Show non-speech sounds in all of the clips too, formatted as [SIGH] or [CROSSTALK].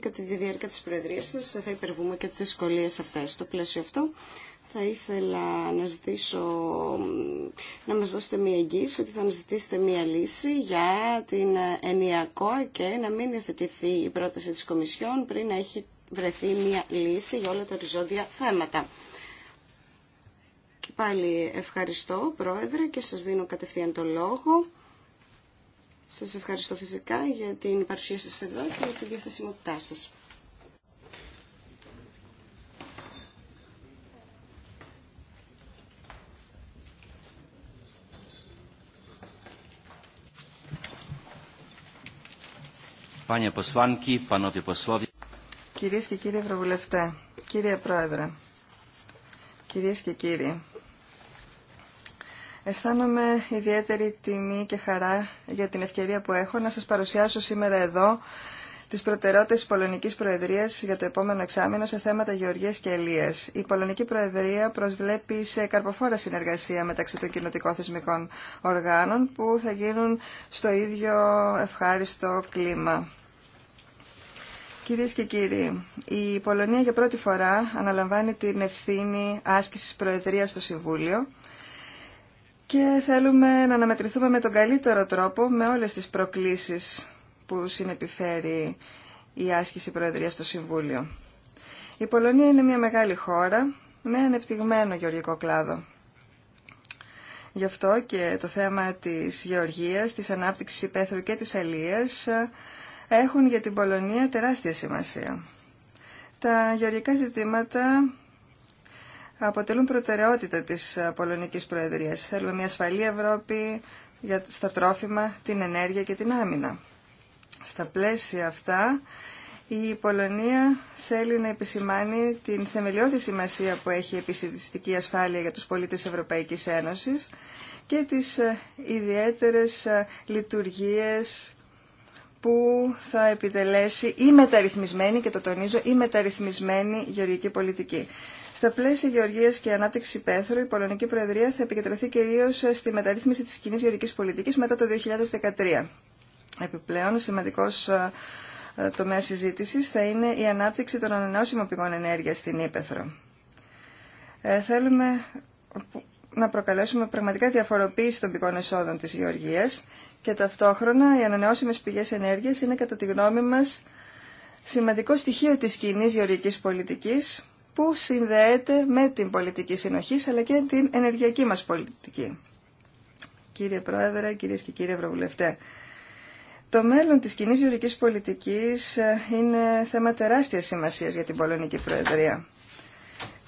κατά τη διάρκεια της Προεδρίας σας θα υπερβούμε και τις δυσκολίες αυτές. Στο πλαίσιο αυτό θα ήθελα να ζητήσω να μας δώσετε μία εγγύηση ότι θα αναζητήσετε μία λύση για την ενιακό και να μην υιοθετηθεί η πρόταση της Κομισιόν πριν να έχει βρεθεί μία λύση για όλα τα οριζόντια θέματα. Και πάλι ευχαριστώ Πρόεδρε και σας δίνω κατευθείαν το λόγο σας ευχαριστώ φυσικά για την παρουσία σας εδώ και για τη διαθεσιμότητά σας. Κυρίες και κύριοι Ευρωβουλευτέ, κύριε Πρόεδρε, κυρίες και κύριοι, Αισθάνομαι ιδιαίτερη τιμή και χαρά για την ευκαιρία που έχω να σας παρουσιάσω σήμερα εδώ τις προτεραιότητες της Πολωνικής Προεδρίας για το επόμενο εξάμεινο σε θέματα γεωργίας και ελίας. Η Πολωνική Προεδρία προσβλέπει σε καρποφόρα συνεργασία μεταξύ των κοινωτικών θεσμικών οργάνων που θα γίνουν στο ίδιο ευχάριστο κλίμα. Κυρίες και κύριοι, η Πολωνία για πρώτη φορά αναλαμβάνει την ευθύνη άσκησης Προεδρίας στο Συμβούλιο και θέλουμε να αναμετρηθούμε με τον καλύτερο τρόπο με όλες τις προκλήσεις που συνεπιφέρει η άσκηση Προεδρίας στο Συμβούλιο. Η Πολωνία είναι μια μεγάλη χώρα με ανεπτυγμένο γεωργικό κλάδο. Γι' αυτό και το θέμα της γεωργίας, της ανάπτυξης υπαίθρου και της αλίας έχουν για την Πολωνία τεράστια σημασία. Τα γεωργικά ζητήματα αποτελούν προτεραιότητα της ε, Πολωνικής Προεδρίας. Θέλουμε μια ασφαλή Ευρώπη για, στα τρόφιμα, την ενέργεια και την άμυνα. Στα πλαίσια αυτά, η Πολωνία θέλει να επισημάνει την θεμελιώδη σημασία που έχει η επιστημιστική ασφάλεια για τους πολίτες Ευρωπαϊκής Ένωσης και τις ε, ιδιαίτερες ε, λειτουργίες που θα επιτελέσει η μεταρρυθμισμένη, και το τονίζω, η μεταρρυθμισμένη γεωργική πολιτική. Στα πλαίσια γεωργία και ανάπτυξη υπαίθρου, η Πολωνική Προεδρία θα επικεντρωθεί κυρίω στη μεταρρύθμιση τη κοινή γεωργική πολιτική μετά το 2013. Επιπλέον, σημαντικό ε, ε, τομέα συζήτηση θα είναι η ανάπτυξη των ανανεώσιμων πηγών ενέργεια στην Ήπεθρο. Ε, θέλουμε να προκαλέσουμε πραγματικά διαφοροποίηση των πηγών εσόδων της γεωργίας και ταυτόχρονα οι ανανεώσιμες πηγές ενέργειας είναι κατά τη γνώμη μας σημαντικό στοιχείο της κοινή γεωργικής πολιτικής που συνδέεται με την πολιτική συνοχή αλλά και την ενεργειακή μας πολιτική. Κύριε Πρόεδρε, κυρίες και κύριοι Ευρωβουλευτέ, το μέλλον της κοινή γεωρικής πολιτικής ε, είναι θέμα τεράστιας σημασίας για την Πολωνική Προεδρία.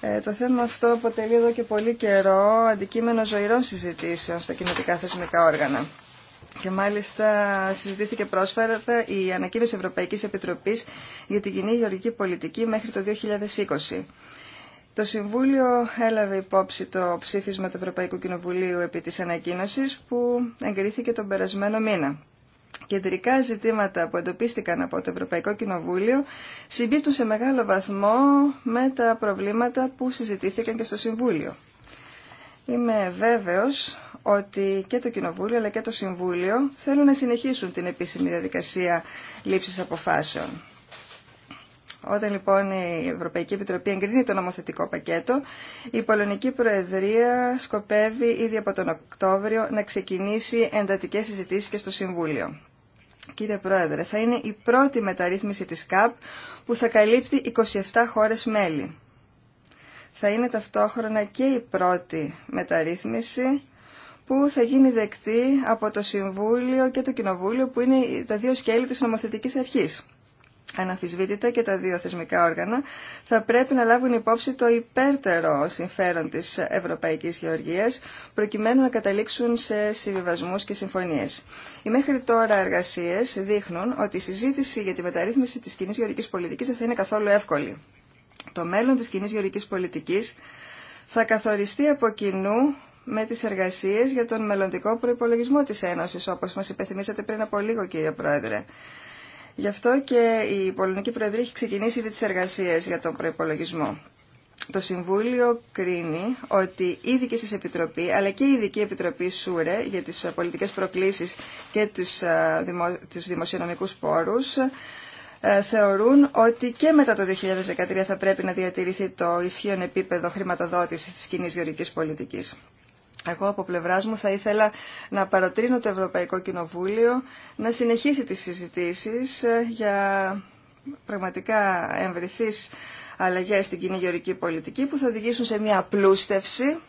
Ε, το θέμα αυτό αποτελεί εδώ και πολύ καιρό αντικείμενο ζωηρών συζητήσεων στα κοινωτικά θεσμικά όργανα. Και μάλιστα συζητήθηκε πρόσφατα η ανακοίνωση Ευρωπαϊκής Επιτροπής για την κοινή γεωργική πολιτική μέχρι το 2020. Το Συμβούλιο έλαβε υπόψη το ψήφισμα του Ευρωπαϊκού Κοινοβουλίου επί της ανακοίνωσης που εγκρίθηκε τον περασμένο μήνα. Κεντρικά ζητήματα που εντοπίστηκαν από το Ευρωπαϊκό Κοινοβούλιο συμπίπτουν σε μεγάλο βαθμό με τα προβλήματα που συζητήθηκαν και στο Συμβούλιο. Είμαι βέβαιος ότι και το Κοινοβούλιο αλλά και το Συμβούλιο θέλουν να συνεχίσουν την επίσημη διαδικασία λήψης αποφάσεων. Όταν λοιπόν η Ευρωπαϊκή Επιτροπή εγκρίνει το νομοθετικό πακέτο, η Πολωνική Προεδρία σκοπεύει ήδη από τον Οκτώβριο να ξεκινήσει εντατικές συζητήσεις και στο Συμβούλιο. Κύριε Πρόεδρε, θα είναι η πρώτη μεταρρύθμιση της ΚΑΠ που θα καλύπτει 27 χώρες μέλη. Θα είναι ταυτόχρονα και η πρώτη μεταρρύθμιση που θα γίνει δεκτή από το Συμβούλιο και το Κοινοβούλιο που είναι τα δύο σκέλη της νομοθετικής αρχής. Αναφυσβήτητα και τα δύο θεσμικά όργανα θα πρέπει να λάβουν υπόψη το υπέρτερο συμφέρον της Ευρωπαϊκής Γεωργίας προκειμένου να καταλήξουν σε συμβιβασμούς και συμφωνίες. Οι μέχρι τώρα εργασίες δείχνουν ότι η συζήτηση για τη μεταρρύθμιση της κοινή γεωργικής πολιτικής δεν θα είναι καθόλου εύκολη. Το μέλλον της κοινή γεωργικής πολιτικής θα καθοριστεί από κοινού με τις εργασίες για τον μελλοντικό προϋπολογισμό της Ένωσης, όπως μας υπενθυμίσατε πριν από λίγο, κύριε Πρόεδρε. Γι' αυτό και η Πολωνική Προεδρία έχει ξεκινήσει ήδη τις εργασίες για τον προϋπολογισμό. Το Συμβούλιο κρίνει ότι η δική σας Επιτροπή, αλλά και η Ειδική Επιτροπή ΣΟΥΡΕ για τις πολιτικές προκλήσεις και τους, δημο, τους δημοσιονομικούς πόρους, θεωρούν ότι και μετά το 2013 θα πρέπει να διατηρηθεί το ισχύον επίπεδο χρηματοδότησης της κοινή γεωργικής πολιτικής. Εγώ από πλευρά μου θα ήθελα να παροτρύνω το Ευρωπαϊκό Κοινοβούλιο να συνεχίσει τις συζητήσεις ε, για πραγματικά εμβριθείς αλλαγές στην κοινή γεωρική πολιτική που θα οδηγήσουν σε μια απλούστευση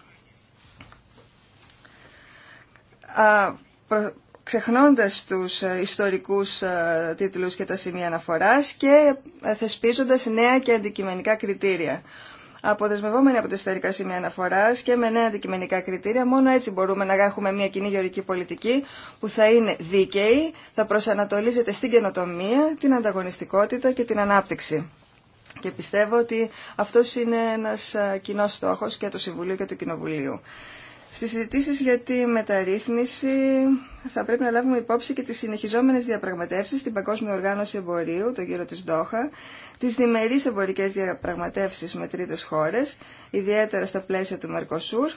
ξεχνώντας τους ε, ιστορικούς ε, τίτλους και τα σημεία αναφοράς και θεσπίζοντας νέα και αντικειμενικά κριτήρια αποδεσμευόμενοι από τα ιστορικά σημεία αναφορά και με νέα αντικειμενικά κριτήρια. Μόνο έτσι μπορούμε να έχουμε μια κοινή γεωρική πολιτική που θα είναι δίκαιη, θα προσανατολίζεται στην καινοτομία, την ανταγωνιστικότητα και την ανάπτυξη. Και πιστεύω ότι αυτό είναι ένα κοινό στόχο και του Συμβουλίου και του Κοινοβουλίου. Στις συζητήσεις για τη μεταρρύθμιση θα πρέπει να λάβουμε υπόψη και τις συνεχιζόμενες διαπραγματεύσεις στην Παγκόσμια Οργάνωση Εμπορίου, το γύρο της Δόχα, τις διμερείς εμπορικές διαπραγματεύσεις με τρίτες χώρες, ιδιαίτερα στα πλαίσια του Μερκοσούρ,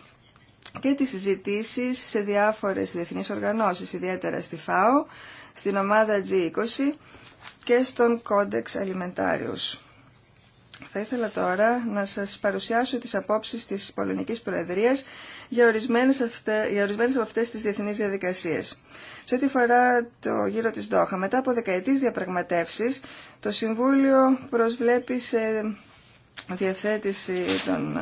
και τις συζητήσεις σε διάφορες διεθνείς οργανώσεις, ιδιαίτερα στη ΦΑΟ, στην ομάδα G20 και στον Κόντεξ Αλιμεντάριους. Θα ήθελα τώρα να σας παρουσιάσω τις απόψεις της Πολωνικής Προεδρίας για ορισμένες, αυτέ από αυτές τις διεθνείς διαδικασίες. Σε ό,τι αφορά το γύρο της Δόχα, μετά από δεκαετίες διαπραγματεύσεις, το Συμβούλιο προσβλέπει σε διαθέτηση των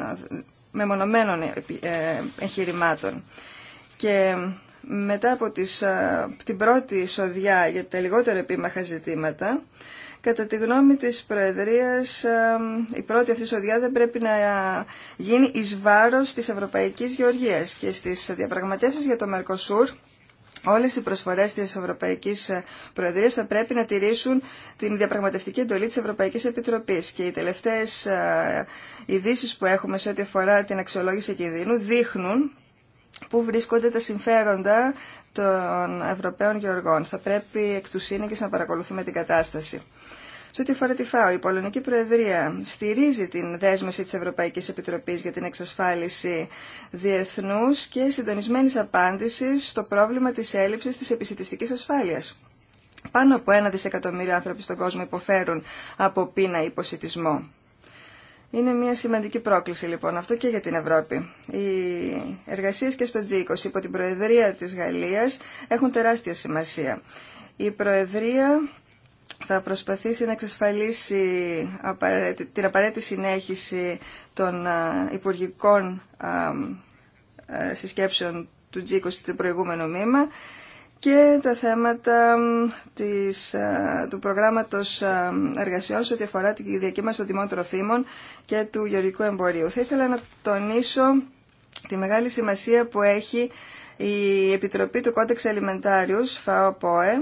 μεμονωμένων ε, ε, εγχειρημάτων. Και μετά από τις, την πρώτη σοδιά για τα λιγότερα επίμαχα ζητήματα, Κατά τη γνώμη της Προεδρίας, η πρώτη αυτή σοδιά δεν πρέπει να γίνει εις βάρος της Ευρωπαϊκής Γεωργίας και στις διαπραγματεύσεις για το Μερκοσούρ Όλες οι προσφορές της Ευρωπαϊκής Προεδρίας θα πρέπει να τηρήσουν την διαπραγματευτική εντολή της Ευρωπαϊκής Επιτροπής και οι τελευταίες ε, ειδήσει που έχουμε σε ό,τι αφορά την αξιολόγηση κινδύνου δείχνουν πού βρίσκονται τα συμφέροντα των Ευρωπαίων Γεωργών. Θα πρέπει εκ του να παρακολουθούμε την κατάσταση. Σε ό,τι αφορά τη ΦΑΟ, η Πολωνική Προεδρία στηρίζει την δέσμευση τη Ευρωπαϊκή Επιτροπή για την εξασφάλιση διεθνού και συντονισμένη απάντηση στο πρόβλημα τη έλλειψη τη επισητιστικής ασφάλεια. Πάνω από ένα δισεκατομμύριο άνθρωποι στον κόσμο υποφέρουν από πείνα ή υποσυτισμό. Είναι μια σημαντική πρόκληση λοιπόν αυτό και για την Ευρώπη. Οι εργασίες και στο G20 υπό την Προεδρία της Γαλλίας έχουν τεράστια σημασία. Η Προεδρία θα προσπαθήσει να εξασφαλίσει την απαραίτητη συνέχιση των υπουργικών συσκέψεων του G20 του προηγούμενου μήμα και τα θέματα της, του προγράμματος εργασιών σε ό,τι αφορά τη Διακύμαση των τιμών τροφίμων και του γεωργικού εμπορίου. Θα ήθελα να τονίσω τη μεγάλη σημασία που έχει η Επιτροπή του Κόντεξ Αλιμεντάριους, ΦΑΟΠΟΕ,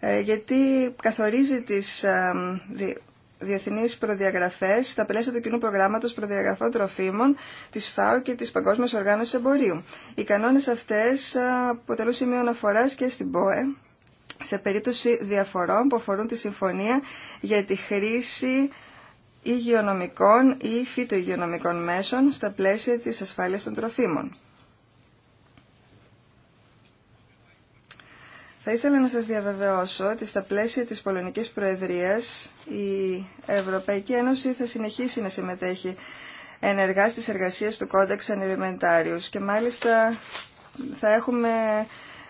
ε, γιατί καθορίζει τις ε, διεθνείς προδιαγραφές στα πλαίσια του κοινού προγράμματος προδιαγραφών τροφίμων της ΦΑΟ και της Παγκόσμιας Οργάνωσης Εμπορίου. Οι κανόνες αυτές ε, αποτελούν σημείο αναφοράς και στην ΠΟΕ σε περίπτωση διαφορών που αφορούν τη συμφωνία για τη χρήση υγειονομικών ή φυτοϊγειονομικών μέσων στα πλαίσια της ασφάλειας των τροφίμων. Θα ήθελα να σας διαβεβαιώσω ότι στα πλαίσια της Πολωνικής Προεδρίας η Ευρωπαϊκή Ένωση θα συνεχίσει να συμμετέχει ενεργά στις εργασίες του Κόντεξ Ανιλιμεντάριους και μάλιστα θα έχουμε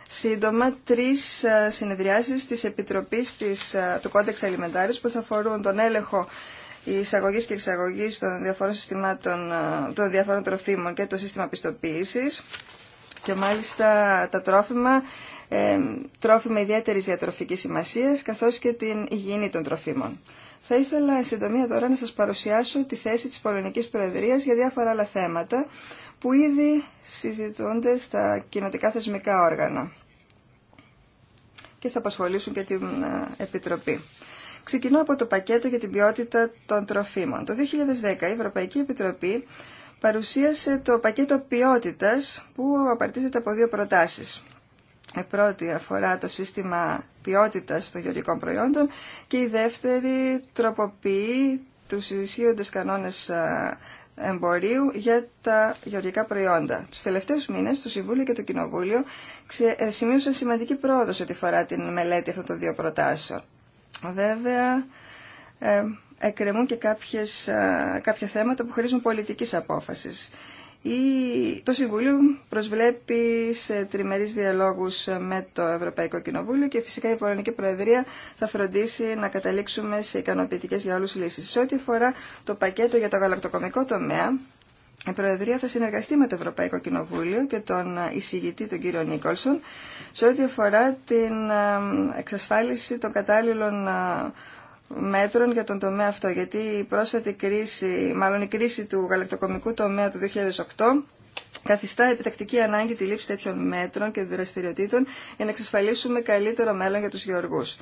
σύντομα τρεις ε, συνεδριάσεις της Επιτροπής της, ε, του Κόντεξ Αλιμεντάριους που θα αφορούν τον έλεγχο εισαγωγή και εξαγωγή των διαφόρων, συστημάτων, ε, των διαφόρων τροφίμων και το σύστημα πιστοποίηση. και μάλιστα τα τρόφιμα ε, τρόφιμα ιδιαίτερη διατροφική σημασία καθώ και την υγιεινή των τροφίμων. Θα ήθελα εν συντομία τώρα να σα παρουσιάσω τη θέση τη Πολωνική Προεδρία για διάφορα άλλα θέματα που ήδη συζητούνται στα κοινοτικά θεσμικά όργανα και θα απασχολήσουν και την ε, Επιτροπή. Ξεκινώ από το πακέτο για την ποιότητα των τροφίμων. Το 2010 η Ευρωπαϊκή Επιτροπή παρουσίασε το πακέτο ποιότητας που απαρτίζεται από δύο προτάσεις. Η πρώτη αφορά το σύστημα ποιότητας των γεωργικών προϊόντων και η δεύτερη τροποποιεί τους ισχύοντες κανόνες ε, εμπορίου για τα γεωργικά προϊόντα. Τους τελευταίους μήνες το Συμβούλιο και το Κοινοβούλιο ε, σημείωσαν σημαντική πρόοδο ό,τι φορά την μελέτη αυτών των δύο προτάσεων. Βέβαια, ε, εκκρεμούν και κάποια θέματα που χρήζουν πολιτικής απόφασης. Το Συμβούλιο προσβλέπει σε τριμερείς διαλόγους με το Ευρωπαϊκό Κοινοβούλιο και φυσικά η Πολωνική Προεδρία θα φροντίσει να καταλήξουμε σε ικανοποιητικές για όλους λύσεις. Σε ό,τι αφορά το πακέτο για το γαλακτοκομικό τομέα, η Προεδρία θα συνεργαστεί με το Ευρωπαϊκό Κοινοβούλιο και τον εισηγητή, τον κύριο Νίκολσον, σε ό,τι αφορά την ε, εξασφάλιση των κατάλληλων ε, μέτρων για τον τομέα αυτό, γιατί η πρόσφατη κρίση, μάλλον η κρίση του γαλακτοκομικού τομέα του 2008, καθιστά επιτακτική ανάγκη τη λήψη τέτοιων μέτρων και δραστηριοτήτων για να εξασφαλίσουμε καλύτερο μέλλον για τους γεωργούς.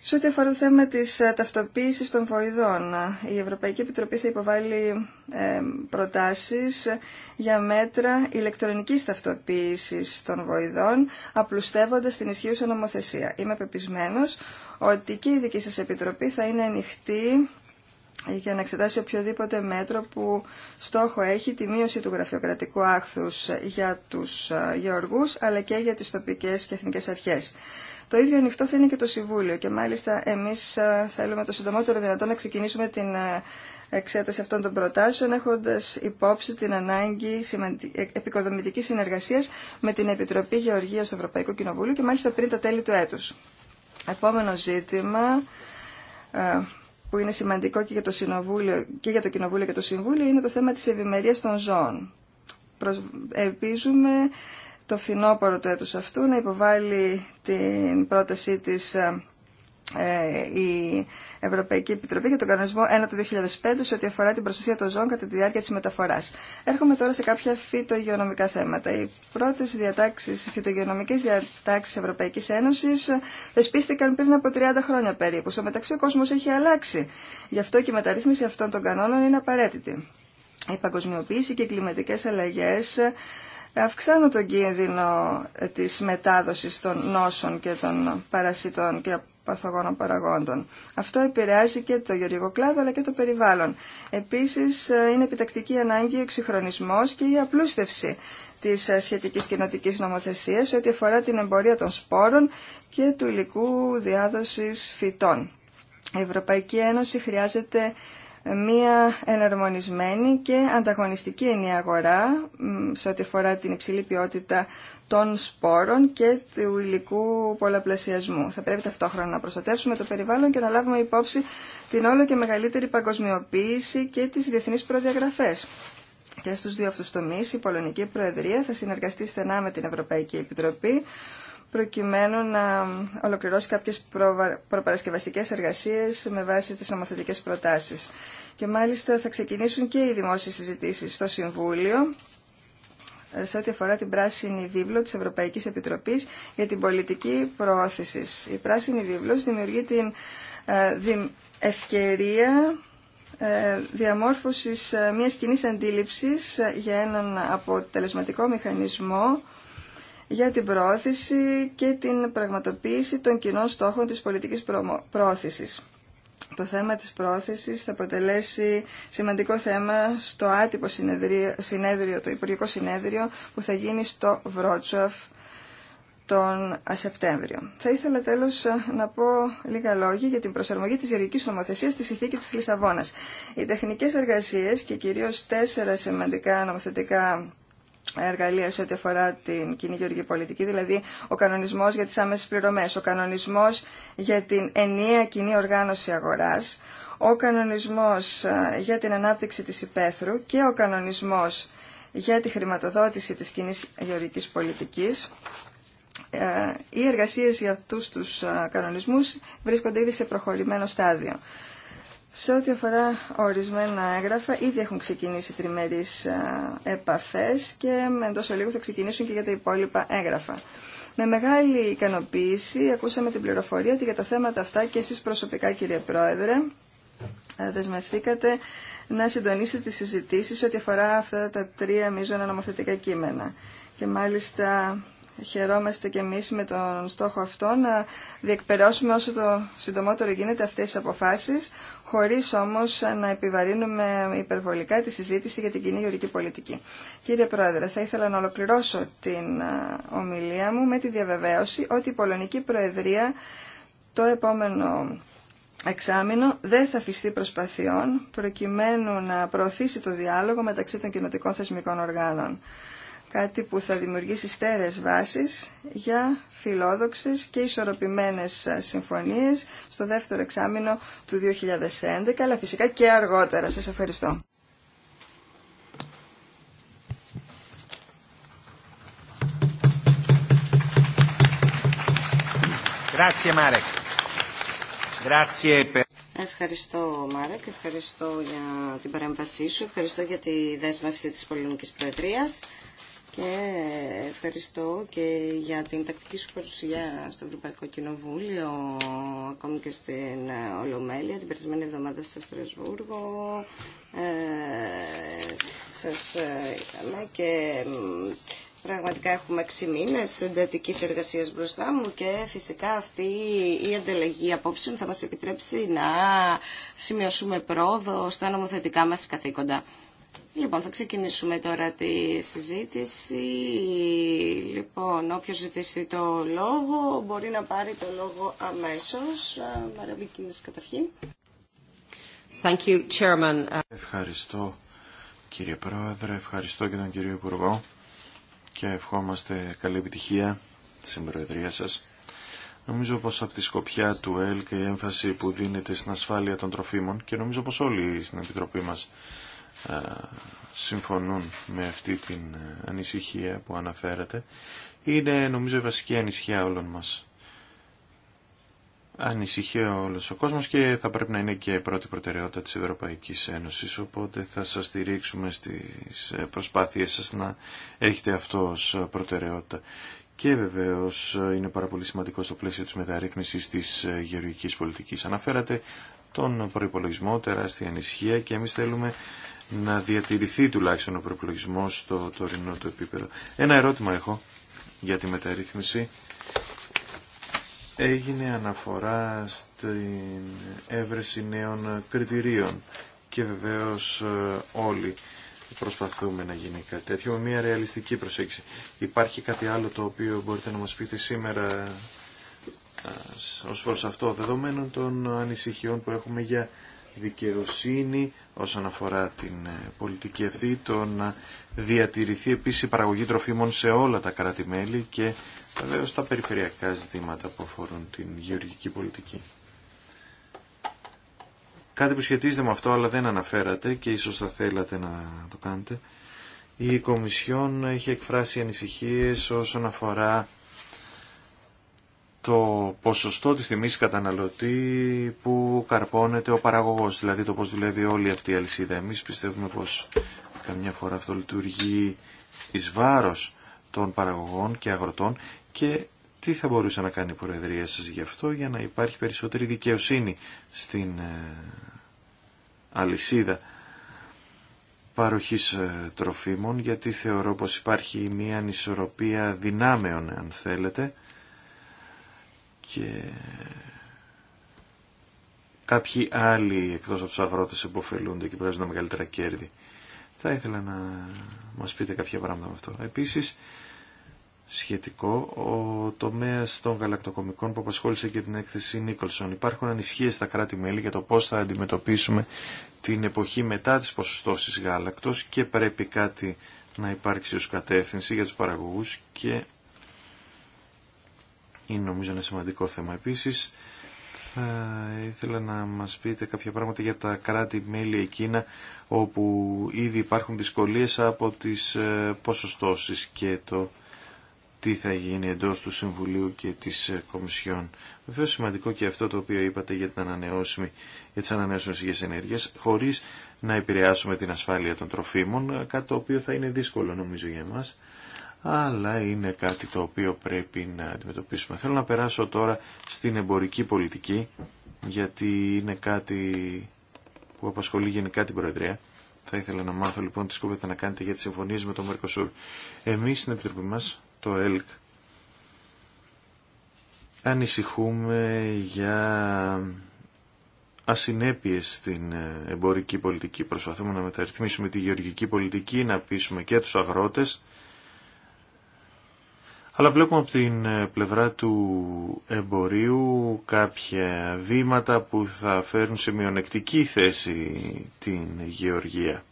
Σε ό,τι αφορά το θέμα τη ε, ταυτοποίηση των βοηδών, ε, η Ευρωπαϊκή Επιτροπή θα υποβάλει ε, προτάσεις για μέτρα ηλεκτρονικής ταυτοποίησης των βοηδών, απλουστεύοντας την ισχύουσα νομοθεσία. Είμαι πεπισμένο ότι και η δική σας Επιτροπή θα είναι ανοιχτή για να εξετάσει οποιοδήποτε μέτρο που στόχο έχει τη μείωση του γραφειοκρατικού άχθους για τους γεωργούς αλλά και για τις τοπικές και εθνικές αρχές. Το ίδιο ανοιχτό θα είναι και το Συμβούλιο και μάλιστα εμείς ε, θέλουμε το συντομότερο δυνατό να ξεκινήσουμε την ε, εξέταση αυτών των προτάσεων έχοντας υπόψη την ανάγκη ε, επικοδομητικής συνεργασίας με την Επιτροπή Γεωργίας του Ευρωπαϊκού Κοινοβούλου και μάλιστα πριν τα τέλη του έτους. Επόμενο ζήτημα που είναι σημαντικό και για το, και για Κοινοβούλιο και το Συμβούλιο είναι το θέμα της ευημερία των ζώων. Ελπίζουμε το φθινόπωρο του έτους αυτού να υποβάλει την πρότασή της ε, ε, η Ευρωπαϊκή Επιτροπή για τον κανονισμό 1 του 2005 σε ό,τι αφορά την προστασία των ζώων κατά τη διάρκεια της μεταφοράς. Έρχομαι τώρα σε κάποια φυτογειονομικά θέματα. Οι πρώτες διατάξεις, οι φυτογειονομικές διατάξεις Ευρωπαϊκής Ένωσης θεσπίστηκαν πριν από 30 χρόνια περίπου. Στο μεταξύ ο κόσμος έχει αλλάξει. Γι' αυτό και η μεταρρύθμιση αυτών των κανόνων είναι απαραίτητη. Η παγκοσμιοποίηση και οι κλιματικές αλλαγές αυξάνω τον κίνδυνο της μετάδοσης των νόσων και των παρασιτών και παθογόνων παραγόντων. Αυτό επηρεάζει και το γεωργικό κλάδο αλλά και το περιβάλλον. Επίσης ε, είναι επιτακτική ανάγκη ο εξυγχρονισμός και η απλούστευση της ε, σχετικής κοινοτικής νομοθεσίας ό,τι αφορά την εμπορία των σπόρων και του υλικού διάδοσης φυτών. Η Ευρωπαϊκή Ένωση χρειάζεται μια εναρμονισμένη και ανταγωνιστική ενιαία αγορά σε ό,τι αφορά την υψηλή ποιότητα των σπόρων και του υλικού πολλαπλασιασμού. Θα πρέπει ταυτόχρονα να προστατεύσουμε το περιβάλλον και να λάβουμε υπόψη την όλο και μεγαλύτερη παγκοσμιοποίηση και τις διεθνείς προδιαγραφές. Και στους δύο αυτούς τομείς η Πολωνική Προεδρία θα συνεργαστεί στενά με την Ευρωπαϊκή Επιτροπή προκειμένου να ολοκληρώσει κάποιες προπαρασκευαστικές εργασίες με βάση τις νομοθετικές προτάσεις. Και μάλιστα θα ξεκινήσουν και οι δημόσιες συζητήσεις στο Συμβούλιο ε, σε ό,τι αφορά την πράσινη βίβλο της Ευρωπαϊκής Επιτροπής για την πολιτική προώθηση. Η πράσινη βίβλο δημιουργεί την ε, ευκαιρία ε, διαμόρφωσης μιας κοινή αντίληψης για έναν αποτελεσματικό μηχανισμό για την προώθηση και την πραγματοποίηση των κοινών στόχων της πολιτικής προώθησης. Το θέμα της πρόθεσης θα αποτελέσει σημαντικό θέμα στο άτυπο συνέδριο, το Υπουργικό Συνέδριο που θα γίνει στο Βρότσοφ τον Σεπτέμβριο. Θα ήθελα τέλος να πω λίγα λόγια για την προσαρμογή της γερικής νομοθεσίας στη συνθήκη της Λισαβόνας. Οι τεχνικές εργασίες και κυρίως τέσσερα σημαντικά νομοθετικά εργαλεία σε ό,τι αφορά την κοινή γεωργική πολιτική, δηλαδή ο κανονισμός για τις άμεσε πληρωμέ, ο κανονισμός για την ενιαία κοινή οργάνωση αγοράς, ο κανονισμός ε, για την ανάπτυξη της υπαίθρου και ο κανονισμός για τη χρηματοδότηση της κοινή γεωργικής πολιτικής. Ε, οι εργασίες για αυτούς τους ε, κανονισμούς βρίσκονται ήδη σε προχωρημένο στάδιο. Σε ό,τι αφορά ορισμένα έγγραφα, ήδη έχουν ξεκινήσει τριμερείς επαφές και με τόσο λίγο θα ξεκινήσουν και για τα υπόλοιπα έγγραφα. Με μεγάλη ικανοποίηση ακούσαμε την πληροφορία ότι για τα θέματα αυτά και εσείς προσωπικά κύριε Πρόεδρε δεσμευθήκατε να συντονίσετε τις συζητήσεις ό,τι αφορά αυτά τα τρία μείζωνα νομοθετικά κείμενα. Και μάλιστα χαιρόμαστε και εμείς με τον στόχο αυτό να διεκπαιρώσουμε όσο το συντομότερο γίνεται αυτές τις αποφάσεις, χωρίς όμως να επιβαρύνουμε υπερβολικά τη συζήτηση για την κοινή γεωρική πολιτική. Κύριε Πρόεδρε, θα ήθελα να ολοκληρώσω την ομιλία μου με τη διαβεβαίωση ότι η Πολωνική Προεδρία το επόμενο εξάμεινο δεν θα αφιστεί προσπαθειών προκειμένου να προωθήσει το διάλογο μεταξύ των κοινοτικών θεσμικών οργάνων κάτι που θα δημιουργήσει στέρεες βάσεις για φιλόδοξες και ισορροπημένες συμφωνίες στο δεύτερο εξάμεινο του 2011, αλλά φυσικά και αργότερα. Σας ευχαριστώ. Ευχαριστώ Μάρεκ, ευχαριστώ για την παρέμβασή σου, ευχαριστώ για τη δέσμευση της Πολωνικής Προεδρίας και ευχαριστώ και για την τακτική σου παρουσία στο Ευρωπαϊκό Κοινοβούλιο, ακόμη και στην Ολομέλεια, την περίσμενη εβδομάδα στο Στρασβούργο. Ε, σας ε, είχαμε και Πραγματικά έχουμε 6 μήνες εντατική εργασίας μπροστά μου και φυσικά αυτή η ανταλλαγή απόψεων θα μας επιτρέψει να σημειώσουμε πρόοδο στα νομοθετικά μα καθήκοντα. Λοιπόν, θα ξεκινήσουμε τώρα τη συζήτηση. Λοιπόν, όποιο ζητήσει το λόγο μπορεί να πάρει το λόγο αμέσω. Σας ε, καταρχήν. Thank you, Chairman. Ευχαριστώ κύριε Πρόεδρε, ευχαριστώ και τον κύριο Υπουργό και ευχόμαστε καλή επιτυχία στην Προεδρία σας. Νομίζω πως από τη σκοπιά του ΕΛ και η έμφαση που δίνεται στην ασφάλεια των τροφίμων και νομίζω πως όλοι στην Επιτροπή μας συμφωνούν με αυτή την ε, ανησυχία που αναφέρατε. Είναι νομίζω η βασική ανησυχία όλων μας. Ανησυχία όλος ο κόσμος και θα πρέπει να είναι και πρώτη προτεραιότητα της Ευρωπαϊκής Ένωσης, οπότε θα σας στηρίξουμε στις ε, προσπάθειές σας να έχετε αυτό ως προτεραιότητα. Και βεβαίω ε, είναι πάρα πολύ σημαντικό στο πλαίσιο τη μεταρρύθμισης τη γεωργική πολιτική. Αναφέρατε τον προπολογισμό, τεράστια ανησυχία και εμεί θέλουμε να διατηρηθεί τουλάχιστον ο προπολογισμό στο τωρινό του επίπεδο. Ένα ερώτημα έχω για τη μεταρρύθμιση. Έγινε αναφορά στην έβρεση νέων κριτηρίων και βεβαίως ε, όλοι προσπαθούμε να γίνει κάτι τέτοιο με μια ρεαλιστική προσέγγιση. Υπάρχει κάτι άλλο το οποίο μπορείτε να μας πείτε σήμερα ε, ως προς αυτό δεδομένων των ανησυχιών που έχουμε για δικαιοσύνη, όσον αφορά την ε, πολιτική αυτή, το να διατηρηθεί επίσης η παραγωγή τροφίμων σε όλα τα κράτη-μέλη και βεβαίω τα περιφερειακά ζητήματα που αφορούν την γεωργική πολιτική. Κάτι που σχετίζεται με αυτό αλλά δεν αναφέρατε και ίσως θα θέλατε να το κάνετε. Η Κομισιόν έχει εκφράσει ανησυχίες όσον αφορά το ποσοστό της τιμής καταναλωτή που καρπώνεται ο παραγωγός, δηλαδή το πώς δουλεύει όλη αυτή η αλυσίδα. Εμείς πιστεύουμε πως καμιά φορά αυτό λειτουργεί εις βάρος των παραγωγών και αγροτών και τι θα μπορούσε να κάνει η Προεδρία σας γι' αυτό για να υπάρχει περισσότερη δικαιοσύνη στην ε, αλυσίδα παροχής ε, τροφίμων γιατί θεωρώ πως υπάρχει μια ανισορροπία δυνάμεων αν θέλετε και κάποιοι άλλοι εκτός από τους αγρότες εμποφελούνται και βγάζουν μεγαλύτερα κέρδη. Θα ήθελα να μας πείτε κάποια πράγματα με αυτό. Επίσης, σχετικό, ο τομέας των γαλακτοκομικών που απασχόλησε και την έκθεση Νίκολσον. Υπάρχουν ανησυχίες στα κράτη-μέλη για το πώς θα αντιμετωπίσουμε την εποχή μετά τις ποσοστώσεις γάλακτος και πρέπει κάτι να υπάρξει ως κατεύθυνση για τους παραγωγούς και είναι νομίζω ένα σημαντικό θέμα. Επίσης, θα ήθελα να μας πείτε κάποια πράγματα για τα κράτη-μέλη εκείνα όπου ήδη υπάρχουν δυσκολίες από τις ε, ποσοστώσεις και το τι θα γίνει εντός του Συμβουλίου και της ε, Κομισιόν. Βεβαίω σημαντικό και αυτό το οποίο είπατε για, την ανανεώσιμη, για τις ανανεώσιμες υγιές ενέργειες, χωρίς να επηρεάσουμε την ασφάλεια των τροφίμων, ε, κάτι το οποίο θα είναι δύσκολο νομίζω για εμάς αλλά είναι κάτι το οποίο πρέπει να αντιμετωπίσουμε. Θέλω να περάσω τώρα στην εμπορική πολιτική, γιατί είναι κάτι που απασχολεί γενικά την Προεδρία. Θα ήθελα να μάθω λοιπόν τι σκόπευτε να κάνετε για τις συμφωνίες με το Μερκοσούρ. Εμείς στην Επιτροπή μας, το ΕΛΚ, ανησυχούμε για ασυνέπειες στην εμπορική πολιτική. Προσπαθούμε να μεταρρυθμίσουμε τη γεωργική πολιτική, να πείσουμε και τους αγρότες αλλά βλέπουμε από την ε, πλευρά του εμπορίου κάποια βήματα που θα φέρουν σε μειονεκτική θέση την γεωργία.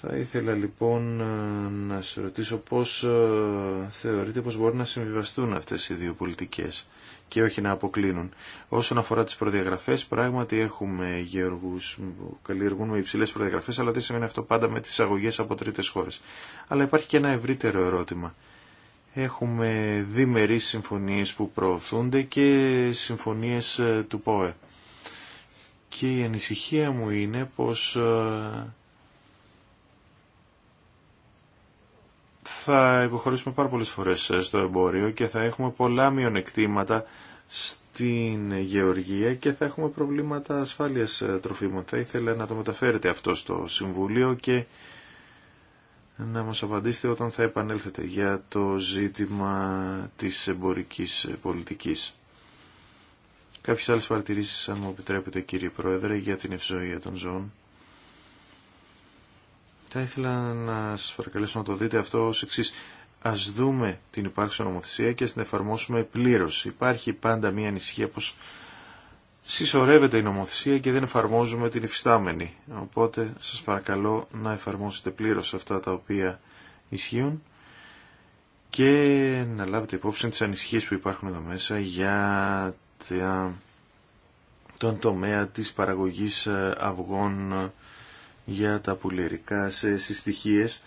Θα ήθελα λοιπόν ε, να σας ρωτήσω πώς ε, θεωρείτε πως θεωρειτε πως μπορουν να συμβιβαστούν αυτές οι δύο πολιτικές και όχι να αποκλίνουν. Όσον αφορά τις προδιαγραφές, πράγματι έχουμε γεωργούς που καλλιεργούν με υψηλές προδιαγραφές, αλλά τι σημαίνει αυτό πάντα με τις αγωγές από τρίτες χώρες. Αλλά υπάρχει και ένα ευρύτερο ερώτημα. Έχουμε διμερείς συμφωνίες που προωθούνται και συμφωνίες ε, του ΠΟΕ. Και η ανησυχία μου είναι πως ε, θα υποχωρήσουμε πάρα πολλές φορές ε, στο εμπόριο και θα έχουμε πολλά μειονεκτήματα στην γεωργία και θα έχουμε προβλήματα ασφάλειας τροφίμων. Θα ήθελα να το μεταφέρετε αυτό στο Συμβούλιο και να μας απαντήσετε όταν θα επανέλθετε για το ζήτημα της εμπορικής πολιτικής. Κάποιες άλλες παρατηρήσεις, αν μου επιτρέπετε κύριε Πρόεδρε, για την ευζοία των ζώων. Θα ήθελα να σας παρακαλέσω να το δείτε αυτό ως εξή. Ας δούμε την ύπαρξη νομοθεσία και να την εφαρμόσουμε πλήρως. Υπάρχει πάντα μια ανησυχία πως συσσωρεύεται η νομοθεσία και δεν εφαρμόζουμε την υφιστάμενη. Οπότε σας παρακαλώ να εφαρμόσετε πλήρως αυτά τα οποία ισχύουν και να λάβετε υπόψη τις ανησυχίες που υπάρχουν εδώ μέσα για τον τομέα της παραγωγής αυγών για τα πουλερικά σε συστοιχίες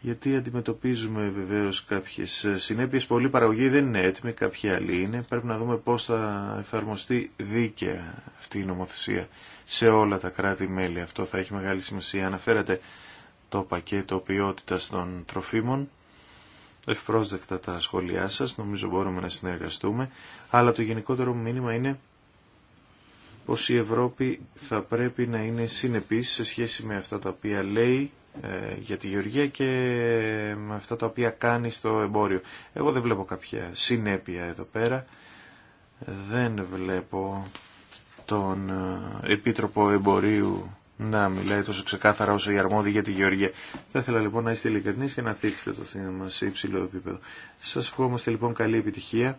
γιατί αντιμετωπίζουμε βεβαίω κάποιε συνέπειε, Πολλοί παραγωγοί δεν είναι έτοιμοι, κάποιοι άλλοι είναι. Πρέπει να δούμε πώ θα εφαρμοστεί δίκαια αυτή η νομοθεσία σε όλα τα κράτη-μέλη. Αυτό θα έχει μεγάλη σημασία. Αναφέρατε το πακέτο ποιότητα των τροφίμων. Ευπρόσδεκτα τα σχόλιά σα, νομίζω μπορούμε να συνεργαστούμε. Αλλά το γενικότερο μήνυμα είναι πως η Ευρώπη θα πρέπει να είναι συνεπής σε σχέση με αυτά τα οποία λέει ε, για τη γεωργία και με αυτά τα οποία κάνει στο εμπόριο. Εγώ δεν βλέπω κάποια συνέπεια εδώ πέρα. Δεν βλέπω τον ε, Επίτροπο Εμπορίου να μιλάει τόσο ξεκάθαρα όσο η αρμόδια για τη Γεωργία. Θα ήθελα λοιπόν να είστε ειλικρινεί και να θίξετε το θέμα σε υψηλό επίπεδο. Σας ευχόμαστε λοιπόν καλή επιτυχία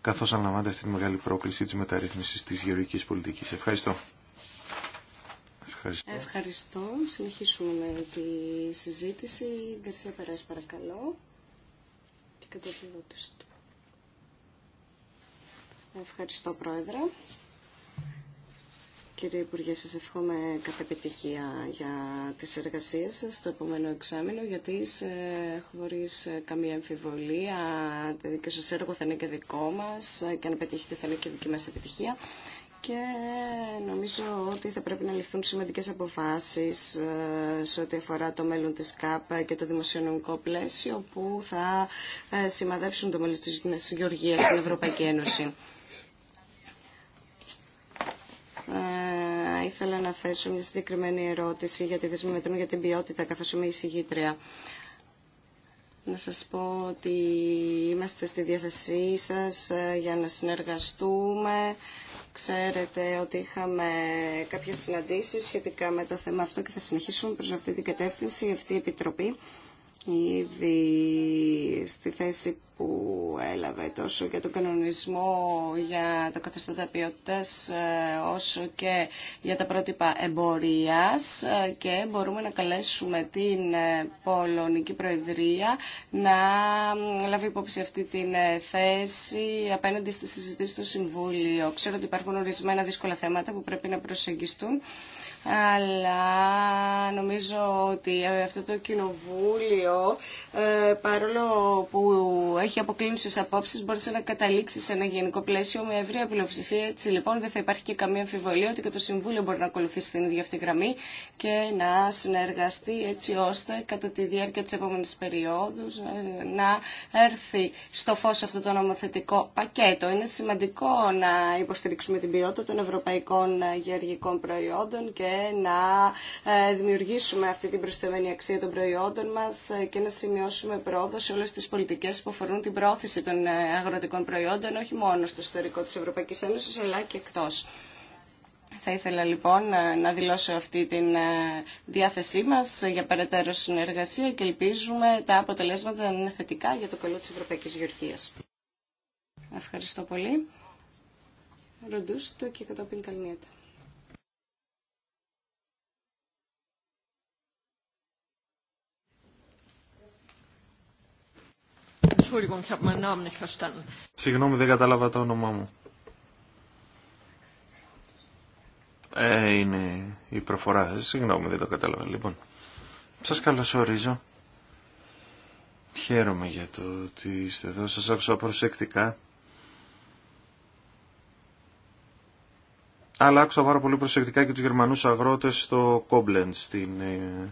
καθώς αναλαμβάνεται αυτή τη μεγάλη πρόκληση της μεταρρύθμισης της γεωργικής πολιτικής. Ευχαριστώ. Ευχαριστώ. Ευχαριστώ. Συνεχίσουμε με τη συζήτηση. Γκαρσία Περάς παρακαλώ. Και κατόπιν του. Ευχαριστώ Πρόεδρε. Κύριε Υπουργέ, σας εύχομαι κάθε επιτυχία για τις εργασίες σας στο επόμενο εξάμεινο, γιατί ε, χωρίς ε, καμία αμφιβολία το δικό σας έργο θα είναι και δικό μας ε, και αν πετύχετε θα είναι και δική μας επιτυχία και νομίζω ότι θα πρέπει να ληφθούν σημαντικές αποφάσεις ε, σε ό,τι αφορά το μέλλον της ΚΑΠ και το δημοσιονομικό πλαίσιο που θα ε, σημαδέψουν το μέλλον της Γεωργίας στην Ευρωπαϊκή Ένωση. Ε, ήθελα να θέσω μια συγκεκριμένη ερώτηση για τη δεσμή για την ποιότητα καθώς είμαι εισηγήτρια. Να σας πω ότι είμαστε στη διάθεσή σας για να συνεργαστούμε Ξέρετε ότι είχαμε κάποιες συναντήσεις σχετικά με το θέμα αυτό και θα συνεχίσουμε προς αυτή την κατεύθυνση. Αυτή η Επιτροπή ήδη στη θέση που έλαβε τόσο για τον κανονισμό για τα καθεστώτα ποιότητα ε, όσο και για τα πρότυπα εμπορίας ε, και μπορούμε να καλέσουμε την ε, Πολωνική Προεδρία να λάβει υπόψη αυτή την θέση απέναντι στη συζήτηση στο Συμβούλιο. Ξέρω ότι υπάρχουν ορισμένα δύσκολα θέματα που πρέπει να προσεγγιστούν αλλά νομίζω ότι αυτό το κοινοβούλιο ε, παρόλο που έχει αποκλίνουσες απόψεις μπορούσε να καταλήξει σε ένα γενικό πλαίσιο με ευρία πλειοψηφία. Έτσι λοιπόν δεν θα υπάρχει και καμία αμφιβολία ότι και το Συμβούλιο μπορεί να ακολουθήσει την ίδια αυτή γραμμή και να συνεργαστεί έτσι ώστε κατά τη διάρκεια της επόμενης περίοδου ε, να έρθει στο φως αυτό το νομοθετικό πακέτο. Είναι σημαντικό να υποστηρίξουμε την ποιότητα των ευρωπαϊκών γεωργικών προϊόντων και να ε, δημιουργήσουμε αυτή την προσθεμένη αξία των προϊόντων μας ε, και να σημειώσουμε πρόοδο σε όλες τις πολιτικές που αφορούν την πρόθεση των ε, αγροτικών προϊόντων, όχι μόνο στο ιστορικό της Ευρωπαϊκής Ένωσης, αλλά και εκτός. Θα ήθελα λοιπόν να δηλώσω αυτή τη διάθεσή μας για περαιτέρω συνεργασία και ελπίζουμε τα αποτελέσματα να είναι θετικά για το καλό της Ευρωπαϊκής Γεωργίας. Ευχαριστώ πολύ. Ροντούστο και κατόπιν καλνιέται. Entschuldigung, Συγγνώμη, δεν κατάλαβα το όνομά μου. Ε, είναι η προφορά. Συγγνώμη, δεν το κατάλαβα. Λοιπόν, σας καλωσορίζω. Χαίρομαι για το ότι είστε εδώ. Σας άκουσα προσεκτικά. Αλλά άκουσα πάρα πολύ προσεκτικά και τους Γερμανούς αγρότες στο Κόμπλεντ, στην ε,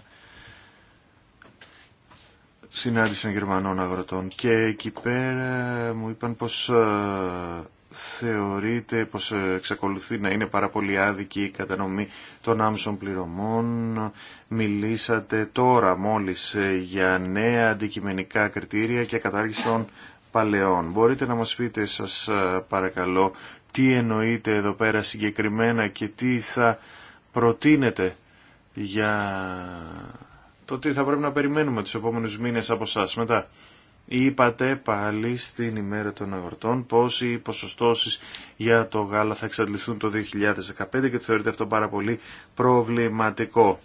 συνάντηση των Γερμανών αγροτών και εκεί πέρα μου είπαν πως ε, θεωρείτε πως ε, εξακολουθεί να είναι πάρα πολύ άδικη η κατανομή των άμεσων πληρωμών. Μιλήσατε τώρα μόλις ε, για νέα αντικειμενικά κριτήρια και κατάργηση των παλαιών. Μπορείτε να μας πείτε σας παρακαλώ τι εννοείτε εδώ πέρα συγκεκριμένα και τι θα προτείνετε για το τι θα πρέπει να περιμένουμε τους επόμενους μήνες από εσά μετά. Είπατε πάλι στην ημέρα των αγορτών πως οι ποσοστώσεις για το γάλα θα εξαντληθούν το 2015 και θεωρείται αυτό πάρα πολύ προβληματικό.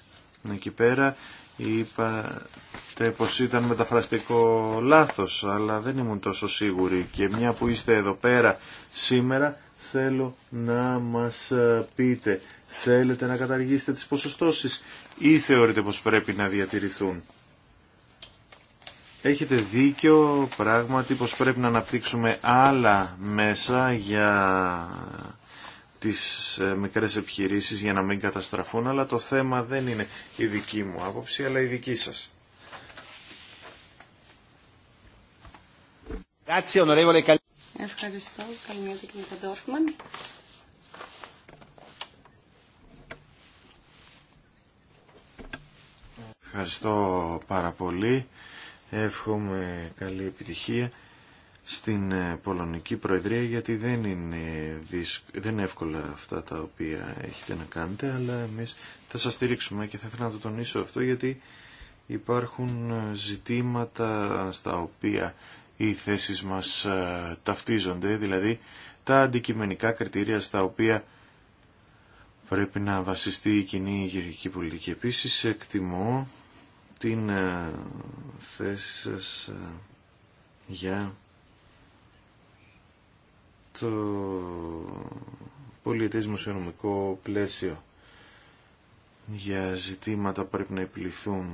Εκεί πέρα είπατε πως ήταν μεταφραστικό λάθος αλλά δεν ήμουν τόσο σίγουρη και μια που είστε εδώ πέρα σήμερα θέλω να μας ε, πείτε. Θέλετε να καταργήσετε τις ποσοστώσεις ή θεωρείτε πως πρέπει να διατηρηθούν. Έχετε δίκιο πράγματι πως πρέπει να αναπτύξουμε άλλα μέσα για τις ε, μικρές επιχειρήσεις για να μην καταστραφούν, αλλά το θέμα δεν είναι η δική μου άποψη, αλλά η δική σας. Ευχαριστώ. Καλημέρα κύριε Ευχαριστώ πάρα πολύ. Εύχομαι καλή επιτυχία στην ε, Πολωνική Προεδρία γιατί δεν είναι, δεν είναι εύκολα αυτά τα οποία έχετε να κάνετε αλλά εμείς θα σας στηρίξουμε και θα ήθελα να το τονίσω αυτό γιατί υπάρχουν ε, ζητήματα στα οποία οι θέσεις μας ε, ταυτίζονται, δηλαδή τα αντικειμενικά κριτήρια στα οποία πρέπει να βασιστεί η κοινή γεωργική πολιτική. Επίσης εκτιμώ την ε, θέση σας ε, για το πολιετές πλαίσιο για ζητήματα που πρέπει να επιληθούν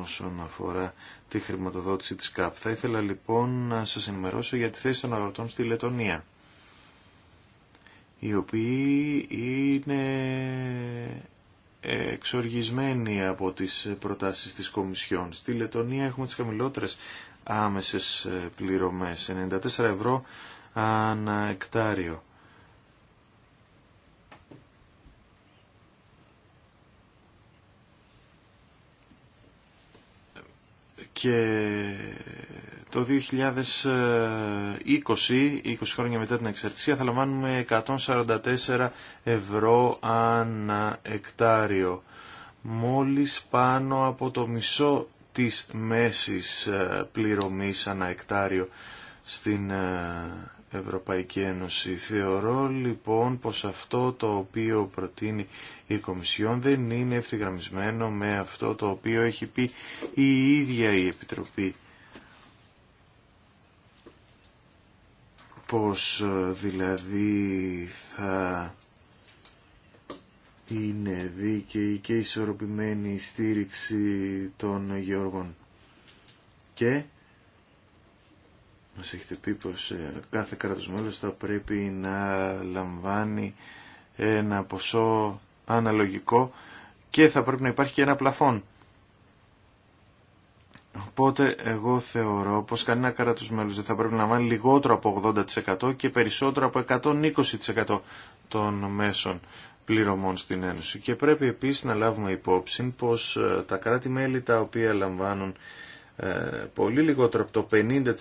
όσον αφορά τη χρηματοδότηση της ΚΑΠ. Θα ήθελα λοιπόν να σας ενημερώσω για τη θέση των αγροτών στη Λετωνία, οι οποίοι είναι εξοργισμένοι από τις προτάσεις της Κομισιόν. Στη Λετωνία έχουμε τις χαμηλότερες άμεσες πληρωμές, 94 ευρώ ανά εκτάριο. Και το 2020, 20 χρόνια μετά την εξαρτησία, θα λαμβάνουμε 144 ευρώ ανά εκτάριο. Μόλις πάνω από το μισό της μέσης ε, πληρωμής ανά εκτάριο στην ε, Ευρωπαϊκή Ένωση. Θεωρώ λοιπόν πως αυτό το οποίο προτείνει η Κομισιόν δεν είναι ευθυγραμμισμένο με αυτό το οποίο έχει πει η ίδια η Επιτροπή. Πως ε, δηλαδή θα είναι δίκαιη και ισορροπημένη η στήριξη των γεωργών. Και μας έχετε πει πως ε, κάθε κράτος μέλος θα πρέπει να λαμβάνει ένα ποσό αναλογικό και θα πρέπει να υπάρχει και ένα πλαφόν. Οπότε εγώ θεωρώ πως κανένα κράτος μέλος δεν θα πρέπει να βάλει λιγότερο από 80% και περισσότερο από 120% των μέσων πληρωμών στην Ένωση. Και πρέπει επίσης να λάβουμε υπόψη πως ε, τα κράτη-μέλη τα οποία λαμβάνουν ε, πολύ λιγότερο από το 50%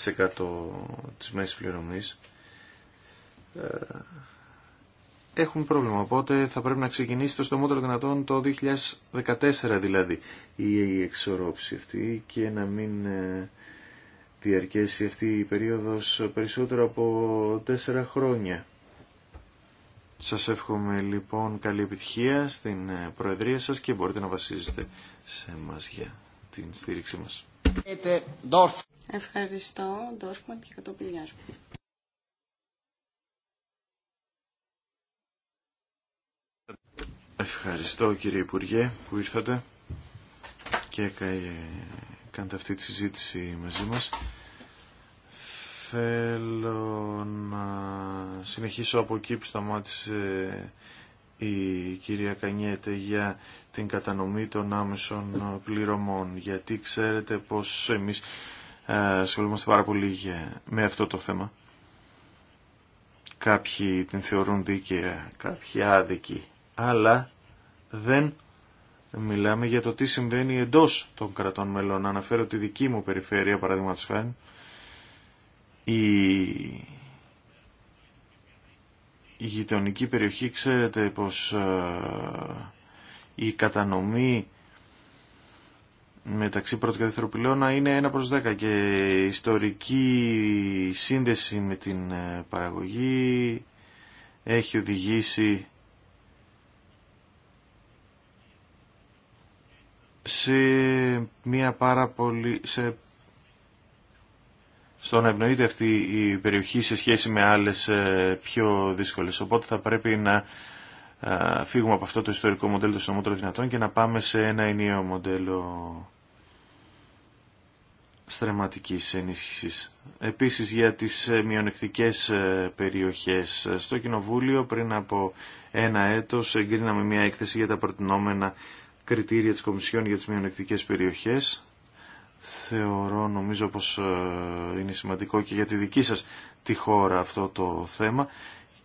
της μέσης πληρωμής ε, έχουν πρόβλημα. Οπότε θα πρέπει να ξεκινήσει το στομότερο δυνατόν το 2014 δηλαδή η εξορρόψη αυτή και να μην ε, διαρκέσει αυτή η περίοδος περισσότερο από τέσσερα χρόνια. Σας εύχομαι λοιπόν καλή επιτυχία στην Προεδρία σας και μπορείτε να βασίζετε σε μας για την στήριξη μας. Ευχαριστώ, Ντόρφμαν και Κατοπιλιάρ. Ευχαριστώ κύριε Υπουργέ που ήρθατε και κάνετε αυτή τη συζήτηση μαζί μας. Θέλω να συνεχίσω από εκεί που σταμάτησε η κυρία Κανιέτε για την κατανομή των άμεσων πληρωμών γιατί ξέρετε πως εμείς ε, ασχολούμαστε πάρα πολύ με αυτό το θέμα. Κάποιοι την θεωρούν δίκαια, κάποιοι άδικοι, αλλά δεν μιλάμε για το τι συμβαίνει εντός των κρατών μελών. Αναφέρω τη δική μου περιφέρεια, παραδείγματος χάρη, η η γειτονική περιοχή ξέρετε πως ε, η κατανομή μεταξύ πρώτου και δεύτερου πυλώνα είναι 1 προς 10 και η ιστορική σύνδεση με την ε, παραγωγή έχει οδηγήσει σε μια πάρα πολύ, σε στο να ευνοείται αυτή η περιοχή σε σχέση με άλλες ε, πιο δύσκολες. Οπότε θα πρέπει να ε, φύγουμε από αυτό το ιστορικό μοντέλο των συνομότερων δυνατών και να πάμε σε ένα ενιαίο μοντέλο στρεματικής ενίσχυσης. Επίσης για τις ε, μειονεκτικές περιοχές. Στο Κοινοβούλιο πριν από ένα έτος εγκρίναμε μια έκθεση για τα προτινόμενα κριτήρια της Κομισιόν για τις μειονεκτικές περιοχές θεωρώ νομίζω πως ε, είναι σημαντικό και για τη δική σας τη χώρα αυτό το θέμα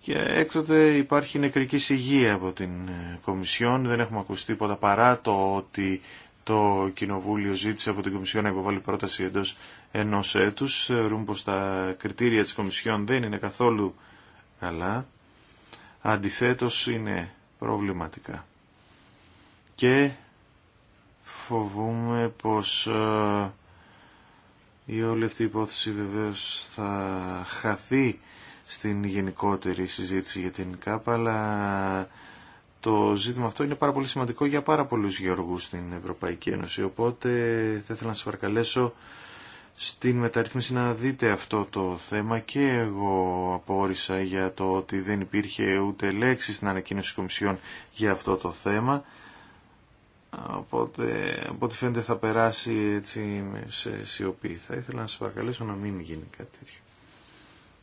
και έκτοτε υπάρχει νεκρική υγεία από την ε, Κομισιόν δεν έχουμε ακούσει τίποτα παρά το ότι το Κοινοβούλιο ζήτησε από την Κομισιόν να υποβάλει πρόταση εντός ενός έτους θεωρούν πως τα κριτήρια της Κομισιόν δεν είναι καθόλου καλά αντιθέτως είναι προβληματικά και φοβούμε πως ε, η όλη αυτή η υπόθεση βεβαίως θα χαθεί στην γενικότερη συζήτηση για την ΚΑΠ, αλλά το ζήτημα αυτό είναι πάρα πολύ σημαντικό για πάρα πολλούς γεωργούς στην Ευρωπαϊκή Ένωση. Οπότε θα ήθελα να σας παρακαλέσω στην μεταρρύθμιση να δείτε αυτό το θέμα και εγώ απόρρισα για το ότι δεν υπήρχε ούτε λέξη στην ανακοίνωση Κομισιόν για αυτό το θέμα. Οπότε, από ό,τι φαίνεται θα περάσει έτσι σε σιωπή. Θα ήθελα να σας παρακαλέσω να μην γίνει κάτι τέτοιο.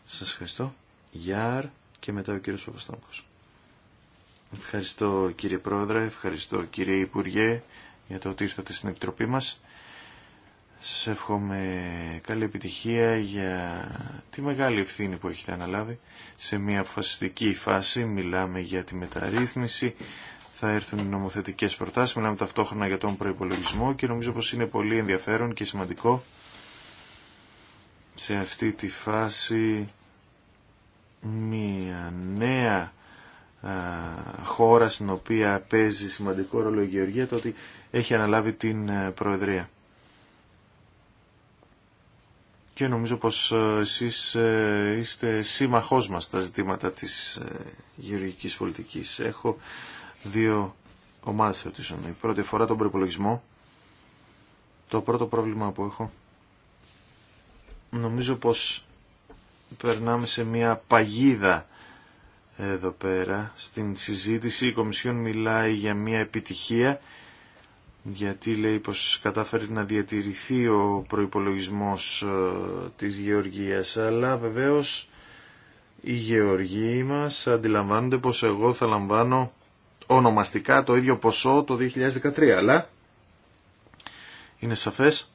Σας ευχαριστώ. Γιάρ και μετά ο κύριος Παπαστάμκος. Ευχαριστώ κύριε Πρόεδρε, ευχαριστώ κύριε Υπουργέ για το ότι ήρθατε στην Επιτροπή μας. Σε εύχομαι καλή επιτυχία για τη μεγάλη ευθύνη που έχετε αναλάβει. Σε μια αποφασιστική φάση μιλάμε για τη μεταρρύθμιση θα έρθουν οι νομοθετικές προτάσεις. Μιλάμε ταυτόχρονα για τον προϋπολογισμό και νομίζω πως είναι πολύ ενδιαφέρον και σημαντικό σε αυτή τη φάση μια νέα χώρα στην οποία παίζει σημαντικό ρόλο η Γεωργία το ότι έχει αναλάβει την ε, Προεδρία. Και νομίζω πως ε, εσείς ε, είστε σύμμαχός μας στα ζητήματα της γεωργικής πολιτικής. Έχω δύο ομάδες ερωτήσεων. Η πρώτη φορά τον προπολογισμό. Το πρώτο πρόβλημα που έχω νομίζω πως περνάμε σε μια παγίδα εδώ πέρα. Στην συζήτηση η Κομισιόν μιλάει για μια επιτυχία γιατί λέει πως κατάφερε να διατηρηθεί ο προϋπολογισμός ε, της Γεωργίας αλλά βεβαίως οι γεωργοί μας αντιλαμβάνονται πως εγώ θα λαμβάνω ονομαστικά το ίδιο ποσό το 2013, αλλά είναι σαφές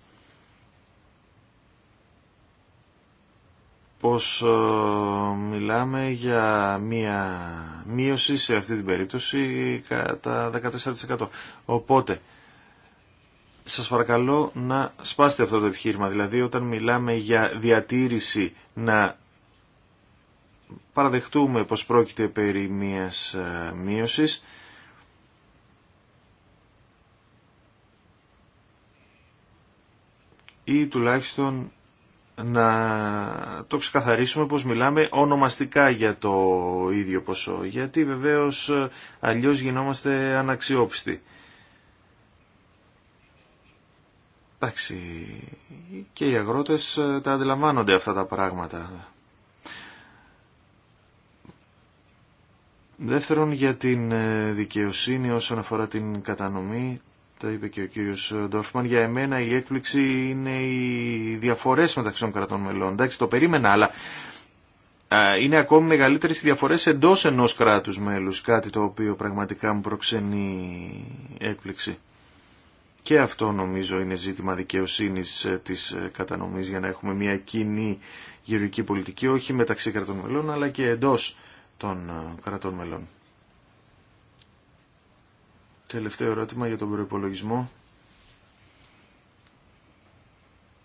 πως ε, μιλάμε για μία μείωση σε αυτή την περίπτωση κατά 14%. Οπότε, σας παρακαλώ να σπάσετε αυτό το επιχείρημα. Δηλαδή, όταν μιλάμε για διατήρηση, να παραδεχτούμε πως πρόκειται περί μίας ε, μείωσης ή τουλάχιστον να το ξεκαθαρίσουμε πως μιλάμε ονομαστικά για το ίδιο ποσό γιατί βεβαίως ε, αλλιώς γινόμαστε αναξιόπιστοι. Εντάξει, και οι αγρότες ε, τα αντιλαμβάνονται αυτά τα πράγματα. Δεύτερον, για την ε, δικαιοσύνη όσον αφορά την κατανομή τα είπε και ο κύριος Ντόρφμαν, για εμένα η έκπληξη είναι οι διαφορές μεταξύ των κρατών μελών. Εντάξει, το περίμενα, αλλά είναι ακόμη μεγαλύτερε οι διαφορέ εντό ενό κράτου μέλους, κάτι το οποίο πραγματικά μου προξενεί έκπληξη. Και αυτό νομίζω είναι ζήτημα δικαιοσύνης ε, της ε, κατανομής για να έχουμε μια κοινή γεωργική πολιτική, όχι μεταξύ κρατών μελών, αλλά και εντό των ε, κρατών μελών. Τελευταίο ερώτημα για τον προϋπολογισμό.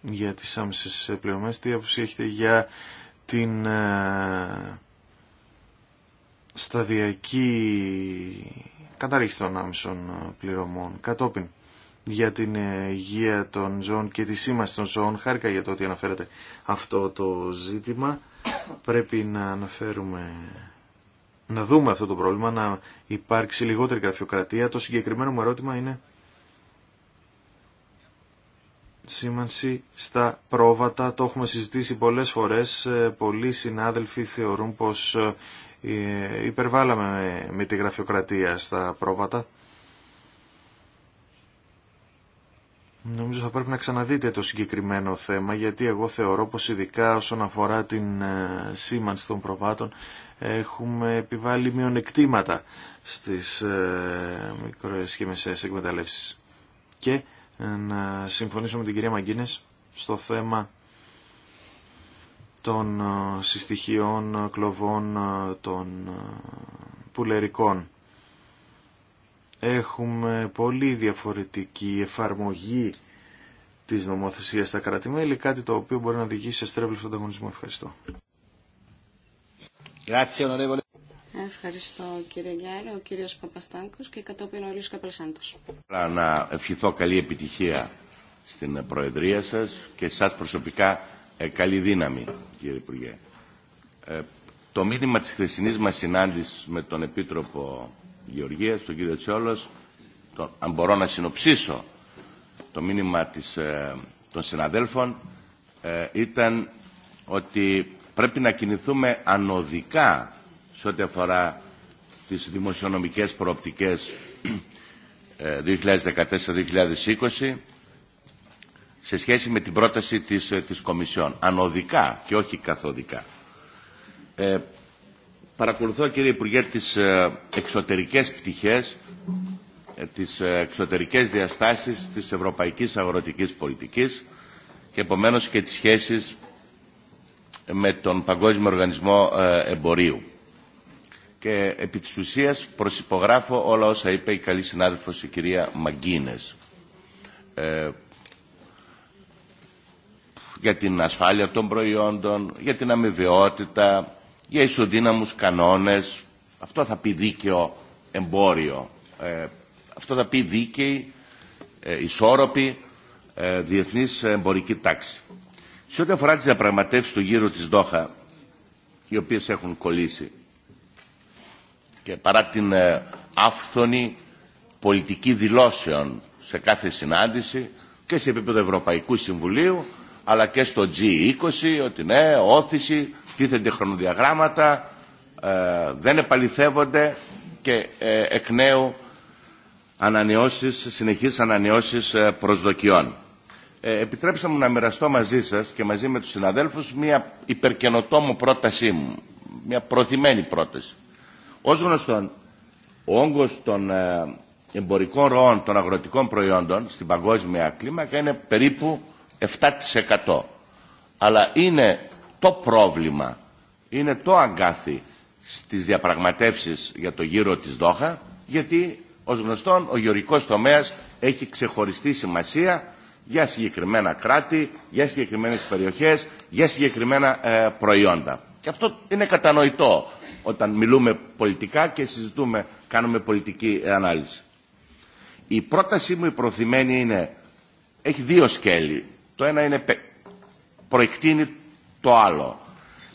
Για τις άμεσες πληρωμές, τι άποψη για την ε, σταδιακή κατάργηση των άμεσων ε, πληρωμών κατόπιν για την ε, υγεία των ζώων και τη σήμαση των ζώων. Χάρηκα για το ότι αναφέρατε αυτό το ζήτημα. Πρέπει να αναφέρουμε να δούμε αυτό το πρόβλημα, να υπάρξει λιγότερη γραφειοκρατία. Το συγκεκριμένο μου ερώτημα είναι σήμανση στα πρόβατα. Το έχουμε συζητήσει πολλές φορές. Ε, πολλοί συνάδελφοι θεωρούν πως ε, υπερβάλαμε με τη γραφειοκρατία στα πρόβατα. Νομίζω θα πρέπει να ξαναδείτε το συγκεκριμένο θέμα γιατί εγώ θεωρώ πως ειδικά όσον αφορά την ε, σήμανση των προβάτων έχουμε επιβάλει μειονεκτήματα στις ε, μικρές και μεσαίες εκμεταλλεύσεις. Και ε, να συμφωνήσω με την κυρία Μαγκίνες στο θέμα των ε, συστοιχειών κλοβών των πουλερικών. Έχουμε πολύ διαφορετική εφαρμογή της νομοθεσίας στα κράτη-μέλη, κάτι το οποίο μπορεί να οδηγήσει σε στρέβλους στον ανταγωνισμό. Ευχαριστώ. Ευχαριστώ κύριε γιαρο, ο κύριος Παπαστάνκος και κατόπιν ο Ιλίος Καπελσάντος. Να ευχηθώ καλή επιτυχία στην Προεδρία σας και σας προσωπικά ε, καλή δύναμη κύριε Υπουργέ. Ε, το μήνυμα της χθεσινή μας συνάντησης με τον Επίτροπο Γεωργίας, τον κύριο Τσιόλος, το, αν μπορώ να συνοψίσω το μήνυμα της, ε, των συναδέλφων, ήταν ότι πρέπει να κινηθούμε ανωδικά σε ό,τι αφορά τις δημοσιονομικές προοπτικές 2014-2020 ε, σε σχέση με την πρόταση της, ε, της Κομισιόν. Ανωδικά και όχι καθοδικά. Ε, παρακολουθώ κύριε Υπουργέ τις ε, εξωτερικές πτυχές, τις εξωτερικές διαστάσεις της ευρωπαϊκής αγροτικής πολιτικής και επομένως και τις σχέσεις με τον Παγκόσμιο Οργανισμό ε, Εμπορίου. Και επί της ουσίας προσυπογράφω όλα όσα είπε η καλή συνάδελφος η κυρία Μαγκίνες. Ε, για την ασφάλεια των προϊόντων, για την αμοιβαιότητα, για ισοδύναμους κανόνες. Αυτό θα πει δίκαιο εμπόριο. Ε, αυτό θα πει δίκαιη, ε, ισόρροπη διεθνής εμπορική τάξη. Σε ό,τι αφορά τις διαπραγματεύσεις του γύρου της Δόχα, οι οποίες έχουν κολλήσει και παρά την ε, άφθονη πολιτική δηλώσεων σε κάθε συνάντηση και σε επίπεδο Ευρωπαϊκού Συμβουλίου αλλά και στο G20 ότι ναι, όθηση, τίθενται χρονοδιαγράμματα, ε, δεν επαληθεύονται και ε, εκ νέου ανανεώσεις, συνεχείς ανανεώσεις προσδοκιών. Ε, επιτρέψτε μου να μοιραστώ μαζί σας και μαζί με τους συναδέλφους μια υπερκενοτόμο πρότασή μου, μια προθυμένη πρόταση. Ως γνωστόν, ο όγκος των ε, εμπορικών ροών των αγροτικών προϊόντων στην παγκόσμια κλίμακα είναι περίπου 7%. Αλλά είναι το πρόβλημα, είναι το αγκάθι στις διαπραγματεύσεις για το γύρο της Δόχα, γιατί ως γνωστόν ο γεωρικός τομέας έχει ξεχωριστή σημασία για συγκεκριμένα κράτη, για συγκεκριμένες περιοχές, για συγκεκριμένα ε, προϊόντα. Και αυτό είναι κατανοητό όταν μιλούμε πολιτικά και συζητούμε, κάνουμε πολιτική ανάλυση. Η πρότασή μου η προωθημένη είναι, έχει δύο σκέλη. Το ένα είναι προεκτείνει το άλλο.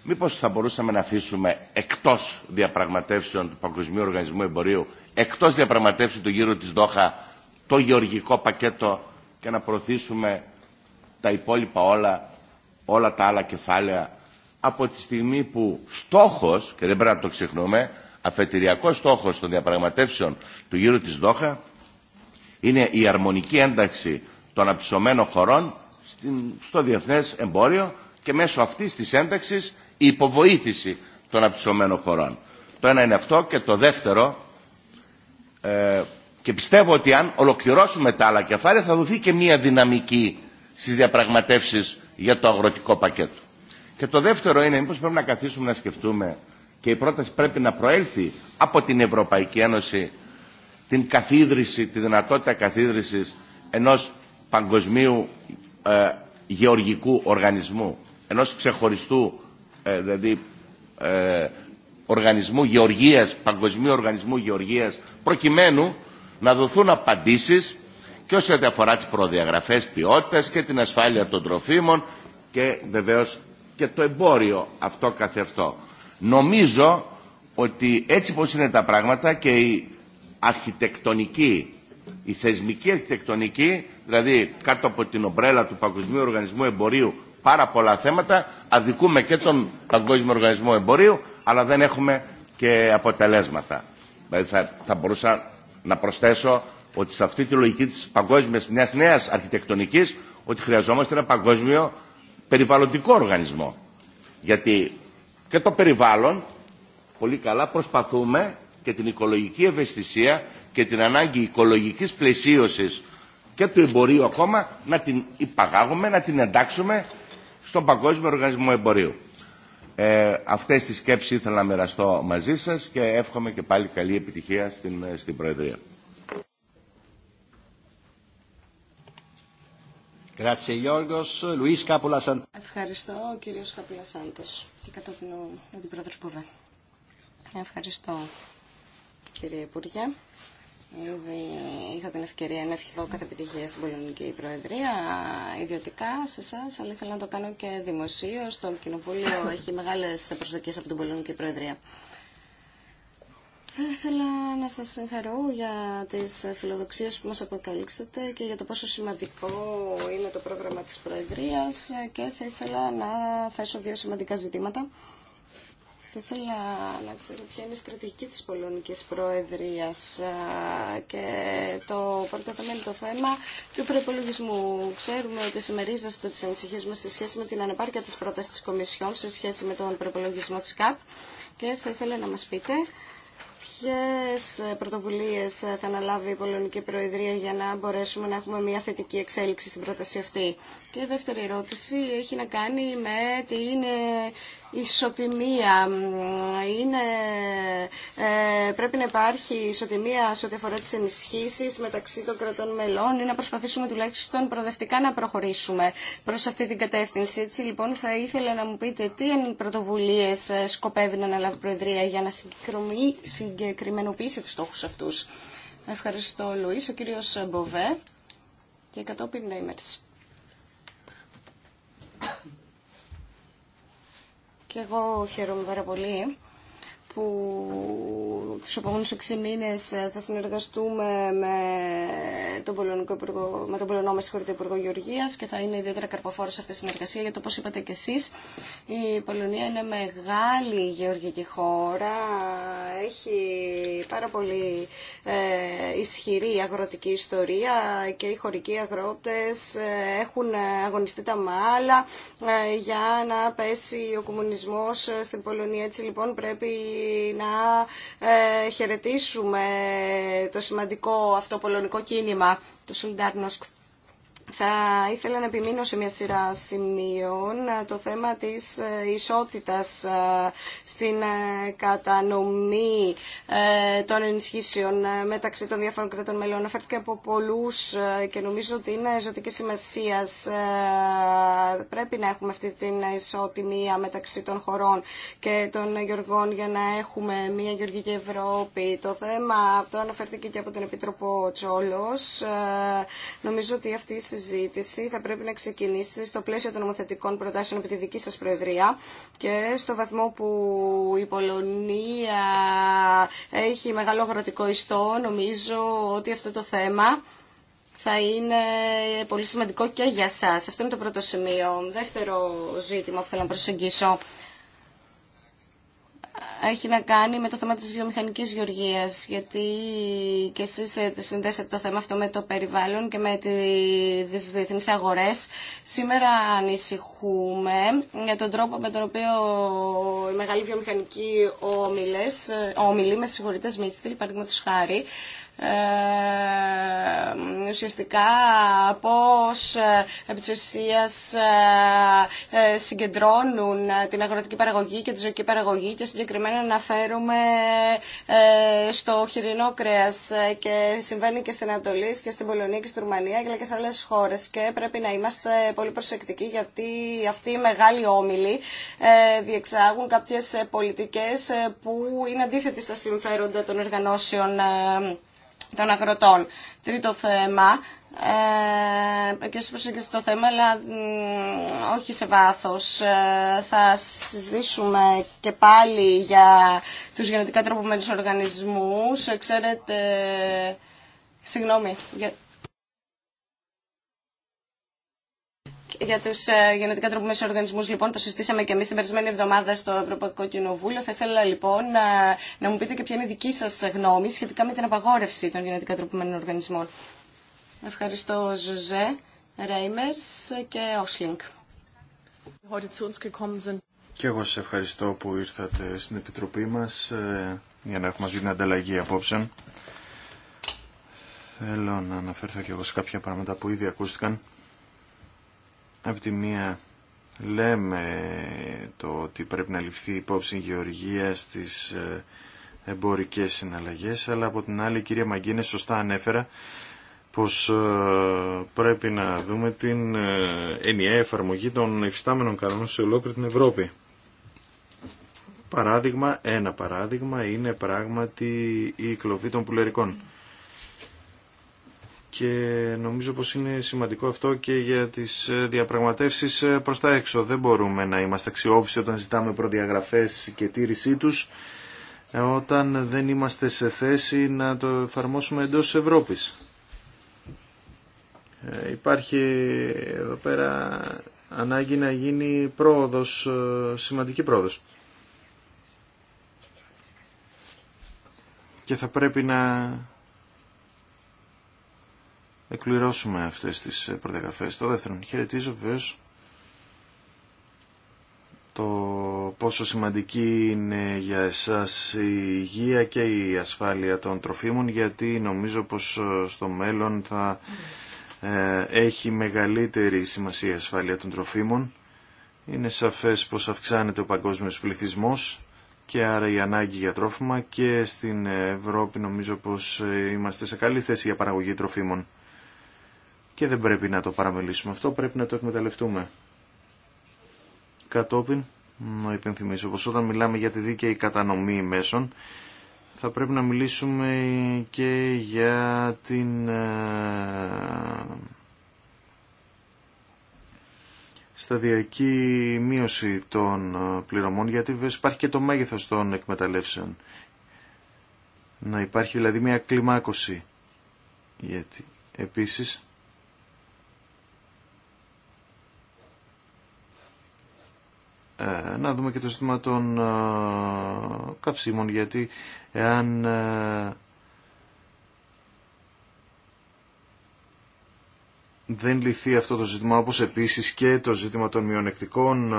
Μήπως θα μπορούσαμε να αφήσουμε εκτός διαπραγματεύσεων του Παγκοσμίου Οργανισμού Εμπορίου, εκτός διαπραγματεύσεων του γύρου της Δόχα, το γεωργικό πακέτο και να προωθήσουμε τα υπόλοιπα όλα, όλα τα άλλα κεφάλαια από τη στιγμή που στόχος, και δεν πρέπει να το ξεχνούμε, αφετηριακός στόχος των διαπραγματεύσεων του γύρου της Δόχα είναι η αρμονική ένταξη των απτυσσομένων χωρών στο διεθνές εμπόριο και μέσω αυτής της ένταξης η υποβοήθηση των απτυσσομένων χωρών. Το ένα είναι αυτό και το δεύτερο ε, και πιστεύω ότι αν ολοκληρώσουμε τα άλλα κεφάλαια θα δοθεί και μια δυναμική στις διαπραγματεύσεις για το αγροτικό πακέτο. Και το δεύτερο είναι, μήπως πρέπει να καθίσουμε να σκεφτούμε και η πρόταση πρέπει να προέλθει από την Ευρωπαϊκή Ένωση την καθίδρυση, τη δυνατότητα καθίδρυσης ενός παγκοσμίου ε, γεωργικού οργανισμού, ενός ξεχωριστού ε, δηλαδή, ε, οργανισμού γεωργίας, παγκοσμίου οργανισμού γεωργίας, προκειμένου να δοθούν απαντήσεις και όσο αφορά τις προδιαγραφές ποιότητας και την ασφάλεια των τροφίμων και βεβαίως και το εμπόριο αυτό καθευτό. Νομίζω ότι έτσι πως είναι τα πράγματα και η αρχιτεκτονική, η θεσμική αρχιτεκτονική, δηλαδή κάτω από την ομπρέλα του Παγκοσμίου Οργανισμού Εμπορίου πάρα πολλά θέματα, αδικούμε και τον Παγκόσμιο Οργανισμό Εμπορίου, αλλά δεν έχουμε και αποτελέσματα. Δηλαδή θα, θα μπορούσα να προσθέσω ότι σε αυτή τη λογική της παγκόσμιας, μιας νέας αρχιτεκτονικής, ότι χρειαζόμαστε ένα παγκόσμιο περιβαλλοντικό οργανισμό. Γιατί και το περιβάλλον, πολύ καλά προσπαθούμε και την οικολογική ευαισθησία και την ανάγκη οικολογικής πλαισίωσης και του εμπορίου ακόμα να την υπαγάγουμε, να την εντάξουμε στον Παγκόσμιο Οργανισμό Εμπορίου. Ε, αυτές τις σκέψεις ήθελα να μοιραστώ μαζί σας και εύχομαι και πάλι καλή επιτυχία στην, ε, στην Προεδρία. Ευχαριστώ, κύριο Καπούλα Σάντο. Και κατόπιν ο αντιπρόεδρος Πουβέ. Ευχαριστώ, κύριε Υπουργέ. Ήδη είχα την ευκαιρία να ευχηθώ κάθε επιτυχία στην Πολωνική Προεδρία, ιδιωτικά σε εσά, αλλά ήθελα να το κάνω και δημοσίω. Το Κοινοβούλιο [LAUGHS] έχει μεγάλε προσδοκίε από την Πολωνική Προεδρία. Θα ήθελα να σας συγχαρώ για τι φιλοδοξίε που μας αποκαλύψατε και για το πόσο σημαντικό είναι το πρόγραμμα της Προεδρία. και θα ήθελα να θέσω δύο σημαντικά ζητήματα θα ήθελα να ξέρω ποια είναι η στρατηγική της Πολωνικής Προεδρίας ε, και το πρώτο το θέμα του προπολογισμού. Ξέρουμε ότι συμμερίζεστε τις ανησυχίες μας σε σχέση με την ανεπάρκεια της πρότασης της Κομισιόν σε σχέση με τον προπολογισμό της ΚΑΠ και θα ήθελα να μας πείτε ποιε πρωτοβουλίε θα αναλάβει η Πολωνική Προεδρία για να μπορέσουμε να έχουμε μια θετική εξέλιξη στην πρόταση αυτή. Και η δεύτερη ερώτηση έχει να κάνει με τι είναι ισοτιμία. Είναι, ε, πρέπει να υπάρχει ισοτιμία σε ό,τι αφορά τις ενισχύσεις μεταξύ των κρατών μελών ή να προσπαθήσουμε τουλάχιστον προοδευτικά να προχωρήσουμε προς αυτή την κατεύθυνση. Έτσι λοιπόν θα ήθελα να μου πείτε τι είναι οι πρωτοβουλίες ε, σκοπεύει να αναλάβει η Προεδρία για να συγκεκριμενοποιήσει τους στόχους αυτούς. Ευχαριστώ Λουίς, ο κύριος Μποβέ και κατόπιν Νέιμερς. Και εγώ χαίρομαι πάρα πολύ που τους επόμενους 6 μήνες ε, θα συνεργαστούμε με τον, Πολωνικό Υπουργό, με τον Πολωνό μας Υπουργό Γεωργίας και θα είναι ιδιαίτερα καρποφόρος αυτή η συνεργασία γιατί όπως είπατε και εσείς η Πολωνία είναι μεγάλη γεωργική χώρα, έχει πάρα πολύ ε, ισχυρή αγροτική ιστορία και οι χωρικοί αγρότες ε, έχουν αγωνιστεί τα μάλα ε, για να πέσει ο κομμουνισμός στην Πολωνία. Έτσι λοιπόν πρέπει να χαιρετήσουμε το σημαντικό αυτό πολωνικό κίνημα, του Solidarnosc. Θα ήθελα να επιμείνω σε μια σειρά σημείων το θέμα της ε, ισότητας ε, στην ε, κατανομή των ενισχύσεων μεταξύ των διάφορων κρατών μελών. Αναφέρθηκε από πολλούς και νομίζω ότι είναι ζωτική σημασία. Πρέπει να έχουμε αυτή την ισοτιμία μεταξύ των χωρών και των γεωργών για να έχουμε μια γεωργική Ευρώπη. Το θέμα αυτό αναφέρθηκε και από τον Επιτροπό Τσόλος. Νομίζω ότι αυτή συζήτηση θα πρέπει να ξεκινήσει στο πλαίσιο των νομοθετικών προτάσεων από τη δική σας Προεδρία και στο βαθμό που η Πολωνία έχει μεγάλο αγροτικό ιστό, νομίζω ότι αυτό το θέμα θα είναι πολύ σημαντικό και για σας. Αυτό είναι το πρώτο σημείο. Δεύτερο ζήτημα που θέλω να προσεγγίσω έχει να κάνει με το θέμα της βιομηχανικής γεωργίας, γιατί και εσείς ε, συνδέσατε το θέμα αυτό με το περιβάλλον και με τις διεθνείς αγορές. Σήμερα ανησυχούμε για τον τρόπο με τον οποίο οι μεγάλοι βιομηχανικοί όμιλες, ε, όμιλοι, με συγχωρείτε, Σμίθφιλ, παραδείγματος χάρη, ε, ουσιαστικά πώς ε, επί ε, συγκεντρώνουν την αγροτική παραγωγή και τη ζωική παραγωγή και συγκεκριμένα αναφέρουμε ε, στο χοιρινό κρέας και συμβαίνει και στην Ανατολή και στην Πολωνία και στην Ρουμανία αλλά και σε άλλες χώρες και πρέπει να είμαστε πολύ προσεκτικοί γιατί αυτοί οι μεγάλοι όμιλοι διεξάγουν κάποιες πολιτικές που είναι αντίθετοι στα συμφέροντα των οργανώσεων των αγροτών. Τρίτο θέμα, ε, και σας το θέμα, αλλά όχι σε βάθος. Ε, θα συζητήσουμε και πάλι για τους γενετικά τροπομένους οργανισμούς. Ε, ξέρετε, συγγνώμη, για για του ε, γενετικά τροπημένου οργανισμού, λοιπόν, το συστήσαμε και εμεί την περασμένη εβδομάδα στο Ευρωπαϊκό Κοινοβούλιο. Θα ήθελα, λοιπόν, να, να μου πείτε και ποια είναι η δική σα γνώμη σχετικά με την απαγόρευση των γενετικά τροπομένων οργανισμών. Ευχαριστώ, Ζωζέ, Ρέιμερ και Όσλινγκ. Και εγώ σας ευχαριστώ που ήρθατε στην Επιτροπή μας ε, για να έχουμε μαζί την ανταλλαγή απόψεων. Θέλω να αναφέρθω και εγώ σε κάποια πράγματα που ήδη ακούστηκαν από τη μία λέμε το ότι πρέπει να ληφθεί υπόψη γεωργία στις ε, εμπορικές συναλλαγές, αλλά από την άλλη η κυρία Μαγκίνε, σωστά ανέφερα πως ε, πρέπει να δούμε την ε, ενιαία εφαρμογή των υφιστάμενων κανόνων σε ολόκληρη την Ευρώπη. Παράδειγμα, ένα παράδειγμα είναι πράγματι η κλοπή των πουλερικών και νομίζω πως είναι σημαντικό αυτό και για τις ε, διαπραγματεύσεις ε, προς τα έξω. Δεν μπορούμε να είμαστε αξιόπιστοι όταν ζητάμε προδιαγραφές και τήρησή τους ε, όταν δεν είμαστε σε θέση να το εφαρμόσουμε εντός της Ευρώπης. Υπάρχει εδώ πέρα ανάγκη να γίνει πρόοδος, σημαντική πρόοδος. Και θα πρέπει να εκπληρώσουμε αυτές τις ε, προδιαγραφές. Το δεύτερο χαιρετίζω βεβαίως το πόσο σημαντική είναι για εσάς η υγεία και η ασφάλεια των τροφίμων γιατί νομίζω πως ε, στο μέλλον θα ε, έχει μεγαλύτερη σημασία η ασφάλεια των τροφίμων. Είναι σαφές πως αυξάνεται ο παγκόσμιος πληθυσμός και άρα η ανάγκη για τρόφιμα και στην Ευρώπη νομίζω πως είμαστε σε καλή θέση για παραγωγή τροφίμων και δεν πρέπει να το παραμελήσουμε αυτό, πρέπει να το εκμεταλλευτούμε. Κατόπιν, να υπενθυμίσω πως όταν μιλάμε για τη δίκαιη κατανομή μέσων, θα πρέπει να μιλήσουμε και για την ε, σταδιακή μείωση των ε, πληρωμών, γιατί βέβαια υπάρχει και το μέγεθος των εκμεταλλεύσεων. Να υπάρχει δηλαδή μια κλιμάκωση. Γιατί επίσης Ε, να δούμε και το ζήτημα των ε, καυσίμων γιατί εάν ε, δεν λυθεί αυτό το ζήτημα όπως επίσης και το ζήτημα των μειονεκτικών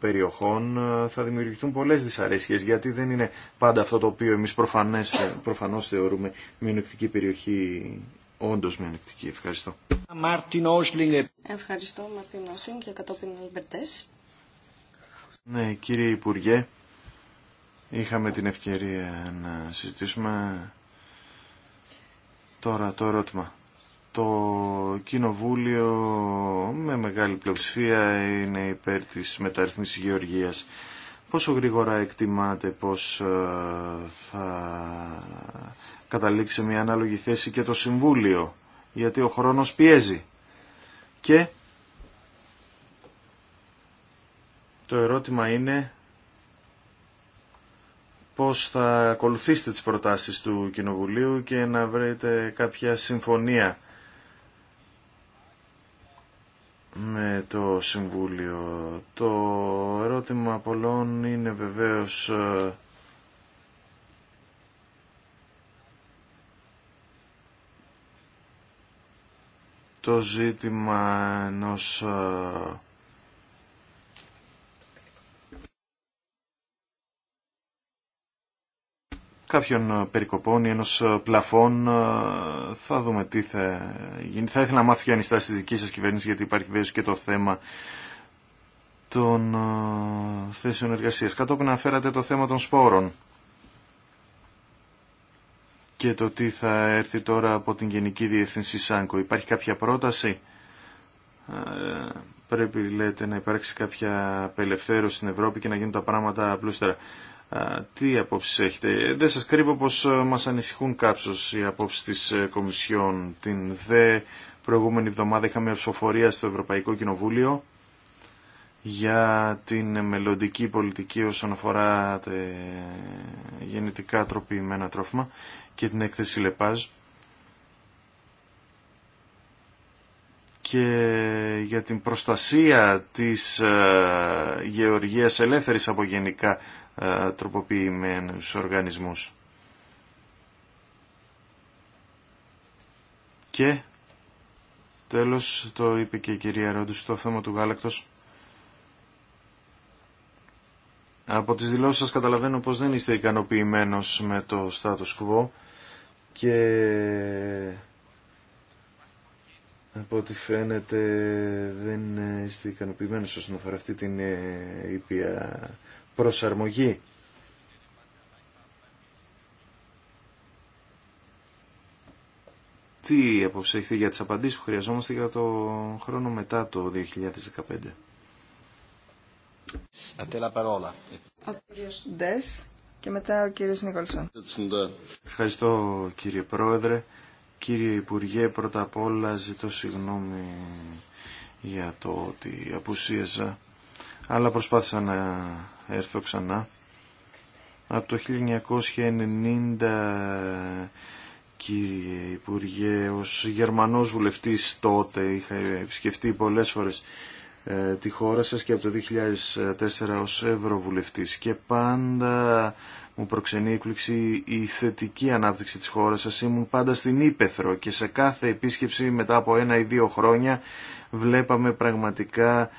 περιοχών θα δημιουργηθούν πολλές δυσαρέσκειες γιατί δεν είναι πάντα αυτό το οποίο εμείς προφανές, προφανώς θεωρούμε μειονεκτική περιοχή όντως μειονεκτική. Ευχαριστώ. Ευχαριστώ Μαρτίν Όσλινγκ και κατόπιν Αλμπερτές. Ναι, κύριε Υπουργέ, είχαμε την ευκαιρία να συζητήσουμε τώρα το ερώτημα. Το Κοινοβούλιο με μεγάλη πλειοψηφία είναι υπέρ της μεταρρυθμίσης γεωργίας. Πόσο γρήγορα εκτιμάτε πως ε, θα καταλήξει μια ανάλογη θέση και το Συμβούλιο, γιατί ο χρόνος πιέζει. Και Το ερώτημα είναι πώς θα ακολουθήσετε τις προτάσεις του Κοινοβουλίου και να βρείτε κάποια συμφωνία με το Συμβούλιο. Το ερώτημα πολλών είναι βεβαίως ε, το ζήτημα ενός ε, κάποιων ε, περικοπών ή ενός ε, πλαφών. Ε, θα δούμε τι θα γίνει. Θα ήθελα να μάθω ποια είναι η στάση τη σας γιατί υπάρχει βέβαια και το θέμα των θέσεων εργασίας. Κατόπιν αναφέρατε το θέμα των σπόρων και το τι θα έρθει τώρα από την Γενική Διευθυνσή ΣΑΝΚΟ. Υπάρχει κάποια πρόταση. Πρέπει, λέτε, να υπάρξει κάποια απελευθέρωση στην Ευρώπη και να γίνουν τα πράγματα απλούστερα τι απόψεις έχετε. Δεν σας κρύβω πως ε, μας ανησυχούν κάψως οι απόψεις της ε, Κομισιόν. Την δε προηγούμενη εβδομάδα είχαμε ψηφοφορία στο Ευρωπαϊκό Κοινοβούλιο για την μελλοντική πολιτική όσον αφορά τα ε, γεννητικά τροποιημένα τρόφιμα και την έκθεση Λεπάζ. και για την προστασία της ε, γεωργίας ελεύθερης από γενικά ε, τροποποιημένους οργανισμούς. Και τέλος το είπε και η κυρία Ρόντου στο θέμα του γάλακτος. Από τις δηλώσεις σας καταλαβαίνω πως δεν είστε ικανοποιημένος με το status quo και από ό,τι φαίνεται δεν είστε ικανοποιημένο όσον αφορά αυτή την ε, ήπια προσαρμογή. Τι απόψε έχετε για τις απαντήσεις που χρειαζόμαστε για το χρόνο μετά το 2015. Ο και μετά ο κύριος Νίκολσον. Ευχαριστώ κύριε Πρόεδρε. Κύριε Υπουργέ, πρώτα απ' όλα ζητώ συγγνώμη για το ότι απουσίαζα, αλλά προσπάθησα να έρθω ξανά. Από το 1990, κύριε Υπουργέ, ως Γερμανός βουλευτής τότε είχα επισκεφτεί πολλές φορές ε, τη χώρα σας και από το 2004 ως Ευρωβουλευτής και πάντα μου προξενεί έκπληξη η θετική ανάπτυξη της χώρας σας. Ήμουν πάντα στην Ήπεθρο και σε κάθε επίσκεψη μετά από ένα ή δύο χρόνια βλέπαμε πραγματικά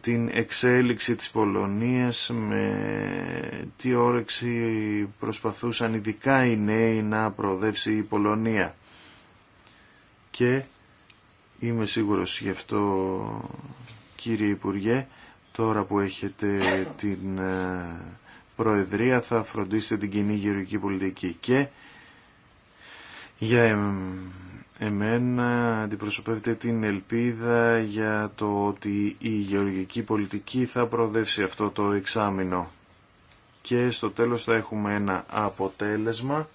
την εξέλιξη της Πολωνίας με τι όρεξη προσπαθούσαν ειδικά οι νέοι να προοδεύσει η Πολωνία. Και είμαι σίγουρος γι' αυτό κύριε Υπουργέ τώρα που έχετε την ε, Προεδρία θα φροντίσετε την κοινή γεωργική πολιτική και για εμένα αντιπροσωπεύετε την ελπίδα για το ότι η γεωργική πολιτική θα προοδεύσει αυτό το εξάμεινο και στο τέλος θα έχουμε ένα αποτέλεσμα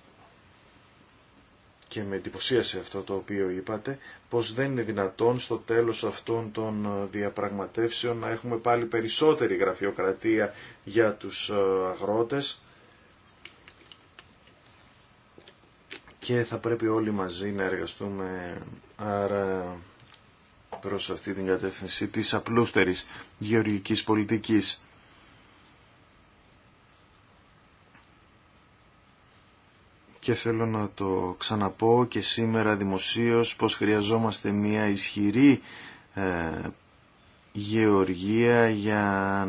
και με εντυπωσίασε αυτό το οποίο είπατε, πως δεν είναι δυνατόν στο τέλος αυτών των ε, διαπραγματεύσεων να έχουμε πάλι περισσότερη γραφειοκρατία για τους ε, αγρότες και θα πρέπει όλοι μαζί να εργαστούμε άρα προς αυτή την κατεύθυνση της απλούστερης γεωργικής πολιτικής. και θέλω να το ξαναπώ και σήμερα δημοσίως πως χρειαζόμαστε μια ισχυρή ε, γεωργία για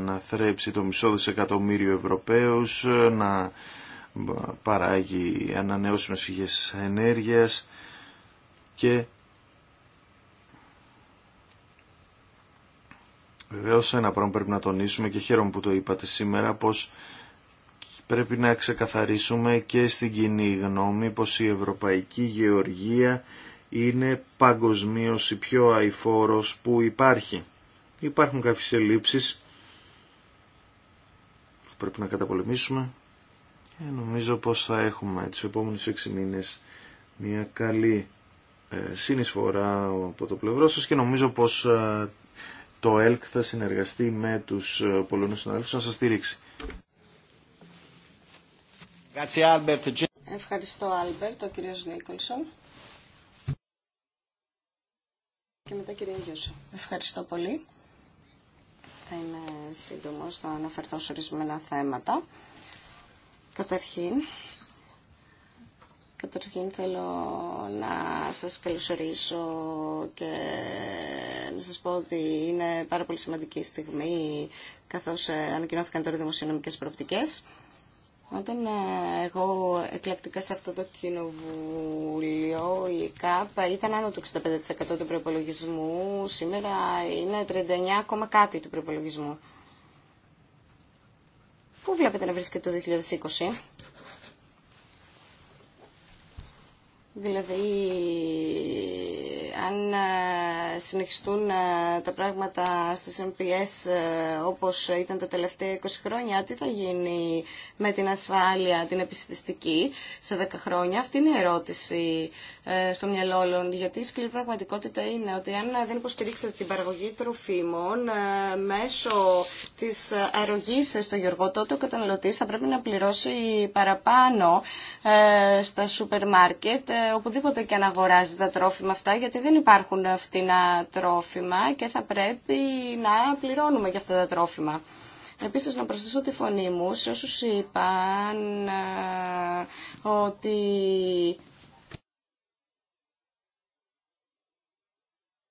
να θρέψει το μισό δισεκατομμύριο Ευρωπαίους, ε, να παράγει ανανεώσιμες φυγές ενέργειας και βεβαίως ένα πράγμα πρέπει να τονίσουμε και χαίρομαι που το είπατε σήμερα πως πρέπει να ξεκαθαρίσουμε και στην κοινή γνώμη πως η Ευρωπαϊκή Γεωργία είναι παγκοσμίω η πιο αηφόρος που υπάρχει. Υπάρχουν κάποιες ελλείψεις που πρέπει να καταπολεμήσουμε και νομίζω πως θα έχουμε τις επόμενες 6 μήνες μια καλή ε, συνεισφορά από το πλευρό σας και νομίζω πως ε, το ΕΛΚ θα συνεργαστεί με τους ε, Πολωνούς συναδέλφους να σας στηρίξει. Ευχαριστώ, Άλμπερτ, ο κύριο Νίκολσον. Και μετά, κύριε Γιώσο. Ευχαριστώ πολύ. Θα είμαι σύντομο θα αναφερθώ σε ορισμένα θέματα. Καταρχήν, Καταρχήν θέλω να σας καλωσορίσω και να σας πω ότι είναι πάρα πολύ σημαντική στιγμή καθώς ε, ανακοινώθηκαν τώρα οι δημοσιονομικές προοπτικές όταν ε, εγώ εκλεκτικά σε αυτό το κοινοβούλιο, η ΚΑΠ ήταν άνω του 65% του προπολογισμού, σήμερα είναι 39, κάτι του προπολογισμού. Πού βλέπετε να βρίσκεται το 2020? Δηλαδή, αν ε, συνεχιστούν ε, τα πράγματα στις MPS ε, όπως ήταν τα τελευταία 20 χρόνια, τι θα γίνει με την ασφάλεια, την επιστηστική σε 10 χρόνια. Αυτή είναι η ερώτηση στο μυαλό όλων, γιατί η σκληρή πραγματικότητα είναι ότι αν δεν υποστηρίξετε την παραγωγή τροφίμων μέσω της αρρωγής στο Γιώργο, τότε ο καταναλωτής θα πρέπει να πληρώσει παραπάνω στα σούπερ μάρκετ, οπουδήποτε και αν αγοράζει τα τρόφιμα αυτά, γιατί δεν δεν υπάρχουν φτηνά τρόφιμα και θα πρέπει να πληρώνουμε για αυτά τα τρόφιμα. Επίσης να προσθέσω τη φωνή μου σε όσους είπαν ε, ότι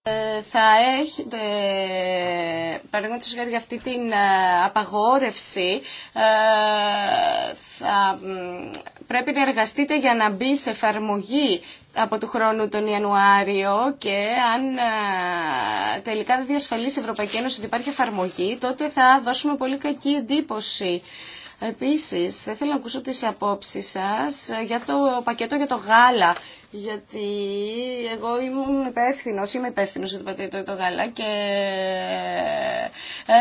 Ε, θα έχετε, παραδείγματο για αυτή την ε, απαγόρευση, ε, θα πρέπει να εργαστείτε για να μπει σε εφαρμογή από του χρόνου τον Ιανουάριο και αν τελικά δεν διασφαλίσει η Ευρωπαϊκή Ένωση ότι υπάρχει εφαρμογή, τότε θα δώσουμε πολύ κακή εντύπωση. Επίσης, θα ήθελα να ακούσω τις απόψεις σας για το πακέτο για το γάλα γιατί εγώ ήμουν υπεύθυνο, είμαι υπεύθυνο για το το γάλα και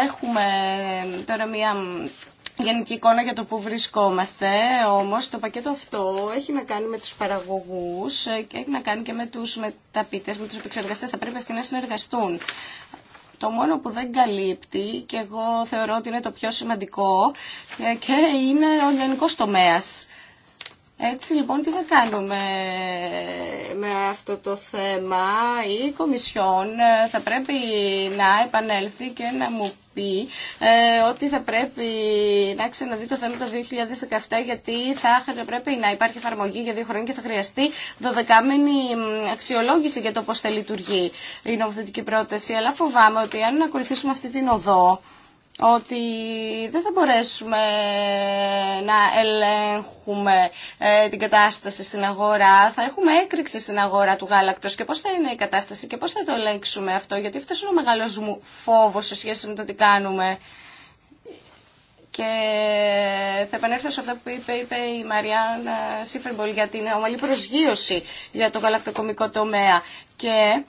έχουμε τώρα μια γενική εικόνα για το που βρισκόμαστε, όμως το πακέτο αυτό έχει να κάνει με τους παραγωγούς και έχει να κάνει και με τους μεταπίτες, με τους επεξεργαστές, θα πρέπει αυτοί να συνεργαστούν. Το μόνο που δεν καλύπτει και εγώ θεωρώ ότι είναι το πιο σημαντικό ε, και είναι ο γενικός τομέας. Έτσι λοιπόν τι θα κάνουμε με αυτό το θέμα. Η Κομισιόν ε, θα πρέπει να επανέλθει και να μου πει ε, ότι θα πρέπει να ξαναδεί το θέμα το 2017 γιατί θα πρέπει να υπάρχει εφαρμογή για δύο χρόνια και θα χρειαστει δωδεκάμενη αξιολόγηση για το πώς θα λειτουργεί η νομοθετική πρόταση. Αλλά φοβάμαι ότι αν ακολουθήσουμε αυτή την οδό ότι δεν θα μπορέσουμε να ελέγχουμε ε, την κατάσταση στην αγορά. Θα έχουμε έκρηξη στην αγορά του γάλακτος και πώς θα είναι η κατάσταση και πώς θα το ελέγξουμε αυτό. Γιατί αυτό είναι ο μεγάλος μου φόβος σε σχέση με το τι κάνουμε. Και θα επανέλθω σε αυτό που είπε, είπε η Μαριάν Σίφερμπολ για την ομαλή προσγείωση για το γαλακτοκομικό τομέα. Και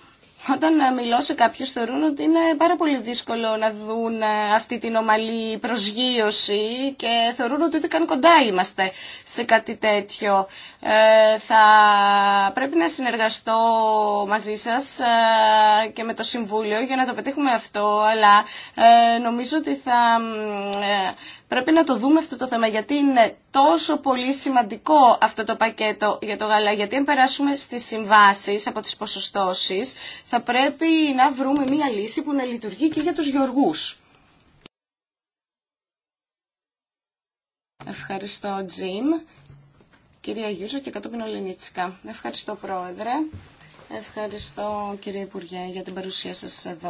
όταν μιλώ σε κάποιους θεωρούν ότι είναι πάρα πολύ δύσκολο να δουν ε, αυτή την ομαλή προσγείωση και θεωρούν ότι ούτε καν κοντά είμαστε σε κάτι τέτοιο. Ε, θα πρέπει να συνεργαστώ μαζί σας ε, και με το Συμβούλιο για να το πετύχουμε αυτό, αλλά νομίζω ότι θα Πρέπει να το δούμε αυτό το θέμα γιατί είναι τόσο πολύ σημαντικό αυτό το πακέτο για το γάλα. Γιατί αν περάσουμε στις συμβάσεις από τις ποσοστώσεις θα πρέπει να βρούμε μία λύση που να λειτουργεί και για τους γεωργούς. Ευχαριστώ Τζιμ. Κυρία Γιούζα και κατόπιν Ολενίτσικα. Ευχαριστώ Πρόεδρε. Ευχαριστώ κύριε Υπουργέ για την παρουσία σας εδώ.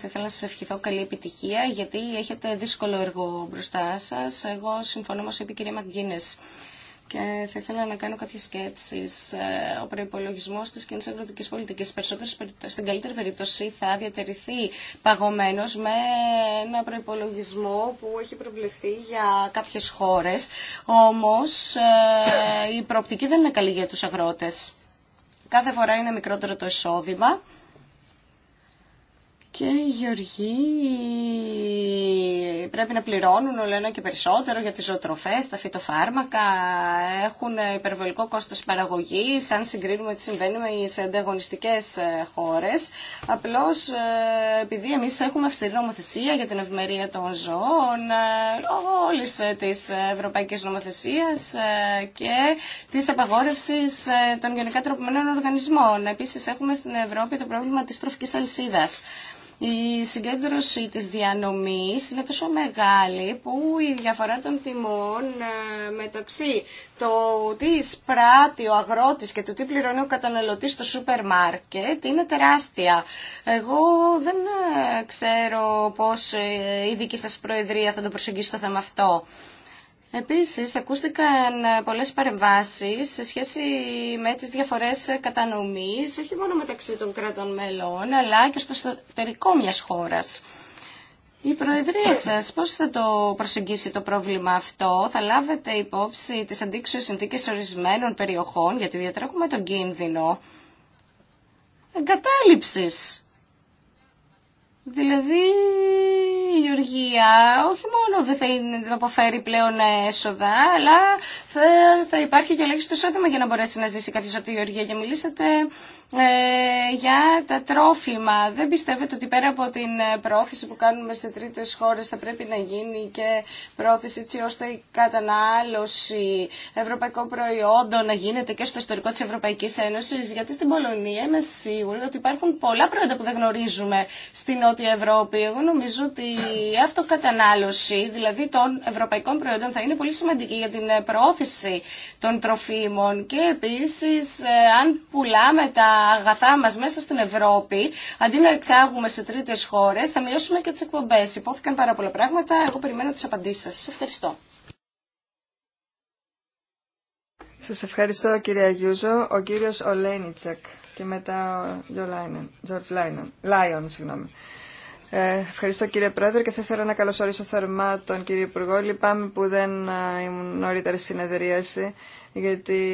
Θα ήθελα να σας ευχηθώ καλή επιτυχία γιατί έχετε δύσκολο έργο μπροστά σας. Εγώ συμφωνώ μας είπε η κυρία Μαγκίνες και θα ήθελα να κάνω κάποιε σκέψει. Ε, ο προπολογισμό της κοινή αγροτική πολιτική στην καλύτερη περίπτωση θα διατηρηθεί παγωμένο με ένα προπολογισμό που έχει προβλεφθεί για κάποιε χώρε. Όμω ε, η προοπτική δεν είναι καλή για του αγρότε. Κάθε φορά είναι μικρότερο το εισόδημα και οι γεωργοί πρέπει να πληρώνουν όλο ένα και περισσότερο για τις ζωοτροφές, τα φυτοφάρμακα, έχουν υπερβολικό κόστος παραγωγής, αν συγκρίνουμε τι συμβαίνει με τις ανταγωνιστικές ε, χώρες. Απλώς ε, επειδή εμείς έχουμε αυστηρή νομοθεσία για την ευημερία των ζώων, ε, όλης της ευρωπαϊκής νομοθεσίας και της απαγόρευσης των γενικά τροπημένων οργανισμών. Επίσης έχουμε στην Ευρώπη το πρόβλημα της τροφικής αλυσίδας η συγκέντρωση της διανομής είναι τόσο μεγάλη που η διαφορά των τιμών ε, μεταξύ το τι εισπράττει ο αγρότης και το τι πληρώνει ο καταναλωτής στο σούπερ μάρκετ είναι τεράστια. Εγώ δεν ε, ξέρω πώς ε, η δική σας προεδρία θα το προσεγγίσει το θέμα αυτό. Επίσης, ακούστηκαν πολλές παρεμβάσεις σε σχέση με τις διαφορές κατανομής, όχι μόνο μεταξύ των κρατών μελών, αλλά και στο εσωτερικό μιας χώρας. Η Προεδρία σας πώς θα το προσεγγίσει το πρόβλημα αυτό, θα λάβετε υπόψη τις αντίξωες συνθήκες ορισμένων περιοχών, γιατί διατρέχουμε τον κίνδυνο εγκατάλειψης Δηλαδή η Γεωργία όχι μόνο δεν θα είναι, αποφέρει πλέον έσοδα, αλλά θα, θα υπάρχει και ελάχιστο εισόδημα για να μπορέσει να ζήσει κάποιο από τη Γεωργία. για μιλήσατε ε, για τα τρόφιμα. Δεν πιστεύετε ότι πέρα από την ε, πρόθεση που κάνουμε σε τρίτες χώρες θα πρέπει να γίνει και πρόθεση έτσι ώστε η κατανάλωση ευρωπαϊκών προϊόντων να γίνεται και στο ιστορικό της Ευρωπαϊκής Ένωσης γιατί στην Πολωνία είμαι σίγουρη ότι υπάρχουν πολλά προϊόντα που δεν γνωρίζουμε στην Νότια Ευρώπη. Εγώ νομίζω ότι η αυτοκατανάλωση δηλαδή των ευρωπαϊκών προϊόντων θα είναι πολύ σημαντική για την ε, πρόθεση των τροφίμων και επίσης αν πουλάμε τα αγαθά μας μέσα στην Ευρώπη, αντί να εξάγουμε σε τρίτες χώρες, θα μειώσουμε και τις εκπομπές. Υπόθηκαν πάρα πολλά πράγματα, εγώ περιμένω τις απαντήσεις σας. Σας ευχαριστώ. Σας ευχαριστώ κύριε Αγιούζο. ο κύριος Ολένιτσεκ και μετά ο George Λάιον, συγγνώμη. Ε, ευχαριστώ κύριε Πρόεδρε και θα ήθελα να καλωσορίσω θερμά τον κύριο Υπουργό. Λυπάμαι που δεν ε, ήμουν νωρίτερα στη συνεδρίαση γιατί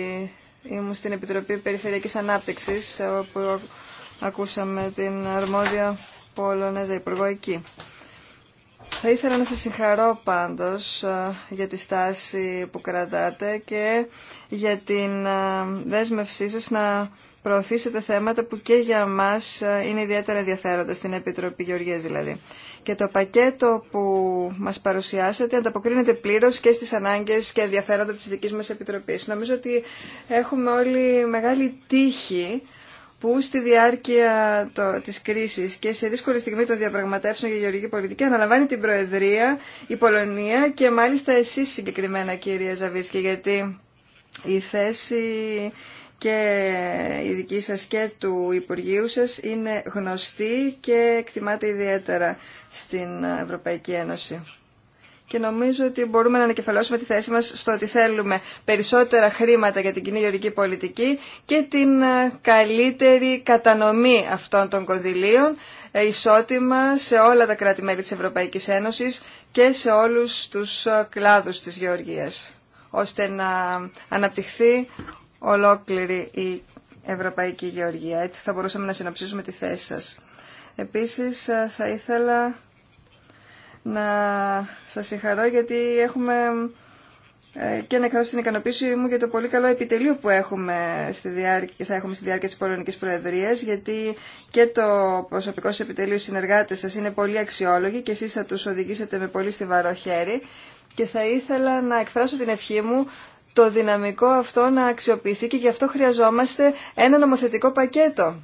Ήμουν στην Επιτροπή Περιφερειακής Ανάπτυξης, όπου ακούσαμε την αρμόδια Πολωνέζα Υπουργό εκεί. Θα ήθελα να σας συγχαρώ πάντως ε, για τη στάση που κρατάτε και για την ε, δέσμευσή σας να προωθήσετε θέματα που και για μας ε, είναι ιδιαίτερα ενδιαφέροντα, στην Επιτροπή Γεωργίας δηλαδή και το πακέτο που μας παρουσιάσατε ανταποκρίνεται πλήρως και στις ανάγκες και ενδιαφέροντα της δικής μας Επιτροπής. Νομίζω ότι έχουμε όλοι μεγάλη τύχη που στη διάρκεια τη της κρίσης και σε δύσκολη στιγμή των διαπραγματεύσεων για γεωργική πολιτική αναλαμβάνει την Προεδρία, η Πολωνία και μάλιστα εσείς συγκεκριμένα κύριε Ζαβίσκη γιατί η θέση και η δική σας και του Υπουργείου σας είναι γνωστή και εκτιμάται ιδιαίτερα στην Ευρωπαϊκή Ένωση. Και νομίζω ότι μπορούμε να ανακεφαλώσουμε τη θέση μας στο ότι θέλουμε περισσότερα χρήματα για την κοινή γεωρική πολιτική και την ε, καλύτερη κατανομή αυτών των κονδυλίων ε, ισότιμα σε όλα τα κράτη-μέλη της Ευρωπαϊκής Ένωσης και σε όλους τους ε, κλάδους της γεωργίας ώστε να αναπτυχθεί ολόκληρη η Ευρωπαϊκή Γεωργία. Έτσι θα μπορούσαμε να συνοψίσουμε τη θέση σας. Επίσης ε, θα ήθελα να σας συγχαρώ γιατί έχουμε ε, και να εκφράσω την ικανοποίησή μου για το πολύ καλό επιτελείο που έχουμε στη διάρκεια, θα έχουμε στη διάρκεια της Πολωνικής Προεδρίας, γιατί και το προσωπικό σας επιτελείο, οι συνεργάτες σας είναι πολύ αξιόλογοι και εσείς θα τους οδηγήσετε με πολύ στιβαρό χέρι. Και θα ήθελα να εκφράσω την ευχή μου το δυναμικό αυτό να αξιοποιηθεί και γι' αυτό χρειαζόμαστε ένα νομοθετικό πακέτο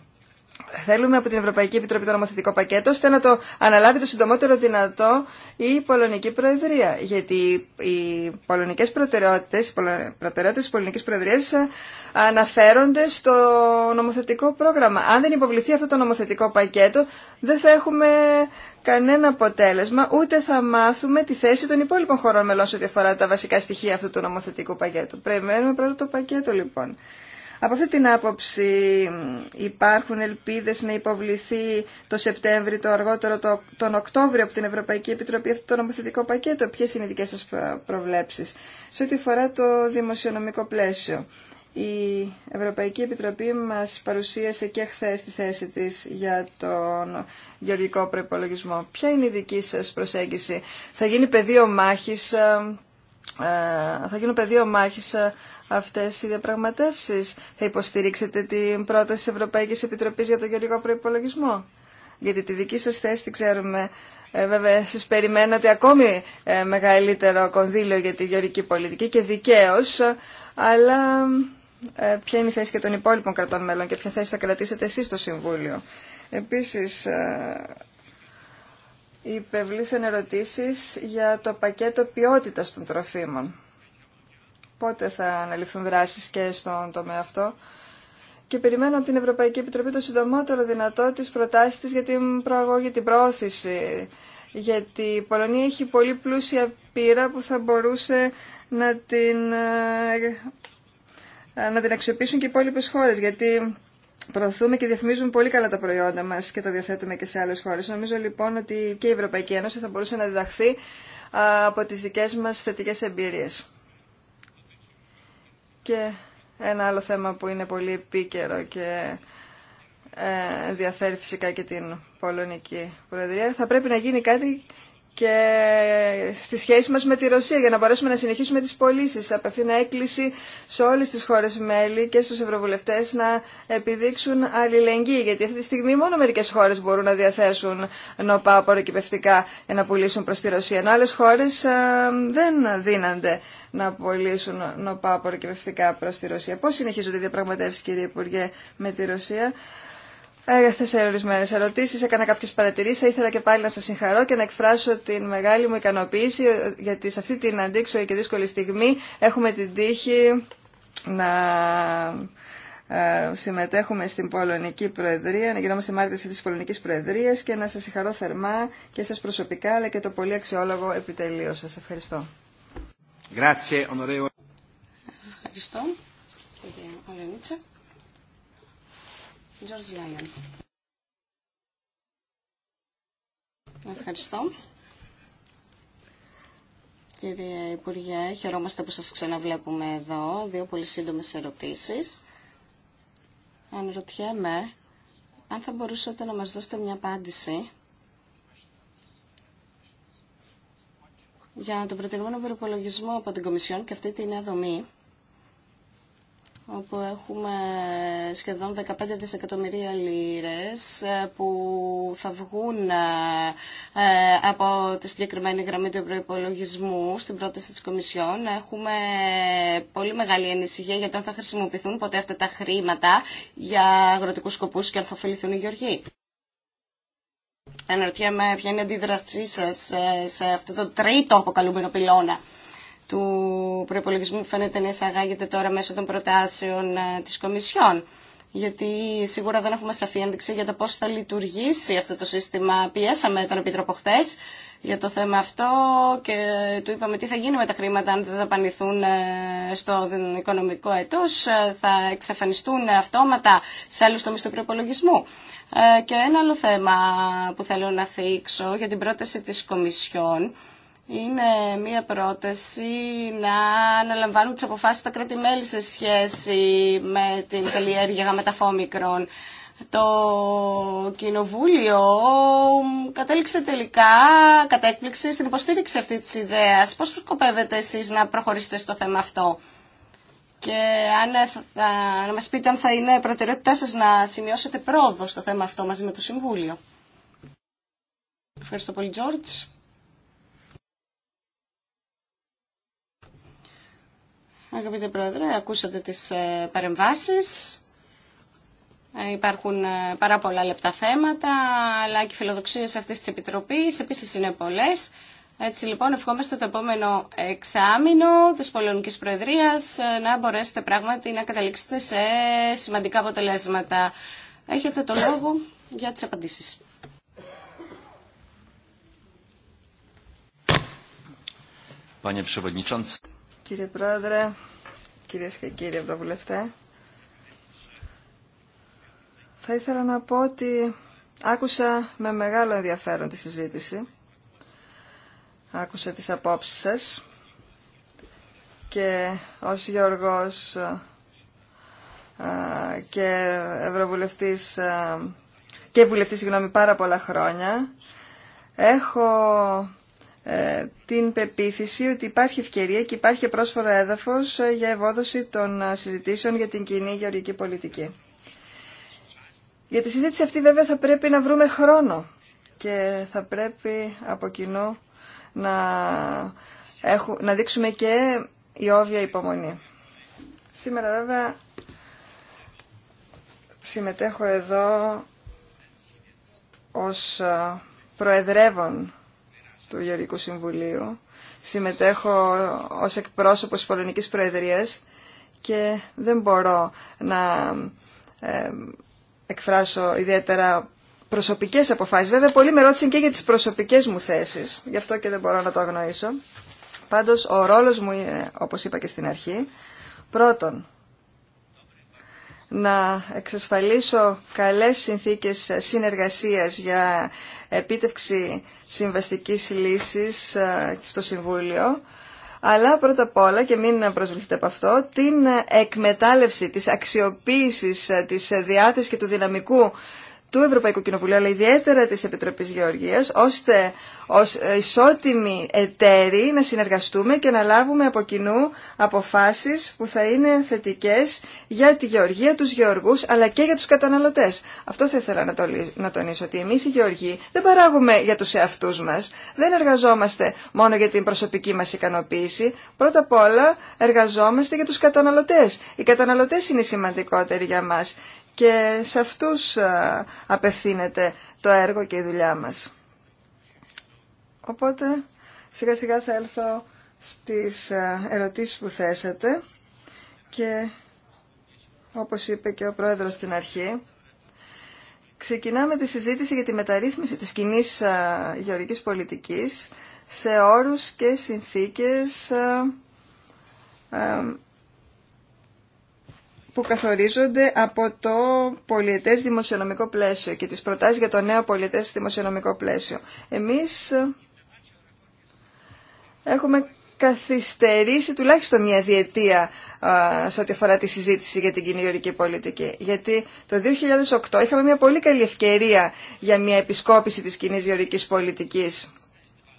Θέλουμε από την Ευρωπαϊκή Επιτροπή το νομοθετικό πακέτο ώστε να το αναλάβει το συντομότερο δυνατό η Πολωνική Προεδρία. Γιατί οι πολωνικέ προτεραιότητε, οι προτεραιότητε τη Πολωνική Προεδρία ε, αναφέρονται στο νομοθετικό πρόγραμμα. Αν δεν υποβληθεί αυτό το νομοθετικό πακέτο, δεν θα έχουμε κανένα αποτέλεσμα, ούτε θα μάθουμε τη θέση των υπόλοιπων χωρών μελών σε ό,τι αφορά τα βασικά στοιχεία αυτού του νομοθετικού πακέτου. Πρέπει να πρώτα το πακέτο λοιπόν. Από αυτή την άποψη υπάρχουν ελπίδες να υποβληθεί το Σεπτέμβρη, το αργότερο τον Οκτώβριο από την Ευρωπαϊκή Επιτροπή αυτό το νομοθετικό πακέτο. Ποιες είναι οι δικές σας προβλέψεις σε ό,τι αφορά το δημοσιονομικό πλαίσιο. Η Ευρωπαϊκή Επιτροπή μας παρουσίασε και χθε τη θέση της για τον γεωργικό προϋπολογισμό. Ποια είναι η δική σας προσέγγιση. Θα γίνει πεδίο μάχης ε, ε, θα γίνουν πεδίο μάχης ε, αυτές οι διαπραγματεύσεις. Θα υποστηρίξετε την πρόταση της Ευρωπαϊκής Επιτροπής για τον γεωργικό προϋπολογισμό. Γιατί τη δική σας θέση την ξέρουμε. Ε, βέβαια, σας περιμένατε ακόμη μεγαλύτερο κονδύλιο για τη γεωργική πολιτική και δικαίως, αλλά ε, ποια είναι η θέση και των υπόλοιπων κρατών μέλων και ποια θέση θα κρατήσετε εσείς στο Συμβούλιο. Επίσης, υπευλήσαν ερωτήσεις για το πακέτο ποιότητας των τροφίμων. Πότε θα αναλυθούν δράσεις και στον τομέα αυτό. Και περιμένω από την Ευρωπαϊκή Επιτροπή το συντομότερο δυνατό της προτάσεις της για την προαγωγή, την προώθηση. Γιατί η Πολωνία έχει πολύ πλούσια πείρα που θα μπορούσε να την, ε, να την αξιοποιήσουν και οι υπόλοιπε χώρες. Γιατί προωθούμε και διαφημίζουμε πολύ καλά τα προϊόντα μας και τα διαθέτουμε και σε άλλες χώρες. Νομίζω λοιπόν ότι και η Ευρωπαϊκή Ένωση θα μπορούσε να διδαχθεί από τις δικές μας θετικές εμπειρίες. Και ένα άλλο θέμα που είναι πολύ επίκαιρο και ε, ενδιαφέρει φυσικά και την Πολωνική Προεδρία. Θα πρέπει να γίνει κάτι και στη σχέση μας με τη Ρωσία για να μπορέσουμε να συνεχίσουμε τις πωλήσει. Απευθύνω έκκληση σε όλες τις χώρες μέλη και στους ευρωβουλευτές να επιδείξουν αλληλεγγύη γιατί αυτή τη στιγμή μόνο μερικές χώρες μπορούν να διαθέσουν νοπά απορροκυπευτικά για να πουλήσουν προς τη Ρωσία ενώ άλλες χώρες δεν δίνανται να πουλήσουν νοπά απορροκυπευτικά προς τη Ρωσία. Πώς συνεχίζονται οι διαπραγματεύσεις κύριε Υπουργέ με τη Ρωσία. Έθεσε ορισμένε ερωτήσει, έκανα κάποιε παρατηρήσει. ήθελα και πάλι να σα συγχαρώ και να εκφράσω την μεγάλη μου ικανοποίηση, γιατί σε αυτή την αντίξωη και δύσκολη στιγμή έχουμε την τύχη να ε, συμμετέχουμε στην Πολωνική Προεδρία, να γινόμαστε μάρτυρε της Πολωνικής Προεδρίας και να σας συγχαρώ θερμά και σα προσωπικά αλλά και το πολύ αξιόλογο επιτελείο σα Ευχαριστώ. Ευχαριστώ, κύριε George Lyon. Ευχαριστώ. Κύριε Υπουργέ, χαιρόμαστε που σας ξαναβλέπουμε εδώ. Δύο πολύ σύντομες ερωτήσεις. Αναρωτιέμαι αν θα μπορούσατε να μας δώσετε μια απάντηση για τον προτεραιόμενο προπολογισμό από την Κομισιόν και αυτή τη νέα δομή όπου έχουμε σχεδόν 15 δισεκατομμυρία λίρες ε, που θα βγουν ε, από τη συγκεκριμένη γραμμή του προπολογισμού στην πρόταση της Κομισιόν. Έχουμε πολύ μεγάλη ανησυχία για το αν θα χρησιμοποιηθούν ποτέ αυτά τα χρήματα για αγροτικούς σκοπούς και αν θα ωφεληθούν οι γεωργοί. Αναρωτιέμαι ποια είναι η αντίδρασή σας ε, σε αυτό το τρίτο αποκαλούμενο πυλώνα του προπολογισμού φαίνεται να εισαγάγεται τώρα μέσω των προτάσεων ε, της Κομισιόν. Γιατί σίγουρα δεν έχουμε σαφή ένδειξη για το πώς θα λειτουργήσει αυτό το σύστημα. Πιέσαμε τον Επίτροπο χθε για το θέμα αυτό και του είπαμε τι θα γίνει με τα χρήματα αν δεν δαπανηθούν ε, στο οικονομικό έτος, ε, θα εξαφανιστούν αυτόματα σε άλλους τομείς του προπολογισμού. Και ένα άλλο θέμα που θέλω να θίξω για την πρόταση της Κομισιόν είναι μία πρόταση να αναλαμβάνουν τις αποφάσεις τα κράτη-μέλη σε σχέση με την καλλιέργεια μικρών. Το Κοινοβούλιο κατέληξε τελικά, κατέκπληξε στην υποστήριξη αυτή της ιδέας. Πώς σκοπεύετε εσείς να προχωρήσετε στο θέμα αυτό. Και αν να μας πείτε αν θα είναι προτεραιότητά σας να σημειώσετε πρόοδο στο θέμα αυτό μαζί με το Συμβούλιο. Ευχαριστώ πολύ, Τζόρτς. Αγαπητέ Πρόεδρε, ακούσατε τις ε, παρεμβάσεις. Ε, υπάρχουν ε, πάρα πολλά λεπτά θέματα, αλλά και φιλοδοξίες αυτής της Επιτροπής επίσης είναι πολλές. Έτσι λοιπόν ευχόμαστε το επόμενο εξάμεινο της Πολωνικής Προεδρίας να μπορέσετε πράγματι να καταλήξετε σε σημαντικά αποτελέσματα. Έχετε το λόγο για τις απαντήσεις. Panie Κύριε Πρόεδρε, κυρίες και κύριοι Ευρωβουλευτέ, θα ήθελα να πω ότι άκουσα με μεγάλο ενδιαφέρον τη συζήτηση. Άκουσα τις απόψεις σας και ως Γιώργος ε, και Ευρωβουλευτής ε, και Βουλευτής, συγγνώμη, πάρα πολλά χρόνια έχω ε, την πεποίθηση ότι υπάρχει ευκαιρία και υπάρχει πρόσφορο έδαφος ε, για ευόδοση των ε, συζητήσεων για την κοινή γεωργική πολιτική. Για τη συζήτηση αυτή βέβαια θα πρέπει να βρούμε χρόνο και θα πρέπει από κοινού να, να δείξουμε και η όβια υπομονή. Σήμερα βέβαια συμμετέχω εδώ ως προεδρεύων του Γεωργικού Συμβουλίου. Συμμετέχω ως εκπρόσωπος της Πολωνικής Προεδρίας και δεν μπορώ να ε, εκφράσω ιδιαίτερα προσωπικές αποφάσεις. Βέβαια, πολλοί με ρώτησαν και για τις προσωπικές μου θέσεις, γι' αυτό και δεν μπορώ να το αγνοήσω. Πάντως, ο ρόλος μου είναι, όπως είπα και στην αρχή, πρώτον, να εξασφαλίσω καλές συνθήκες συνεργασίας για επίτευξη συμβαστικής λύσης ε, στο Συμβούλιο, αλλά πρώτα απ' όλα, και μην προσβληθείτε από αυτό, την εκμετάλλευση της αξιοποίησης ε, της ε, διάθεσης και του δυναμικού του Ευρωπαϊκού Κοινοβουλίου, αλλά ιδιαίτερα της Επιτροπής Γεωργίας, ώστε ως ισότιμοι εταίροι να συνεργαστούμε και να λάβουμε από κοινού αποφάσεις που θα είναι θετικές για τη γεωργία, τους γεωργούς, αλλά και για τους καταναλωτές. Αυτό θα ήθελα να τονίσω, ότι εμείς οι γεωργοί δεν παράγουμε για τους εαυτούς μας, δεν εργαζόμαστε μόνο για την προσωπική μας ικανοποίηση, πρώτα απ' όλα εργαζόμαστε για τους καταναλωτές. Οι καταναλωτές είναι σημαντικότεροι για μας και σε αυτούς απευθύνεται το έργο και η δουλειά μας. Οπότε σιγά σιγά θα έλθω στις ερωτήσεις που θέσατε και όπως είπε και ο Πρόεδρος στην αρχή, ξεκινάμε τη συζήτηση για τη μεταρρύθμιση της κοινή γεωργικής πολιτικής σε όρους και συνθήκες που καθορίζονται από το πολιετές δημοσιονομικό πλαίσιο και τις προτάσεις για το νέο πολιετές δημοσιονομικό πλαίσιο. Εμείς ε, έχουμε καθυστερήσει τουλάχιστον μια διετία σε ό,τι αφορά τη συζήτηση για την κοινή πολιτική. Γιατί το 2008 είχαμε μια πολύ καλή ευκαιρία για μια επισκόπηση της κοινή γεωρικής πολιτικής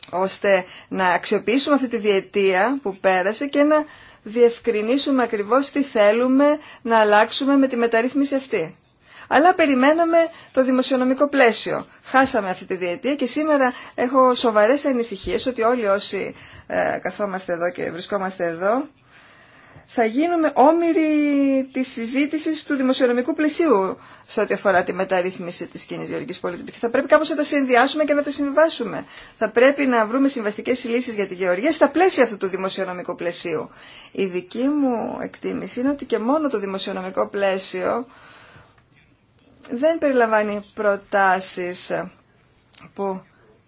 ώστε να αξιοποιήσουμε αυτή τη διετία που πέρασε και να διευκρινίσουμε ακριβώς τι θέλουμε να αλλάξουμε με τη μεταρρύθμιση αυτή. Αλλά περιμέναμε το δημοσιονομικό πλαίσιο. Χάσαμε αυτή τη διετία και σήμερα έχω σοβαρές ανησυχίες ότι όλοι όσοι ε, καθόμαστε εδώ και βρισκόμαστε εδώ θα γίνουμε όμοιροι τη συζήτηση του δημοσιονομικού πλαισίου σε ό,τι αφορά τη μεταρρύθμιση της κοινή γεωργικής πολιτικής. Θα πρέπει κάπως να τα συνδυάσουμε και να τα συμβάσουμε. Θα πρέπει να βρούμε συμβαστικέ λύσεις για τη γεωργία στα πλαίσια αυτού του δημοσιονομικού πλαισίου. Η δική μου εκτίμηση είναι ότι και μόνο το δημοσιονομικό πλαίσιο δεν περιλαμβάνει προτάσει που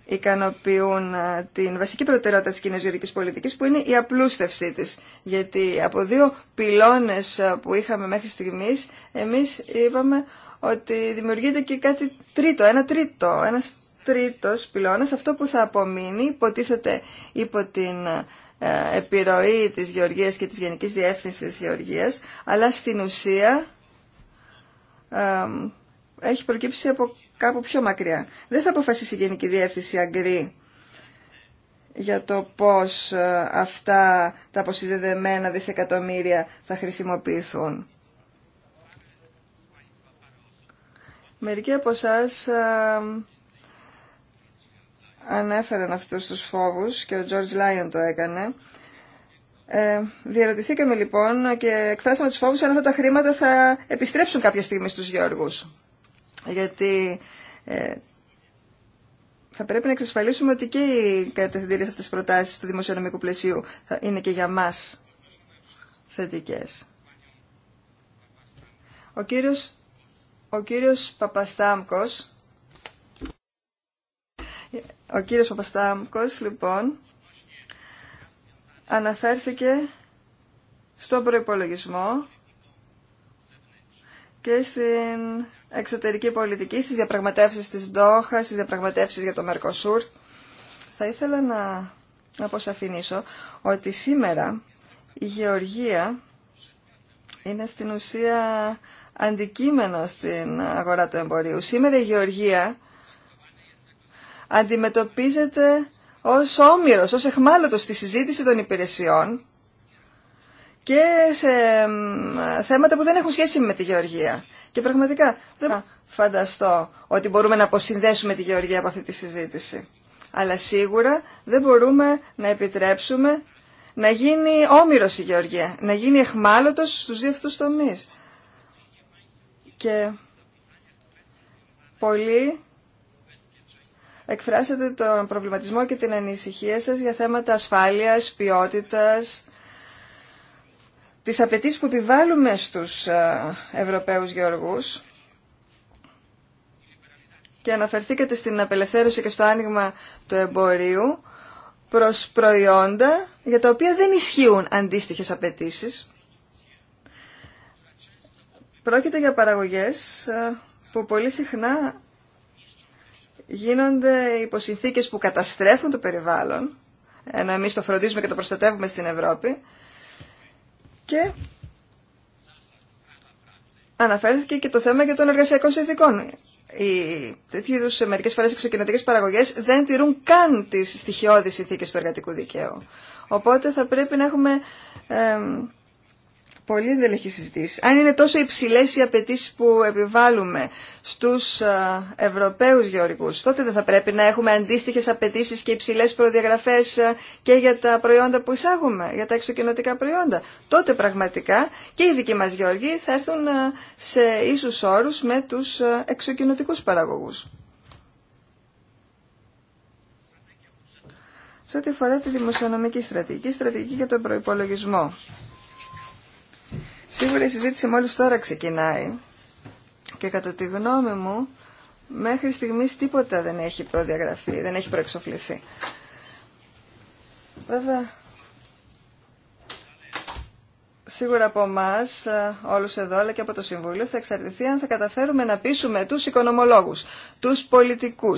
ικανοποιούν ε, την βασική προτεραιότητα της κοινή πολιτικής που είναι η απλούστευσή της. Γιατί από δύο πυλώνες ε, που είχαμε μέχρι στιγμής εμείς είπαμε ότι δημιουργείται και κάτι τρίτο, ένα τρίτο, ένας τρίτος πυλώνας, αυτό που θα απομείνει υποτίθεται υπό την ε, επιρροή της Γεωργίας και της Γενικής Διεύθυνσης Γεωργίας, αλλά στην ουσία έχει προκύψει από κάπου πιο μακριά. Δεν θα αποφασίσει η Γενική Διεύθυνση Αγκρή για το πώς ε, αυτά τα αποσυνδεδεμένα δισεκατομμύρια θα χρησιμοποιηθούν. Μερικοί από εσά ε, ανέφεραν αυτούς τους φόβους και ο George Lyon το έκανε. Ε, λοιπόν και εκφράσαμε τους φόβους αν αυτά τα χρήματα θα επιστρέψουν κάποια στιγμή στους Γεωργούς γιατί ε, θα πρέπει να εξασφαλίσουμε ότι και οι κατευθυντήριες αυτές τις προτάσεις του δημοσιονομικού πλαισίου θα είναι και για μας θετικές. Ο κύριος, ο κύριος Παπαστάμκος ο κύριος Παπαστάμκος λοιπόν αναφέρθηκε στον προϋπολογισμό και στην εξωτερική πολιτική, στις διαπραγματεύσεις της Ντόχα, στις διαπραγματεύσεις για το Μερκοσούρ. Θα ήθελα να αποσαφηνίσω ότι σήμερα η Γεωργία είναι στην ουσία αντικείμενο στην αγορά του εμπορίου. Σήμερα η Γεωργία αντιμετωπίζεται ως όμοιρος, ως εχμάλωτος στη συζήτηση των υπηρεσιών και σε θέματα που δεν έχουν σχέση με τη γεωργία. Και πραγματικά δεν φανταστώ ότι μπορούμε να αποσυνδέσουμε τη γεωργία από αυτή τη συζήτηση. Αλλά σίγουρα δεν μπορούμε να επιτρέψουμε να γίνει όμοιρος η γεωργία, να γίνει εχμάλωτος στους δύο αυτούς τομείς. Και πολύ εκφράσατε τον προβληματισμό και την ανησυχία σας για θέματα ασφάλειας, ποιότητας, τις απαιτήσει που επιβάλλουμε στους ε, Ευρωπαίους γεωργούς και αναφερθήκατε στην απελευθέρωση και στο άνοιγμα του εμπορίου προς προϊόντα για τα οποία δεν ισχύουν αντίστοιχες απαιτήσει. Πρόκειται για παραγωγές ε, που πολύ συχνά γίνονται υποσυνθήκες που καταστρέφουν το περιβάλλον, ενώ εμείς το φροντίζουμε και το προστατεύουμε στην Ευρώπη, και αναφέρθηκε και το θέμα για των εργασιακών συνθήκων. Οι τέτοιου είδου μερικέ φορέ εξοκοινωτικέ παραγωγέ δεν τηρούν καν τι στοιχειώδει συνθήκε του εργατικού δικαίου. Οπότε θα πρέπει να έχουμε πολύ εντελεχή συζητήσει. Αν είναι τόσο υψηλέ οι απαιτήσει που επιβάλλουμε στου Ευρωπαίου γεωργού, τότε δεν θα πρέπει να έχουμε αντίστοιχε απαιτήσει και υψηλέ προδιαγραφέ και για τα προϊόντα που εισάγουμε, για τα εξωκινοτικά προϊόντα. Τότε πραγματικά και οι δικοί μα γεωργοί θα έρθουν σε ίσου όρου με του εξωκοινωτικού παραγωγού. Σε ό,τι αφορά τη δημοσιονομική στρατηγική, στρατηγική για τον προπολογισμό. Σίγουρα η συζήτηση μόλις τώρα ξεκινάει και κατά τη γνώμη μου μέχρι στιγμής τίποτα δεν έχει προδιαγραφεί, δεν έχει προεξοφληθεί. Βέβαια, σίγουρα από εμά, όλου εδώ, αλλά και από το Συμβούλιο, θα εξαρτηθεί αν θα καταφέρουμε να πείσουμε του οικονομολόγου, του πολιτικού,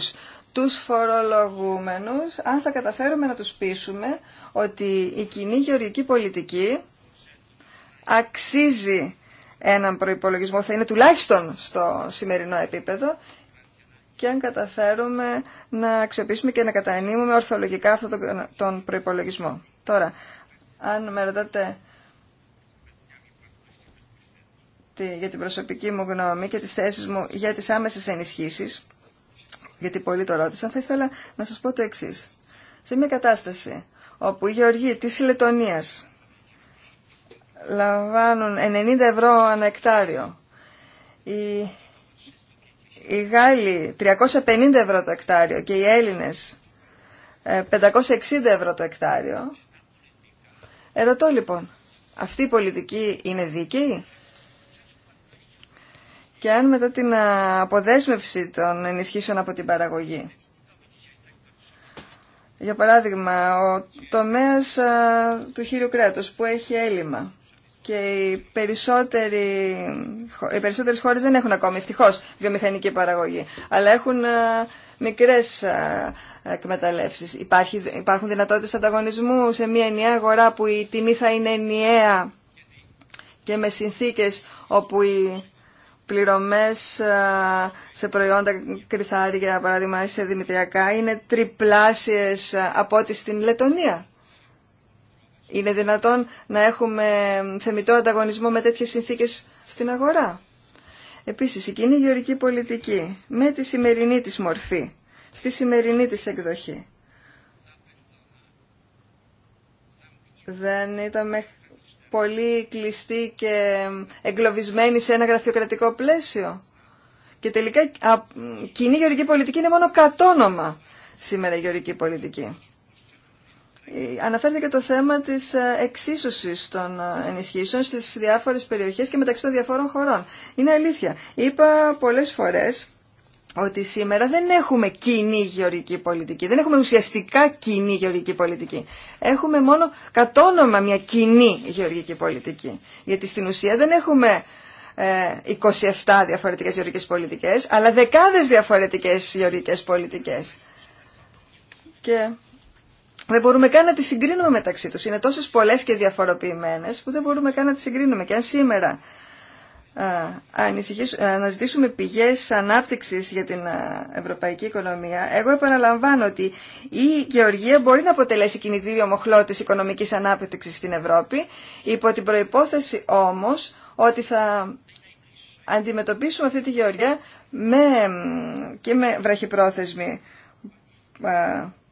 του φορολογούμενου, αν θα καταφέρουμε να του πείσουμε ότι η κοινή γεωργική πολιτική αξίζει έναν προϋπολογισμό, θα είναι τουλάχιστον στο σημερινό επίπεδο και αν καταφέρουμε να αξιοποιήσουμε και να κατανείμουμε ορθολογικά αυτόν τον προϋπολογισμό. Τώρα, αν με ρωτάτε για την προσωπική μου γνώμη και τις θέσεις μου για τις άμεσες ενισχύσεις, γιατί πολλοί το ρώτησαν, θα ήθελα να σας πω το εξής. Σε μια κατάσταση όπου η γεωργή της Λετωνίας λαμβάνουν 90 ευρώ ανά εκτάριο. Οι, οι Γάλλοι 350 ευρώ το εκτάριο και οι Έλληνες 560 ε, ευρώ το εκτάριο. Ερωτώ λοιπόν, αυτή η πολιτική είναι δική Και αν μετά την ε, αποδέσμευση των ενισχύσεων από την παραγωγή. Για παράδειγμα, ο τομέας ε, του χείριου κράτους που έχει έλλειμμα και οι, περισσότεροι, οι περισσότερες χώρες δεν έχουν ακόμη ευτυχώς βιομηχανική παραγωγή, αλλά έχουν ε, μικρές ε, εκμεταλλεύσεις. Υπάρχει, υπάρχουν δυνατότητες ανταγωνισμού σε μια ενιαία αγορά που η τιμή θα είναι ενιαία και με συνθήκες όπου οι πληρωμές ε, σε προϊόντα κρυθάρια, παράδειγμα, σε δημητριακά, είναι τριπλάσιες από ό,τι στην Λετωνία. Είναι δυνατόν να έχουμε θεμητό ανταγωνισμό με τέτοιες συνθήκες στην αγορά. Επίσης, η κοινή γεωρική πολιτική με τη σημερινή της μορφή, στη σημερινή της εκδοχή. Δεν ήταν πολύ κλειστή και εγκλωβισμένη σε ένα γραφειοκρατικό πλαίσιο. Και τελικά η κοινή γεωρική πολιτική είναι μόνο κατόνομα σήμερα η γεωρική πολιτική. Ε, Αναφέρθηκε το θέμα της ε, εξίσωσης των ε, ενισχύσεων στις διάφορες περιοχές και μεταξύ των διαφόρων χωρών. Είναι αλήθεια. Είπα πολλές φορές ότι σήμερα δεν έχουμε κοινή γεωργική πολιτική, δεν έχουμε ουσιαστικά κοινή γεωργική πολιτική. Έχουμε μόνο κατόνομα μια κοινή γεωργική πολιτική. Γιατί στην ουσία δεν έχουμε 27 διαφορετικές γεωργικές πολιτικές, αλλά δεκάδες διαφορετικές γεωργικές πολιτικές. Και δεν μπορούμε καν να τις συγκρίνουμε μεταξύ τους. Είναι τόσες πολλές και διαφοροποιημένες που δεν μπορούμε καν να τις συγκρίνουμε. Και αν σήμερα αναζητήσουμε πηγές ανάπτυξης για την ευρωπαϊκή οικονομία, εγώ επαναλαμβάνω ότι η γεωργία μπορεί να αποτελέσει κινητήριο μοχλό οικονομικής ανάπτυξης στην Ευρώπη, υπό την προϋπόθεση όμως ότι θα αντιμετωπίσουμε αυτή τη γεωργία με, και με βραχυπρόθεσμη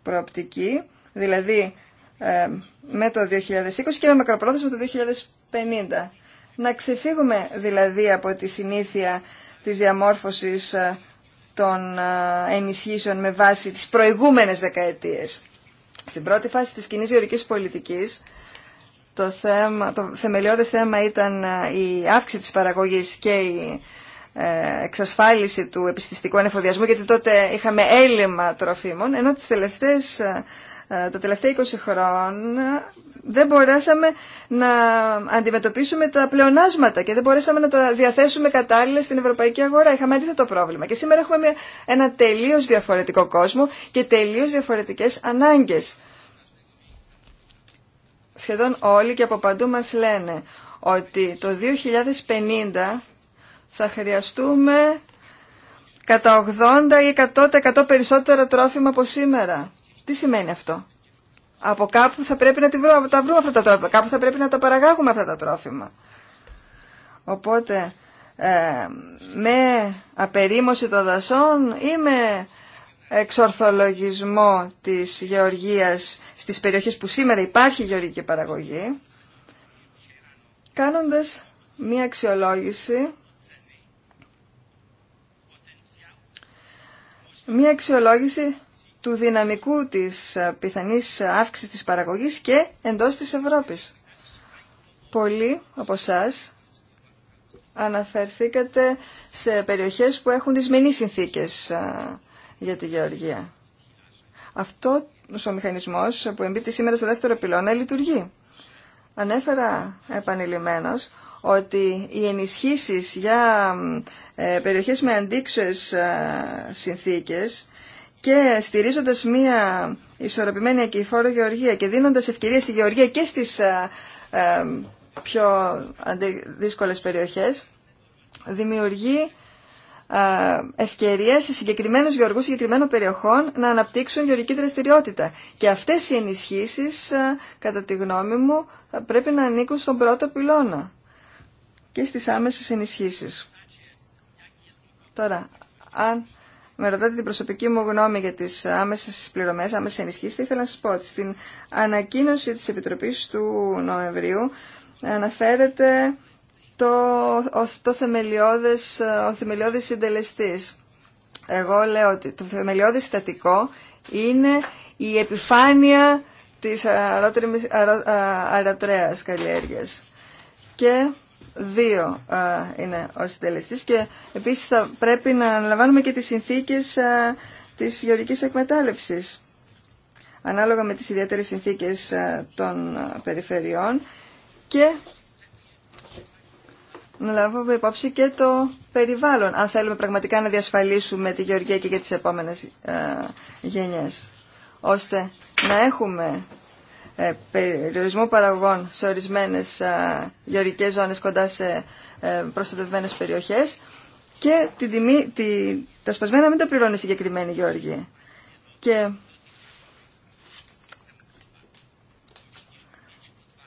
προοπτική δηλαδή ε, με το 2020 και με μακροπρόθεσμα το 2050. Να ξεφύγουμε δηλαδή από τη συνήθεια της διαμόρφωσης ε, των ε, ενισχύσεων με βάση τις προηγούμενες δεκαετίες. Στην πρώτη φάση της κοινή γεωρικής πολιτικής, το, θέμα, το θεμελιώδες θέμα ήταν η αύξηση της παραγωγής και η εξασφάλιση του επιστηστικού ανεφοδιασμού, γιατί τότε είχαμε έλλειμμα τροφίμων, ενώ τις τελευταίες ε, τα τελευταία 20 χρόνια δεν μπορέσαμε να αντιμετωπίσουμε τα πλεονάσματα και δεν μπορέσαμε να τα διαθέσουμε κατάλληλα στην ευρωπαϊκή αγορά. Είχαμε αντίθετο πρόβλημα. Και σήμερα έχουμε ένα τελείως διαφορετικό κόσμο και τελείως διαφορετικές ανάγκες. Σχεδόν όλοι και από παντού μας λένε ότι το 2050 θα χρειαστούμε κατά 80 ή 100% περισσότερα τρόφιμα από σήμερα. Τι σημαίνει αυτό. Από κάπου θα πρέπει να τη τα βρούμε αυτά τα τρόφιμα, κάπου θα πρέπει να τα παραγάγουμε αυτά τα τρόφιμα. Οπότε, ε, με απερίμωση των δασών ή με εξορθολογισμό της γεωργίας στις περιοχές που σήμερα υπάρχει γεωργική παραγωγή, κάνοντας μία αξιολόγηση, μία αξιολόγηση του δυναμικού της πιθανής αύξησης της παραγωγής και εντός της Ευρώπης. Πολλοί από εσά αναφερθήκατε σε περιοχές που έχουν δυσμενείς συνθήκες για τη γεωργία. Αυτό ο μηχανισμός που εμπίπτει σήμερα στο δεύτερο πυλώνα λειτουργεί. Ανέφερα επανειλημμένως ότι οι ενισχύσεις για ε, περιοχές με αντίξωες συνθήκες και στηρίζοντας μία ισορροπημένη ακυφόρο γεωργία και δίνοντας ευκαιρία στη γεωργία και στις ε, ε, πιο δύσκολες περιοχές, δημιουργεί ε, ευκαιρία σε συγκεκριμένους γεωργούς συγκεκριμένων περιοχών να αναπτύξουν γεωργική δραστηριότητα. Και αυτές οι ενισχύσεις, κατά τη γνώμη μου, θα πρέπει να ανήκουν στον πρώτο πυλώνα και στις άμεσες ενισχύσεις. Τώρα, αν με ρωτάτε την προσωπική μου γνώμη για τις άμεσες πληρωμές, άμεσες ενισχύσεις, θα ήθελα να σας πω ότι στην ανακοίνωση της Επιτροπής του Νοεμβρίου αναφέρεται το, ο, το θεμελιώδες, ο θεμελιώδης συντελεστής. Εγώ λέω ότι το θεμελιώδης στατικό είναι η επιφάνεια της αρατρέας καλλιέργειας. Και Δύο ε, είναι ο συντελεστής και επίσης θα πρέπει να αναλαμβάνουμε και τις συνθήκες ε, της γεωργικής εκμετάλλευσης. Ανάλογα με τις ιδιαίτερες συνθήκες ε, των περιφερειών και να λάβουμε υπόψη και το περιβάλλον, αν θέλουμε πραγματικά να διασφαλίσουμε τη γεωργία και για τις επόμενες γενιές, ώστε να έχουμε ε, περιορισμού παραγωγών σε ορισμένες ε, γεωργικές ζώνες κοντά σε ε, προστατευμένες περιοχές και την τιμή, τη, τα σπασμένα μην τα πληρώνει συγκεκριμένη γεωργία. Και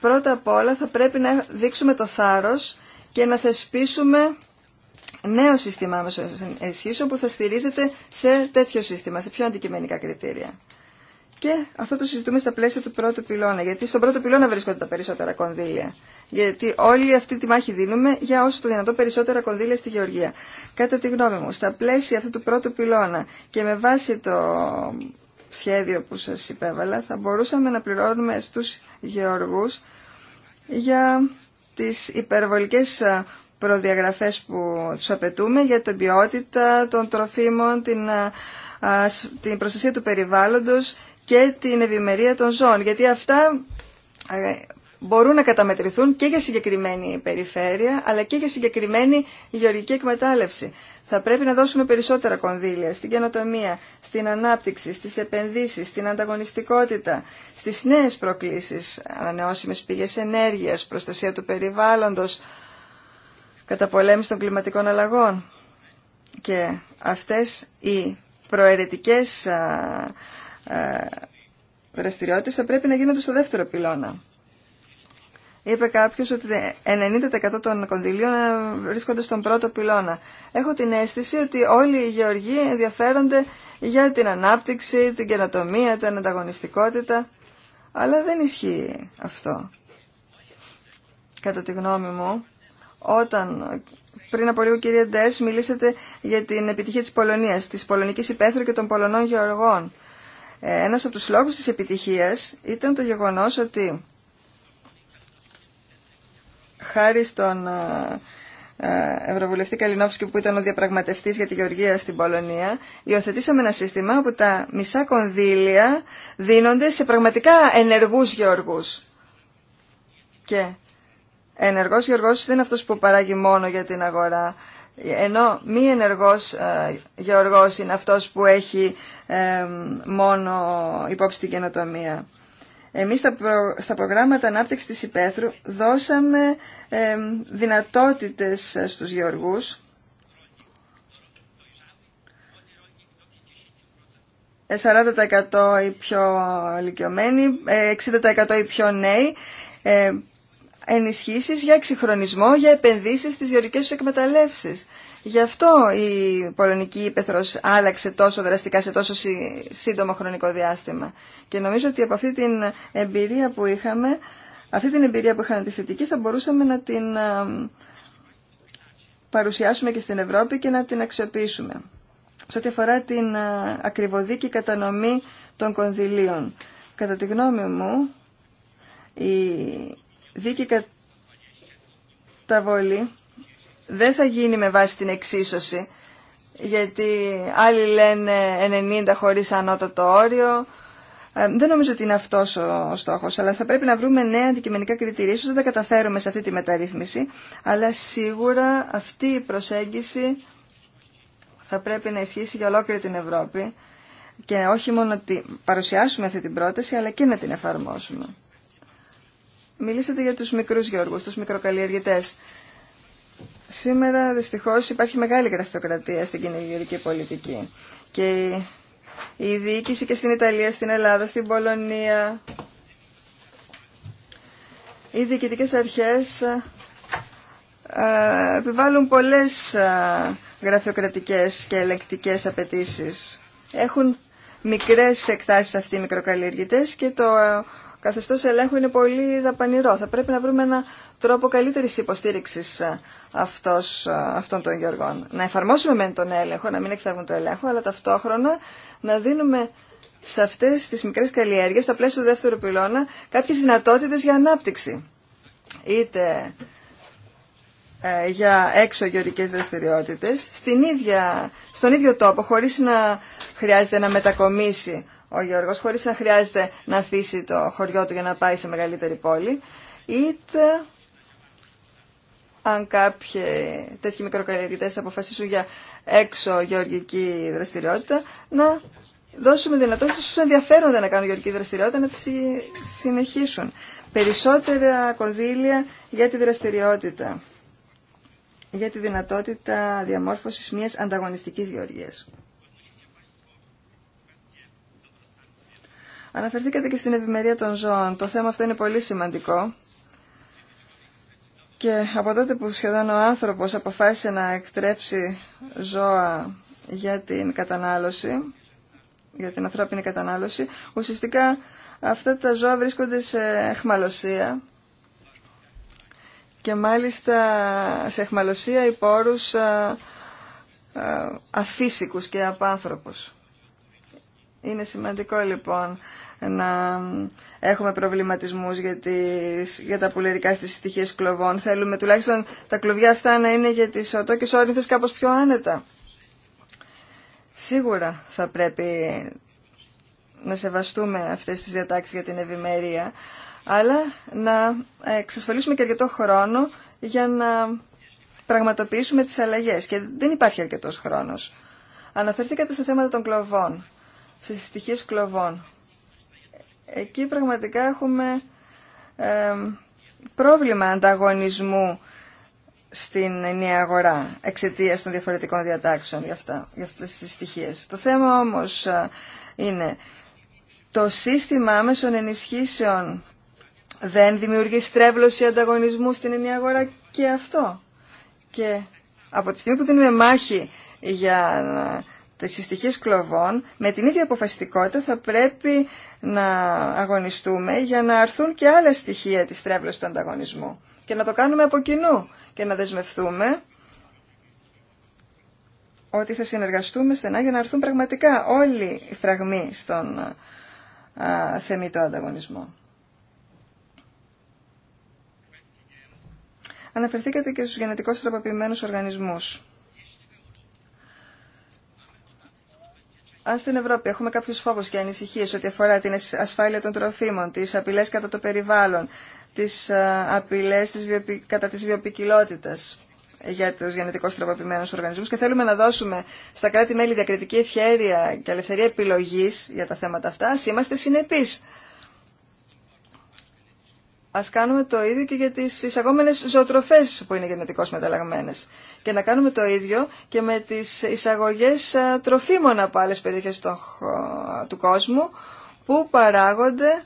πρώτα απ' όλα θα πρέπει να δείξουμε το θάρρος και να θεσπίσουμε νέο σύστημα μέσω ενισχύσεων που θα στηρίζεται σε τέτοιο σύστημα, σε πιο αντικειμενικά κριτήρια. Και αυτό το συζητούμε στα πλαίσια του πρώτου πυλώνα, γιατί στον πρώτο πυλώνα βρίσκονται τα περισσότερα κονδύλια. Γιατί όλη αυτή τη μάχη δίνουμε για όσο το δυνατό περισσότερα κονδύλια στη Γεωργία. Κατά τη γνώμη μου, στα πλαίσια αυτού του πρώτου πυλώνα και με βάση το σχέδιο που σας υπέβαλα, θα μπορούσαμε να πληρώνουμε στους γεωργούς για τις υπερβολικές ε, προδιαγραφές που τους απαιτούμε για την ποιότητα των τροφίμων, την, ε, την προστασία του περιβάλλοντος και την ευημερία των ζώων, γιατί αυτά ε, μπορούν να καταμετρηθούν και για συγκεκριμένη περιφέρεια, αλλά και για συγκεκριμένη γεωργική εκμετάλλευση. Θα πρέπει να δώσουμε περισσότερα κονδύλια στην καινοτομία, στην ανάπτυξη, στις επενδύσεις, στην ανταγωνιστικότητα, στις νέες προκλήσεις, ανανεώσιμες πηγές ενέργειας, προστασία του περιβάλλοντος, καταπολέμηση των κλιματικών αλλαγών. Και αυτές οι προαιρετικές ε, δραστηριότητες θα πρέπει να γίνονται στο δεύτερο πυλώνα. Είπε κάποιο ότι 90% των κονδυλίων ε, βρίσκονται στον πρώτο πυλώνα. Έχω την αίσθηση ότι όλοι οι γεωργοί ενδιαφέρονται για την ανάπτυξη, την καινοτομία, την ανταγωνιστικότητα. Αλλά δεν ισχύει αυτό. Κατά τη γνώμη μου, όταν πριν από λίγο κυρία Ντές μιλήσατε για την επιτυχία της Πολωνίας, της πολωνικής υπαίθρου και των πολωνών γεωργών. Ε, ένας από τους λόγους της επιτυχίας ήταν το γεγονός ότι χάρη στον ε, ε, Ευρωβουλευτή Καλινόφσκη που ήταν ο διαπραγματευτής για τη Γεωργία στην Πολωνία, υιοθετήσαμε ένα σύστημα όπου τα μισά κονδύλια δίνονται σε πραγματικά ενεργούς γεωργούς. Και ενεργός γεωργός δεν είναι αυτός που παράγει μόνο για την αγορά ενώ μη ενεργός ε, γεωργός είναι αυτός που έχει ε, μόνο υπόψη την καινοτομία. Εμείς στα, προ... στα προγράμματα ανάπτυξης της υπαίθρου δώσαμε ε, δυνατότητες στους γεωργούς 40% οι πιο ηλικιωμένοι, 60% οι πιο νέοι ενισχύσεις για εξυγχρονισμό, για επενδύσεις στις γεωρικές τους εκμεταλλεύσεις. Γι' αυτό η πολωνική ύπεθρος άλλαξε τόσο δραστικά σε τόσο σύντομο χρονικό διάστημα. Και νομίζω ότι από αυτή την εμπειρία που είχαμε, αυτή την εμπειρία που είχαμε τη θετική θα μπορούσαμε να την παρουσιάσουμε και στην Ευρώπη και να την αξιοποιήσουμε. Σε ό,τι αφορά την ακριβωδική κατανομή των κονδυλίων. Κατά τη γνώμη μου, η δίκη καταβολή δεν θα γίνει με βάση την εξίσωση, γιατί άλλοι λένε 90 χωρίς ανώτατο όριο. Ε, δεν νομίζω ότι είναι αυτός ο στόχος, αλλά θα πρέπει να βρούμε νέα αντικειμενικά κριτήρια. Ίσως δεν τα καταφέρουμε σε αυτή τη μεταρρύθμιση, αλλά σίγουρα αυτή η προσέγγιση θα πρέπει να ισχύσει για ολόκληρη την Ευρώπη και όχι μόνο να παρουσιάσουμε αυτή την πρόταση, αλλά και να την εφαρμόσουμε. Μιλήσατε για τους μικρούς Γιώργους, τους μικροκαλλιεργητές. Σήμερα δυστυχώς υπάρχει μεγάλη γραφειοκρατία στην κοινωνική πολιτική. Και η διοίκηση και στην Ιταλία, στην Ελλάδα, στην Πολωνία. Οι διοικητικές αρχές ε, ε, επιβάλλουν πολλές ε, γραφειοκρατικές και ελεκτικές απαιτήσεις. Έχουν μικρές εκτάσεις αυτοί οι μικροκαλλιεργητές και το καθεστώς ελέγχου είναι πολύ δαπανηρό. Θα πρέπει να βρούμε ένα τρόπο καλύτερης υποστήριξης ε, ε, αυτών των γεωργών. Να εφαρμόσουμε μεν τον έλεγχο, να μην εκφεύγουν το έλεγχο, αλλά ταυτόχρονα να δίνουμε σε αυτές τις μικρές καλλιέργειες, στα πλαίσια του δεύτερου πυλώνα, κάποιες δυνατότητες για ανάπτυξη. Είτε ε, για έξω γεωργικές δραστηριότητες, στον ίδιο τόπο, χωρίς να χρειάζεται να μετακομίσει ο Γιώργος χωρίς να χρειάζεται να αφήσει το χωριό του για να πάει σε μεγαλύτερη πόλη είτε αν κάποιοι τέτοιοι μικροκαλλιεργητές αποφασίσουν για έξω γεωργική δραστηριότητα να δώσουμε δυνατότητα στους ενδιαφέροντα να κάνουν γεωργική δραστηριότητα να τη συνεχίσουν. Περισσότερα κονδύλια για τη δραστηριότητα για τη δυνατότητα διαμόρφωσης μιας ανταγωνιστικής γεωργίας. Αναφερθήκατε και στην ευημερία των ζώων. Το θέμα αυτό είναι πολύ σημαντικό. Και από τότε που σχεδόν ο άνθρωπος αποφάσισε να εκτρέψει ζώα για την κατανάλωση, για την ανθρώπινη κατανάλωση, ουσιαστικά αυτά τα ζώα βρίσκονται σε εχμαλωσία και μάλιστα σε εχμαλωσία υπό αφύσικους και απάνθρωπους. Είναι σημαντικό λοιπόν να έχουμε προβληματισμούς για, για τα πουλερικά στις στοιχείες κλωβών. Θέλουμε τουλάχιστον τα κλοβιά αυτά να είναι για τις οτόκες όρνηθε κάπως πιο άνετα. Σίγουρα θα πρέπει να σεβαστούμε αυτές τις διατάξεις για την ευημερία, αλλά να εξασφαλίσουμε και αρκετό χρόνο για να πραγματοποιήσουμε τις αλλαγές. Και δεν υπάρχει αρκετός χρόνος. Αναφερθήκατε στα θέματα των κλωβών, στις στοιχείες κλωβών. Εκεί πραγματικά έχουμε πρόβλημα ανταγωνισμού στην ενιαία αγορά εξαιτία των διαφορετικών διατάξεων για, αυτά, για αυτές τις στοιχείες. Το θέμα όμως ε, είναι το σύστημα άμεσων ενισχύσεων δεν δημιουργεί στρέβλωση ανταγωνισμού στην ενιαία αγορά και αυτό. Και από τη στιγμή που δίνουμε μάχη για τις συστοιχής κλοβών, με την ίδια αποφασιστικότητα θα πρέπει να αγωνιστούμε για να αρθούν και άλλα στοιχεία της τρέβλωσης του ανταγωνισμού και να το κάνουμε από κοινού και να δεσμευτούμε ότι θα συνεργαστούμε στενά για να αρθούν πραγματικά όλοι οι φραγμοί στον α, θεμητό ανταγωνισμό. Αναφερθήκατε και στους γενετικώς τροποποιημένους οργανισμούς. αν στην Ευρώπη έχουμε κάποιου φόβου και ανησυχίε ό,τι αφορά την ασφάλεια των τροφίμων, τι απειλέ κατά το περιβάλλον, τι ε, απειλέ κατά τη βιοπικιλότητα για του γενετικώ τροποποιημένου οργανισμού και θέλουμε να δώσουμε στα κράτη-μέλη διακριτική ευχαίρεια και ελευθερία επιλογή για τα θέματα αυτά, είμαστε συνεπεί Α κάνουμε το ίδιο και για τις εισαγόμενε ζωοτροφές που είναι γενετικώς μεταλλαγμένες. Και να κάνουμε το ίδιο και με τις εισαγωγέ τροφίμων από άλλε περιοχέ του κόσμου που παράγονται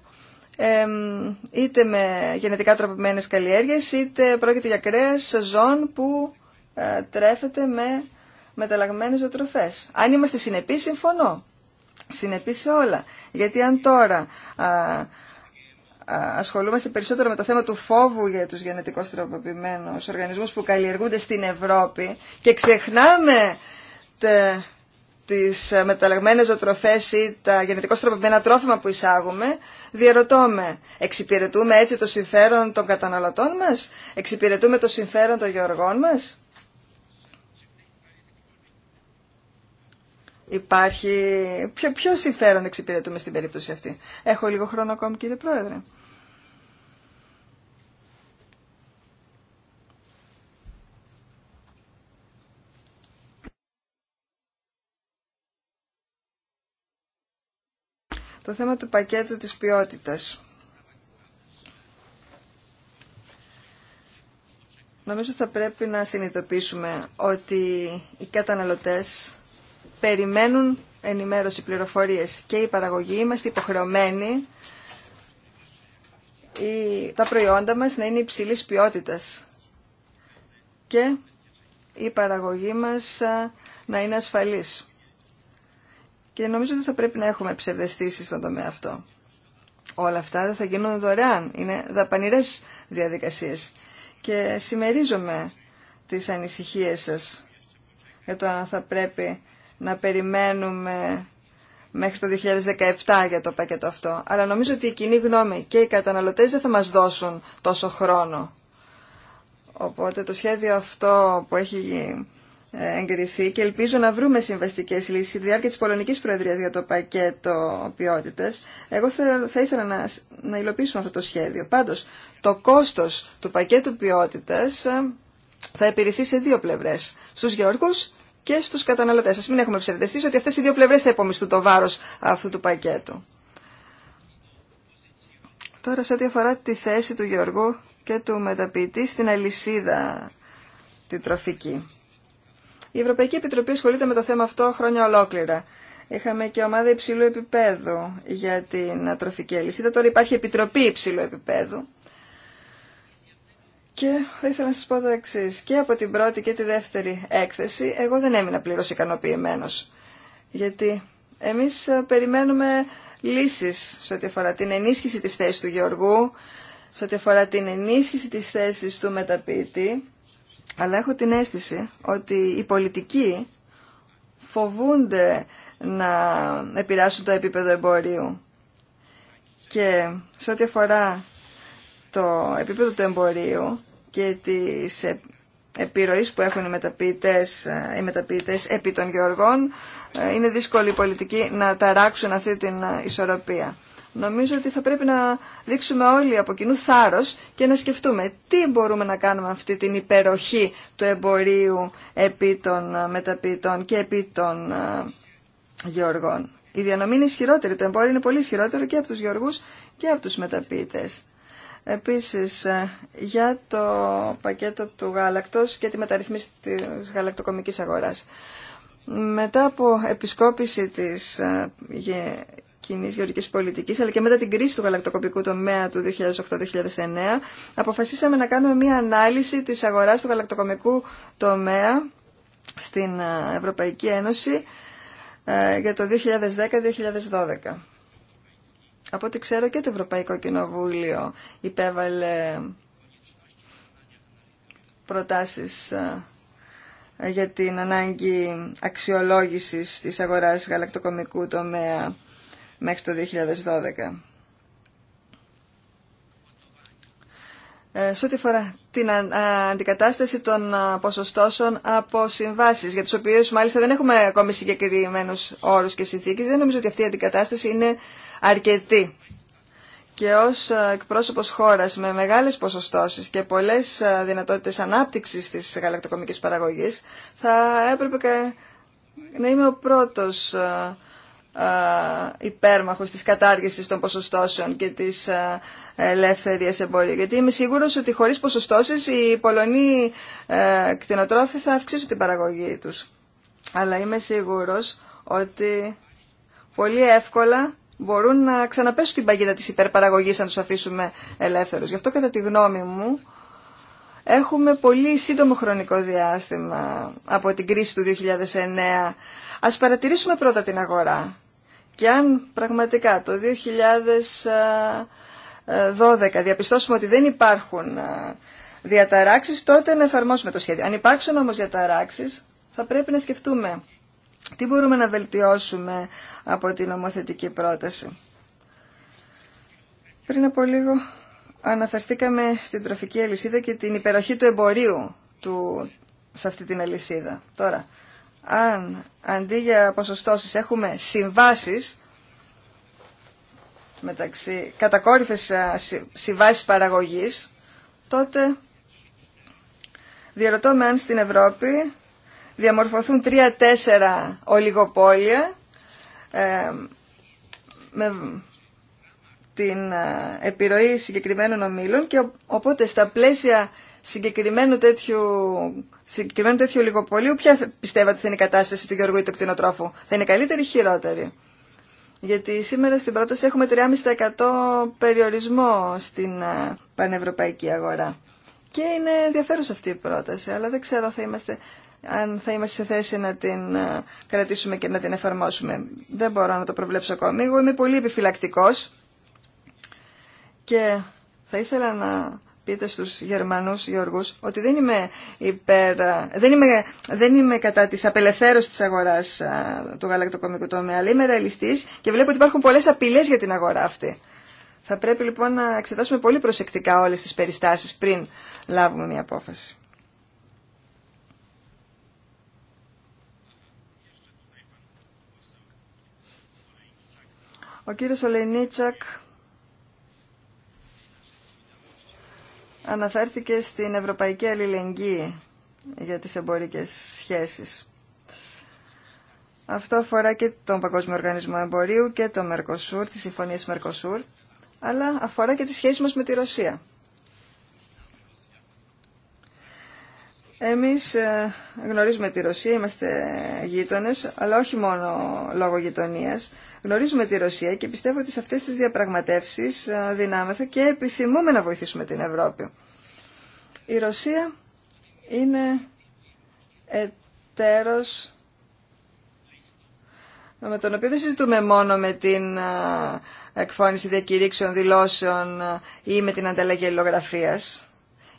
είτε με γενετικά τροπημένες καλλιέργειες είτε πρόκειται για κρέας ζών που ε, τρέφεται με μεταλλαγμένες ζωοτροφές. Αν είμαστε συνεπείς, συμφωνώ. Συνεπείς σε όλα. Γιατί αν τώρα ασχολούμαστε περισσότερο με το θέμα του φόβου για τους γενετικώς τροποποιημένους οργανισμούς που καλλιεργούνται στην Ευρώπη και ξεχνάμε τε, τις μεταλλαγμένες ζωοτροφές ή τα γενετικώς τροποποιημένα τρόφιμα που εισάγουμε, διαρωτώμε, εξυπηρετούμε έτσι το συμφέρον των καταναλωτών μας, εξυπηρετούμε το συμφέρον των γεωργών μας. Υπάρχει. Ποιο, ποιο συμφέρον εξυπηρετούμε στην περίπτωση αυτή. Έχω λίγο χρόνο ακόμη κύριε Πρόεδρε. το θέμα του πακέτου της ποιότητας. Νομίζω θα πρέπει να συνειδητοποιήσουμε ότι οι καταναλωτές περιμένουν ενημέρωση πληροφορίες και η παραγωγή είμαστε υποχρεωμένοι τα προϊόντα μας να είναι υψηλής ποιότητας και η παραγωγή μας να είναι ασφαλής. Και νομίζω ότι θα πρέπει να έχουμε ψευδεστήσεις στον τομέα αυτό. Όλα αυτά δεν θα γίνουν δωρεάν. Είναι δαπανηρές διαδικασίες. Και συμμερίζομαι τις ανησυχίες σας για το αν θα πρέπει να περιμένουμε μέχρι το 2017 για το πακέτο αυτό. Αλλά νομίζω ότι η κοινή γνώμη και οι καταναλωτές δεν θα μας δώσουν τόσο χρόνο. Οπότε το σχέδιο αυτό που έχει εγκριθεί και ελπίζω να βρούμε συμβαστικέ λύσει στη διάρκεια τη Πολωνική Προεδρία για το πακέτο ποιότητα. Εγώ θα ήθελα να, να υλοποιήσουμε αυτό το σχέδιο. Πάντω, το κόστο του πακέτου ποιότητα ε, θα επιρρηθεί σε δύο πλευρέ. Στου γεωργού και στου καταναλωτέ. Α μην έχουμε ψευδεστήσει ότι αυτέ οι δύο πλευρέ θα υπομισθούν το βάρο αυτού του πακέτου. Τώρα, σε ό,τι αφορά τη θέση του γεωργού και του μεταποιητή στην αλυσίδα τη τροφική. Η Ευρωπαϊκή Επιτροπή ασχολείται με το θέμα αυτό χρόνια ολόκληρα. Είχαμε και ομάδα υψηλού επίπεδου για την ατροφική αλυσίδα. Τώρα υπάρχει επιτροπή υψηλού επίπεδου. Και θα ήθελα να σα πω το εξή. Και από την πρώτη και τη δεύτερη έκθεση, εγώ δεν έμεινα πλήρω ικανοποιημένο. Γιατί εμείς ε, περιμένουμε λύσει σε ό,τι αφορά την ενίσχυση τη θέση του Γεωργού, σε ό,τι αφορά την ενίσχυση τη θέση του μεταπίτη. Αλλά έχω την αίσθηση ότι οι πολιτικοί φοβούνται να επηρεάσουν το επίπεδο εμπορίου. Και σε ό,τι αφορά το επίπεδο του εμπορίου και τις ε, επιρροής που έχουν οι μεταποιητές, ε, οι μεταποιητές επί των γεωργών, ε, είναι δύσκολη η πολιτική να ταράξουν αυτή την ισορροπία. Νομίζω ότι θα πρέπει να δείξουμε όλοι από κοινού θάρρος και να σκεφτούμε τι μπορούμε να κάνουμε αυτή την υπεροχή του εμπορίου επί των ε, μεταποιητών και επί των ε, γεωργών. Η διανομή είναι ισχυρότερη, το εμπόριο είναι πολύ ισχυρότερο και από τους γεωργούς και από τους μεταποιητές. Επίσης, ε, για το πακέτο του γάλακτος και τη μεταρρυθμίση της γαλακτοκομικής αγοράς. Μετά από επισκόπηση της κοινή γεωργική πολιτική, αλλά και μετά την κρίση του γαλακτοκομικού τομέα του 2008-2009, αποφασίσαμε να κάνουμε μία ανάλυση τη αγορά του γαλακτοκομικού τομέα στην ε, Ευρωπαϊκή Ένωση ε, για το 2010-2012. Από ό,τι ξέρω και το Ευρωπαϊκό Κοινοβούλιο υπέβαλε προτάσεις ε, για την ανάγκη αξιολόγησης της αγοράς γαλακτοκομικού τομέα μέχρι το 2012. Ε, σε ό,τι φορά την αντικατάσταση των ποσοστώσεων από συμβάσεις, για τους οποίους μάλιστα δεν έχουμε ακόμη συγκεκριμένους όρους και συνθήκες, δεν νομίζω ότι αυτή η αντικατάσταση είναι αρκετή. Και ως εκπρόσωπος χώρας με μεγάλες ποσοστώσεις και πολλές δυνατότητες ανάπτυξης της γαλακτοκομικής παραγωγής, θα έπρεπε να είμαι ο πρώτος υπέρμαχος της κατάργησης των ποσοστώσεων και της ελεύθερης εμπορίου. Γιατί είμαι σίγουρος ότι χωρίς ποσοστώσεις οι Πολωνοί κτηνοτρόφοι θα αυξήσουν την παραγωγή τους. Αλλά είμαι σίγουρος ότι πολύ εύκολα μπορούν να ξαναπέσουν την παγίδα της υπερπαραγωγής αν τους αφήσουμε ελεύθερους. Γι' αυτό κατά τη γνώμη μου έχουμε πολύ σύντομο χρονικό διάστημα από την κρίση του 2009. Ας παρατηρήσουμε πρώτα την αγορά. Και αν πραγματικά το 2012 διαπιστώσουμε ότι δεν υπάρχουν διαταράξεις, τότε να εφαρμόσουμε το σχέδιο. Αν υπάρξουν όμως διαταράξεις, θα πρέπει να σκεφτούμε τι μπορούμε να βελτιώσουμε από την νομοθετική πρόταση. Πριν από λίγο αναφερθήκαμε στην τροφική αλυσίδα και την υπεροχή του εμπορίου του, σε αυτή την αλυσίδα. Τώρα, αν αντί για ποσοστώσεις έχουμε συμβάσεις μεταξύ κατακόρυφες συμβάσεις παραγωγής, τότε διαρωτώ με αν στην Ευρώπη διαμορφωθούν τρία-τέσσερα ολιγοπόλια ε, με την ε, επιρροή συγκεκριμένων ομίλων και οπότε στα πλαίσια συγκεκριμένου τέτοιου, συγκεκριμένου τέτοιου λιγοπολίου, ποια πιστεύατε θα είναι η κατάσταση του Γεωργού ή του κτηνοτρόφου. Θα είναι καλύτερη ή χειρότερη. Γιατί σήμερα στην πρόταση έχουμε 3,5% περιορισμό στην ε, πανευρωπαϊκή αγορά. Και είναι ενδιαφέρουσα αυτή η πρόταση, αλλά δεν ξέρω θα ειναι καλυτερη η χειροτερη γιατι σημερα στην προταση εχουμε 35 περιορισμο στην πανευρωπαικη αγορα και ειναι ενδιαφερουσα αυτη η προταση αλλα δεν ξερω θα αν θα είμαστε σε θέση να την ε, κρατήσουμε και να την εφαρμόσουμε. Δεν μπορώ να το προβλέψω ακόμη. Εγώ είμαι πολύ επιφυλακτικός και θα ήθελα να πείτε στους Γερμανούς Γιώργους ότι δεν είμαι, υπέρ, δεν είμαι, δεν είμαι κατά της απελευθέρωσης της αγοράς του γαλακτοκομικού τομέα, αλλά είμαι ρεαλιστής και βλέπω ότι υπάρχουν πολλές απειλές για την αγορά αυτή. Θα πρέπει λοιπόν να εξετάσουμε πολύ προσεκτικά όλες τις περιστάσεις πριν λάβουμε μια απόφαση. Ο κύριος Ολενίτσακ αναφέρθηκε στην Ευρωπαϊκή Αλληλεγγύη για τις εμπορικές σχέσεις. Αυτό αφορά και τον Παγκόσμιο Οργανισμό Εμπορίου και το Μερκοσούρ, τις συμφωνίες Μερκοσούρ, αλλά αφορά και τις σχέσεις μας με τη Ρωσία. Εμείς ε, γνωρίζουμε τη Ρωσία, είμαστε γείτονες, αλλά όχι μόνο λόγω γειτονίας. Γνωρίζουμε τη Ρωσία και πιστεύω ότι σε αυτές τις διαπραγματεύσεις ε, δυνάμεθα και επιθυμούμε να βοηθήσουμε την Ευρώπη. Η Ρωσία είναι εταίρος με τον οποίο δεν συζητούμε μόνο με την ε, εκφώνηση διακηρύξεων δηλώσεων ή με την ανταλλαγή αλληλογραφίας.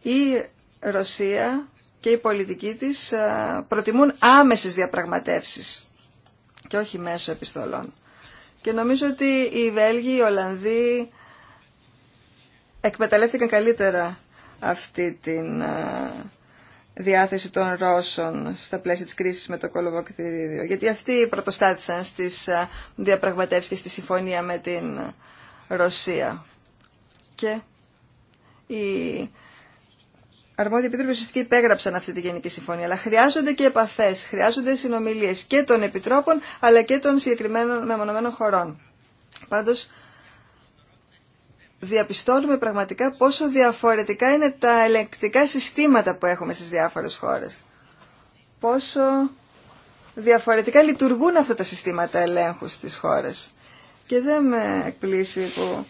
Η Ρωσία και οι πολιτικοί της ε, προτιμούν άμεσες διαπραγματεύσεις και όχι μέσω επιστολών. Και νομίζω ότι οι Βέλγοι, οι Ολλανδοί εκμεταλλεύτηκαν καλύτερα αυτή την ε, διάθεση των Ρώσων στα πλαίσια της κρίσης με το κολοβοκτηρίδιο. Γιατί αυτοί πρωτοστάτησαν στις ε, διαπραγματεύσεις και στη συμφωνία με την Ρωσία. Και η αρμόδιοι επίτροποι ουσιαστικά υπέγραψαν αυτή τη Γενική Συμφωνία. Αλλά χρειάζονται και επαφέ, χρειάζονται συνομιλίε και των επιτρόπων αλλά και των συγκεκριμένων μεμονωμένων χωρών. Πάντω, διαπιστώνουμε πραγματικά πόσο διαφορετικά είναι τα ελεγκτικά συστήματα που έχουμε στι διάφορε χώρε. Πόσο διαφορετικά λειτουργούν αυτά τα συστήματα ελέγχου στις χώρες. Και δεν με εκπλήσει που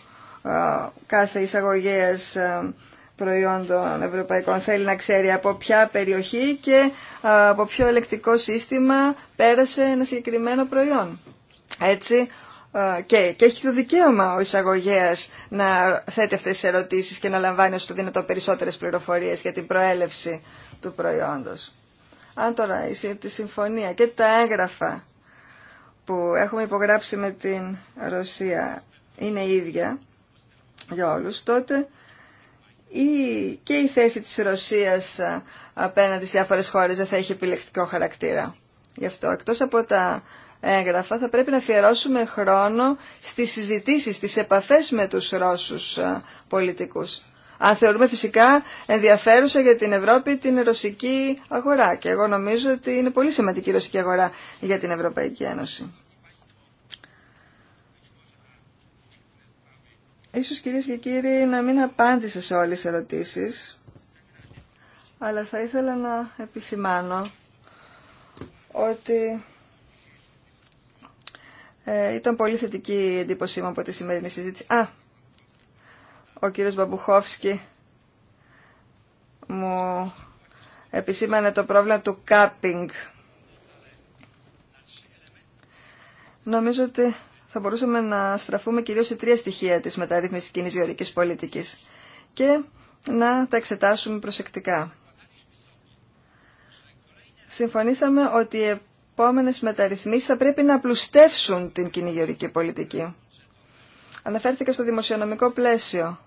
κάθε εισαγωγέας προϊόντων ευρωπαϊκών θέλει να ξέρει από ποια περιοχή και από ποιο ελεκτικό σύστημα πέρασε ένα συγκεκριμένο προϊόν. Έτσι, και, και έχει το δικαίωμα ο εισαγωγέας να θέτει αυτές τις ερωτήσεις και να λαμβάνει όσο το δυνατό περισσότερες πληροφορίες για την προέλευση του προϊόντος. Αν τώρα τη συμφωνία και τα έγγραφα που έχουμε υπογράψει με την Ρωσία είναι ίδια για όλους, τότε ή και η θέση της Ρωσίας απέναντι σε διάφορες χώρες δεν θα έχει επιλεκτικό χαρακτήρα. Γι' αυτό, εκτός από τα έγγραφα, θα πρέπει να αφιερώσουμε χρόνο στις συζητήσεις, στις επαφές με τους Ρώσους ε, πολιτικούς. Αν θεωρούμε φυσικά ενδιαφέρουσα για την Ευρώπη την ρωσική αγορά. Και εγώ νομίζω ότι είναι πολύ σημαντική η ρωσική αγορά για την Ευρωπαϊκή Ένωση. Ίσως κυρίες και κύριοι να μην απάντησα σε όλες τις ερωτήσεις, αλλά θα ήθελα να επισημάνω ότι ε, ήταν πολύ θετική η εντύπωσή μου από τη σημερινή συζήτηση. Α, ο κύριος Μπαμπουχόφσκι μου επισήμανε το πρόβλημα του κάπινγκ. Νομίζω ότι θα μπορούσαμε να στραφούμε κυρίως σε τρία στοιχεία της μεταρρύθμισης κοινή γεωρικής πολιτικής και να τα εξετάσουμε προσεκτικά. Συμφωνήσαμε ότι οι επόμενες μεταρρυθμίσεις θα πρέπει να απλουστεύσουν την κοινή γεωρική πολιτική. Αναφέρθηκα στο δημοσιονομικό πλαίσιο.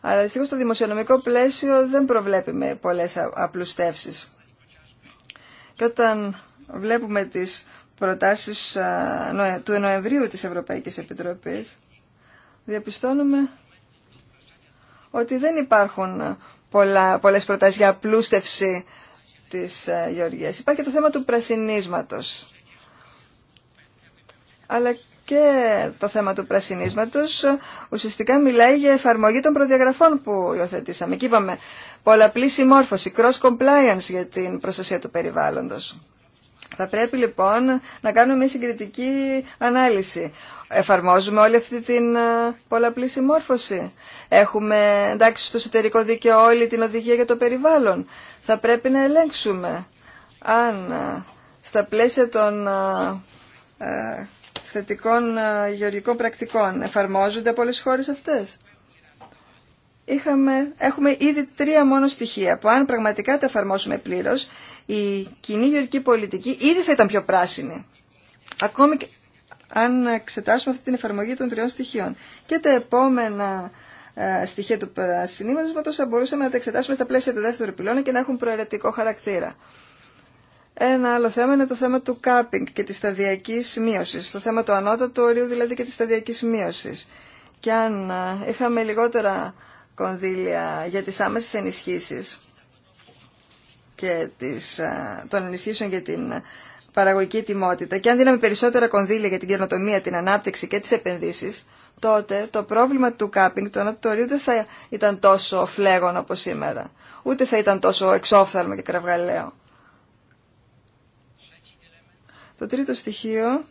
Αλλά δυστυχώ το δημοσιονομικό πλαίσιο δεν προβλέπει με πολλές απλουστεύσεις. Και όταν βλέπουμε τις προτάσεις του Νοεμβρίου της Ευρωπαϊκής Επιτροπής, διαπιστώνουμε ότι δεν υπάρχουν πολλά, πολλές προτάσεις για απλούστευση της Γεωργίας. Υπάρχει και το θέμα του πρασινίσματος. Αλλά και το θέμα του πρασινίσματος ουσιαστικά μιλάει για εφαρμογή των προδιαγραφών που υιοθετήσαμε. Και είπαμε πολλαπλή συμμόρφωση, cross compliance για την προστασία του περιβάλλοντος. Θα πρέπει λοιπόν να κάνουμε μια συγκριτική ανάλυση. Εφαρμόζουμε όλη αυτή την ε, πολλαπλή συμμόρφωση. Έχουμε εντάξει στο εσωτερικό δίκαιο όλη την οδηγία για το περιβάλλον. Θα πρέπει να ελέγξουμε αν ε, στα πλαίσια των ε, θετικών γεωργικών πρακτικών εφαρμόζονται από όλες χώρες αυτές. Είχαμε, έχουμε ήδη τρία μόνο στοιχεία που αν πραγματικά τα εφαρμόσουμε πλήρως η κοινή γεωργική πολιτική ήδη θα ήταν πιο πράσινη. Ακόμη και αν εξετάσουμε αυτή την εφαρμογή των τριών στοιχείων. Και τα επόμενα ε, στοιχεία του πρασινίσματο θα μπορούσαμε να τα εξετάσουμε στα πλαίσια του δεύτερου πυλώνα και να έχουν προαιρετικό χαρακτήρα. Ένα άλλο θέμα είναι το θέμα του κάπινγκ και τη σταδιακή μείωση. Το θέμα του ανώτατου ορίου δηλαδή και τη σταδιακή μείωση. Και αν ε, είχαμε λιγότερα κονδύλια για τις άμεσες ενισχύσεις και της, ε, των ενισχύσεων για την παραγωγική τιμότητα και αν δίναμε περισσότερα κονδύλια για την καινοτομία, την ανάπτυξη και τις επενδύσεις, τότε το πρόβλημα του κάπινγκ, του ανατορίου δεν θα ήταν τόσο φλέγον όπως σήμερα. Ούτε θα ήταν τόσο εξόφθαλμο και κραυγαλαίο. Το τρίτο στοιχείο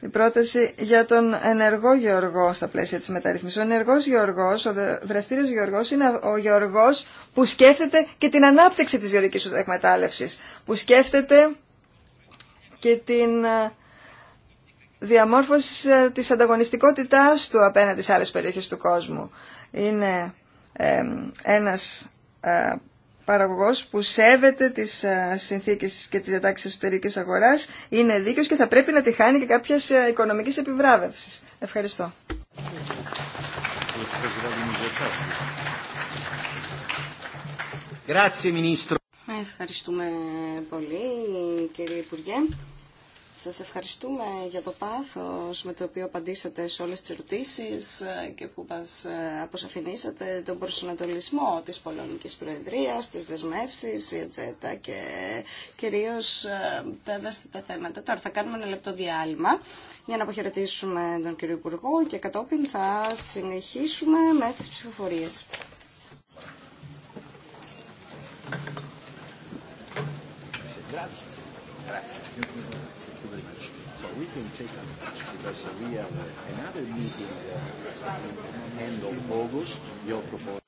η πρόταση για τον ενεργό γεωργό στα πλαίσια της μεταρρύθμισης. Ο ενεργός γεωργός, ο δραστήριος γεωργός είναι ο γεωργός που σκέφτεται και την ανάπτυξη της γεωργικής του εκμετάλλευσης, που σκέφτεται και την ε, διαμόρφωση ε, της ανταγωνιστικότητάς του απέναντι σε άλλες περιοχές του κόσμου. Είναι ε, ένας ε, παραγωγός που σέβεται τις ε, συνθήκες και τις διατάξεις εσωτερικής αγοράς είναι δίκαιος και θα πρέπει να τη χάνει και κάποιες οικονομικές επιβράβευσης. Ευχαριστώ. Ευχαριστούμε πολύ κύριε Υπουργέ. Σας ευχαριστούμε για το πάθος με το οποίο απαντήσατε σε όλες τις ερωτήσεις και που μας αποσαφηνήσατε τον προσανατολισμό της Πολωνικής Προεδρίας, της δεσμεύσεις, η ατζέτα και κυρίως ε, τα ευαίσθητα θέματα. Τώρα θα κάνουμε ένα λεπτό διάλειμμα για να αποχαιρετήσουμε τον κύριο Υπουργό και κατόπιν θα συνεχίσουμε με τις ψηφοφορίες. Grazie we can take because we have another meeting uh, end of August. Your proposal.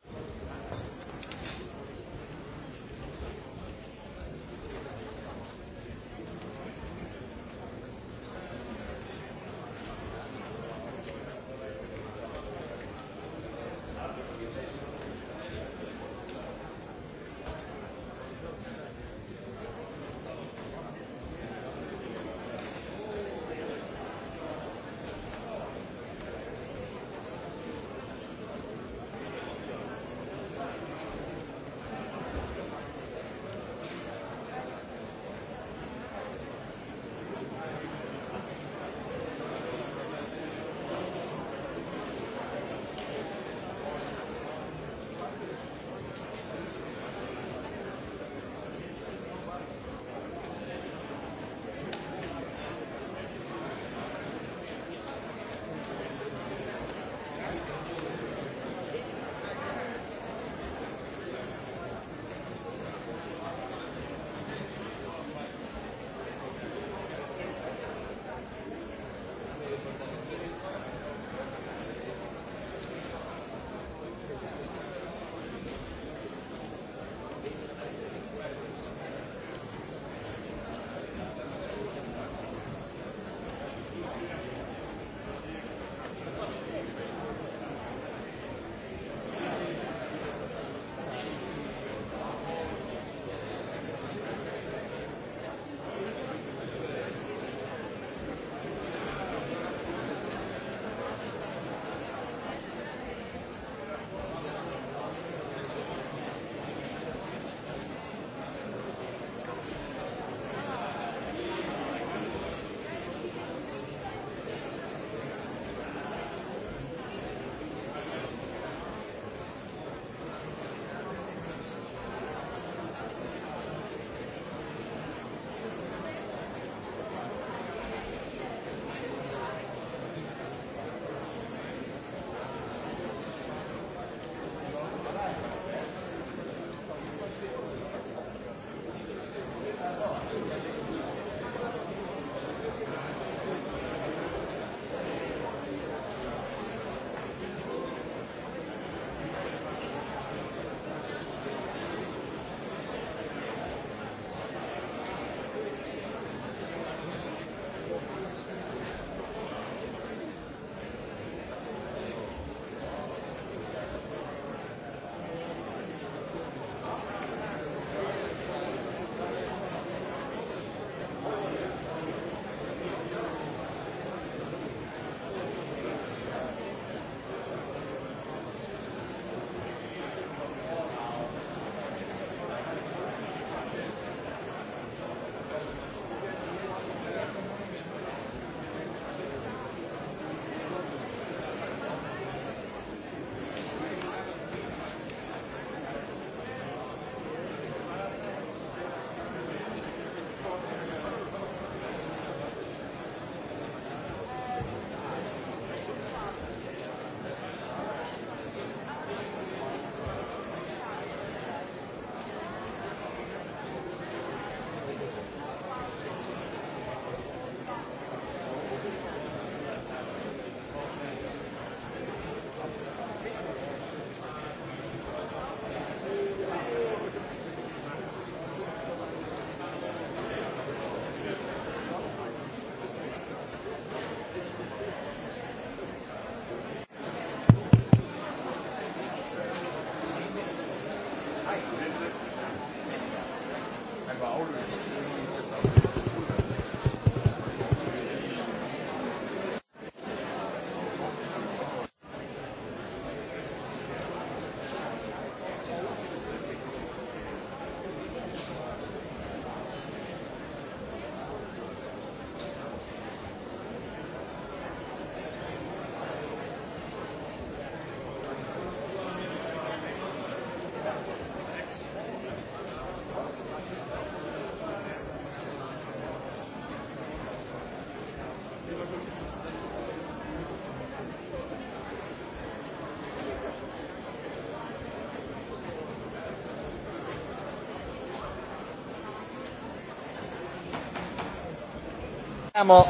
Siamo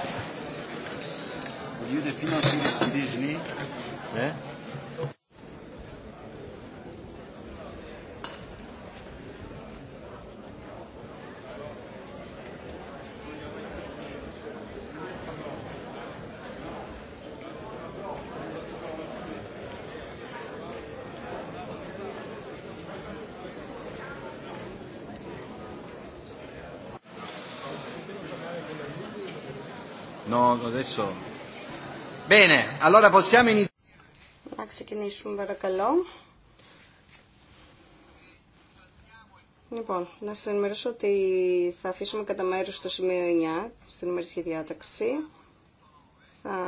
No, Να ξεκινήσουμε παρακαλώ. Λοιπόν, να σας ενημερώσω ότι θα αφήσουμε κατά μέρος το σημείο 9 στην ημερήσια διάταξη. Θα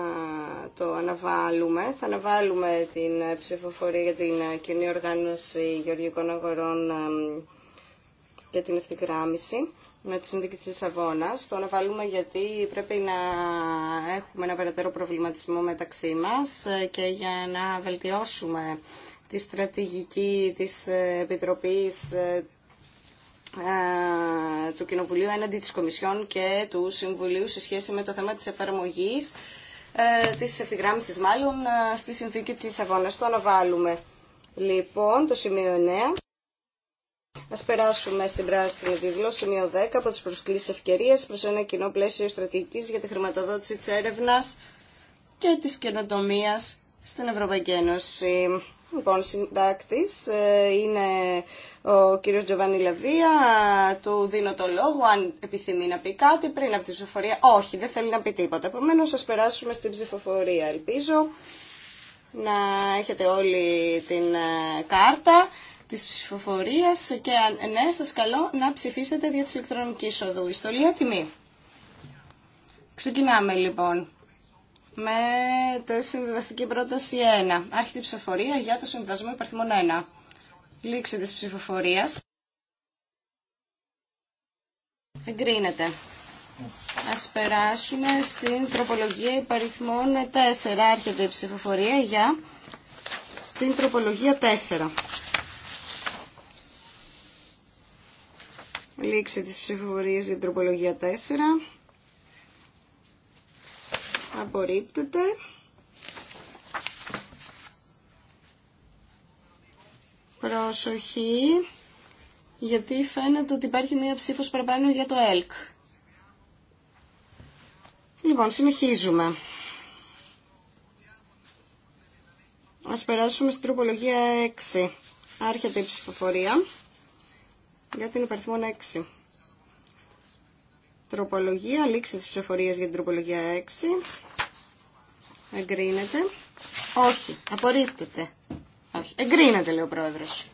το αναβάλουμε. Θα αναβάλουμε την ψηφοφορία για την κοινή οργάνωση γεωργικών αγορών για την ευθυγράμμιση με τη συνδίκη τη Λισαβόνας. Το αναβάλουμε γιατί πρέπει να έχουμε ένα περαιτέρω προβληματισμό μεταξύ μας ε, και για να βελτιώσουμε τη στρατηγική της ε, Επιτροπής ε, του Κοινοβουλίου έναντι της Κομισιόν και του Συμβουλίου σε σχέση με το θέμα της εφαρμογής της ευθυγράμμισης μάλλον στη συνθήκη της αγώνας Το αναβάλουμε. Λοιπόν, το σημείο 9. Α περάσουμε στην πράσινη βιβλίο, σημείο 10, από τι προσκλήσει ευκαιρίε προ ένα κοινό πλαίσιο στρατηγική για τη χρηματοδότηση τη έρευνα και τη καινοτομία στην Ευρωπαϊκή Ένωση. Λοιπόν, συντάκτη ε, είναι ο κύριος Τζοβάνι Λαβία. Του δίνω το λόγο αν επιθυμεί να πει κάτι πριν από τη ψηφοφορία. Όχι, δεν θέλει να πει τίποτα. Επομένω, α περάσουμε στην ψηφοφορία. Ελπίζω να έχετε όλη την ε, κάρτα Τη ψηφοφορία. και αν ναι, σας καλώ να ψηφίσετε δια τη ηλεκτρονικής οδού. Ιστολία τιμή. Ξεκινάμε λοιπόν με το συμβιβαστική πρόταση 1. Άρχεται η ψηφοφορία για το συμβιβασμό υπαρθμών 1. Λήξη τη ψηφοφορία. Εγκρίνεται. Ας περάσουμε στην τροπολογία υπαριθμών 4. Άρχεται η ψηφοφορία για την τροπολογία 4. λήξη της ψηφοφορίας για την τροπολογία 4. Απορρίπτεται. Προσοχή, γιατί φαίνεται ότι υπάρχει μία ψήφος παραπάνω για το ΕΛΚ. Λοιπόν, συνεχίζουμε. Ας περάσουμε στην τροπολογία 6. Άρχεται η ψηφοφορία για την υπαριθμόν 6. Τροπολογία, λήξη της ψηφοφορίας για την τροπολογία 6. Εγκρίνεται. Όχι, απορρίπτεται. Όχι, εγκρίνεται λέει ο πρόεδρος.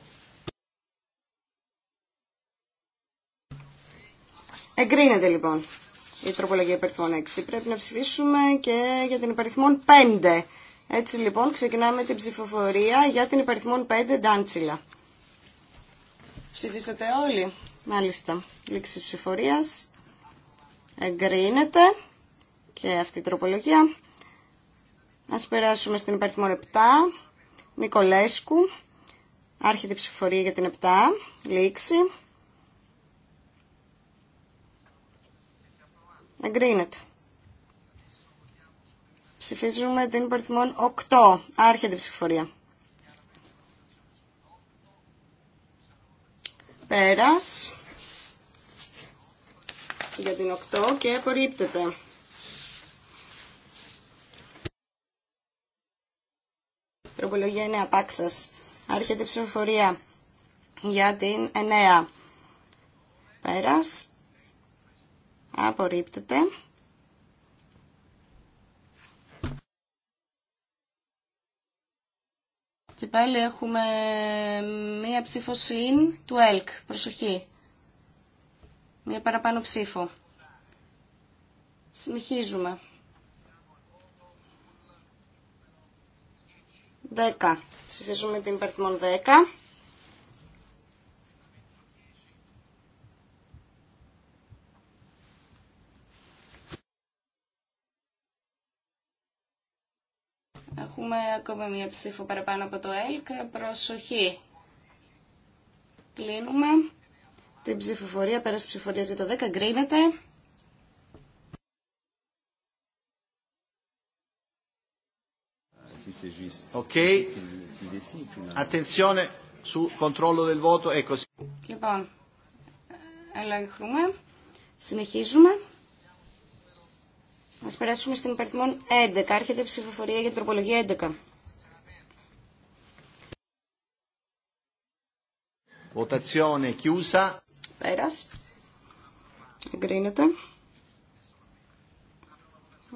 Εγκρίνεται λοιπόν η τροπολογία υπερθμόν 6. Πρέπει να ψηφίσουμε και για την υπερθμόν 5. Έτσι λοιπόν ξεκινάμε την ψηφοφορία για την υπερθμόν 5 Ντάντσιλα. Ψηφίσατε όλοι. Μάλιστα. Λήξη ψηφορία. Εγκρίνεται. Και αυτή η τροπολογία. Ας περάσουμε στην υπαριθμό 7. Νικολέσκου. Άρχεται η ψηφορία για την 7. Λήξη. Εγκρίνεται. Ψηφίζουμε την υπαριθμό 8. Άρχεται η ψηφορία. Πέρας. Για την 8 και απορρίπτεται. Τροπολογία είναι απάξας. Άρχεται η ψηφοφορία για την 9. Πέρας. Απορρίπτεται. Και πάλι έχουμε μία ψήφο συν του ΕΛΚ. Προσοχή. Μία παραπάνω ψήφο. Συνεχίζουμε. 10. Ψηφίζουμε την υπερθυμόν 10. Έχουμε ακόμα μία ψήφο παραπάνω από το ΕΛΚ. Προσοχή. Κλείνουμε την ψηφοφορία. Πέρασε ψηφοφορίας για το 10 εγκρίνεται. Attenzione Λοιπόν, ε, ελέγχουμε. Συνεχίζουμε. Ας περάσουμε στην υπαριθμόν 11. Άρχεται η ψηφοφορία για την τροπολογία 11. Votazione chiusa. Πέρας. Εγκρίνεται.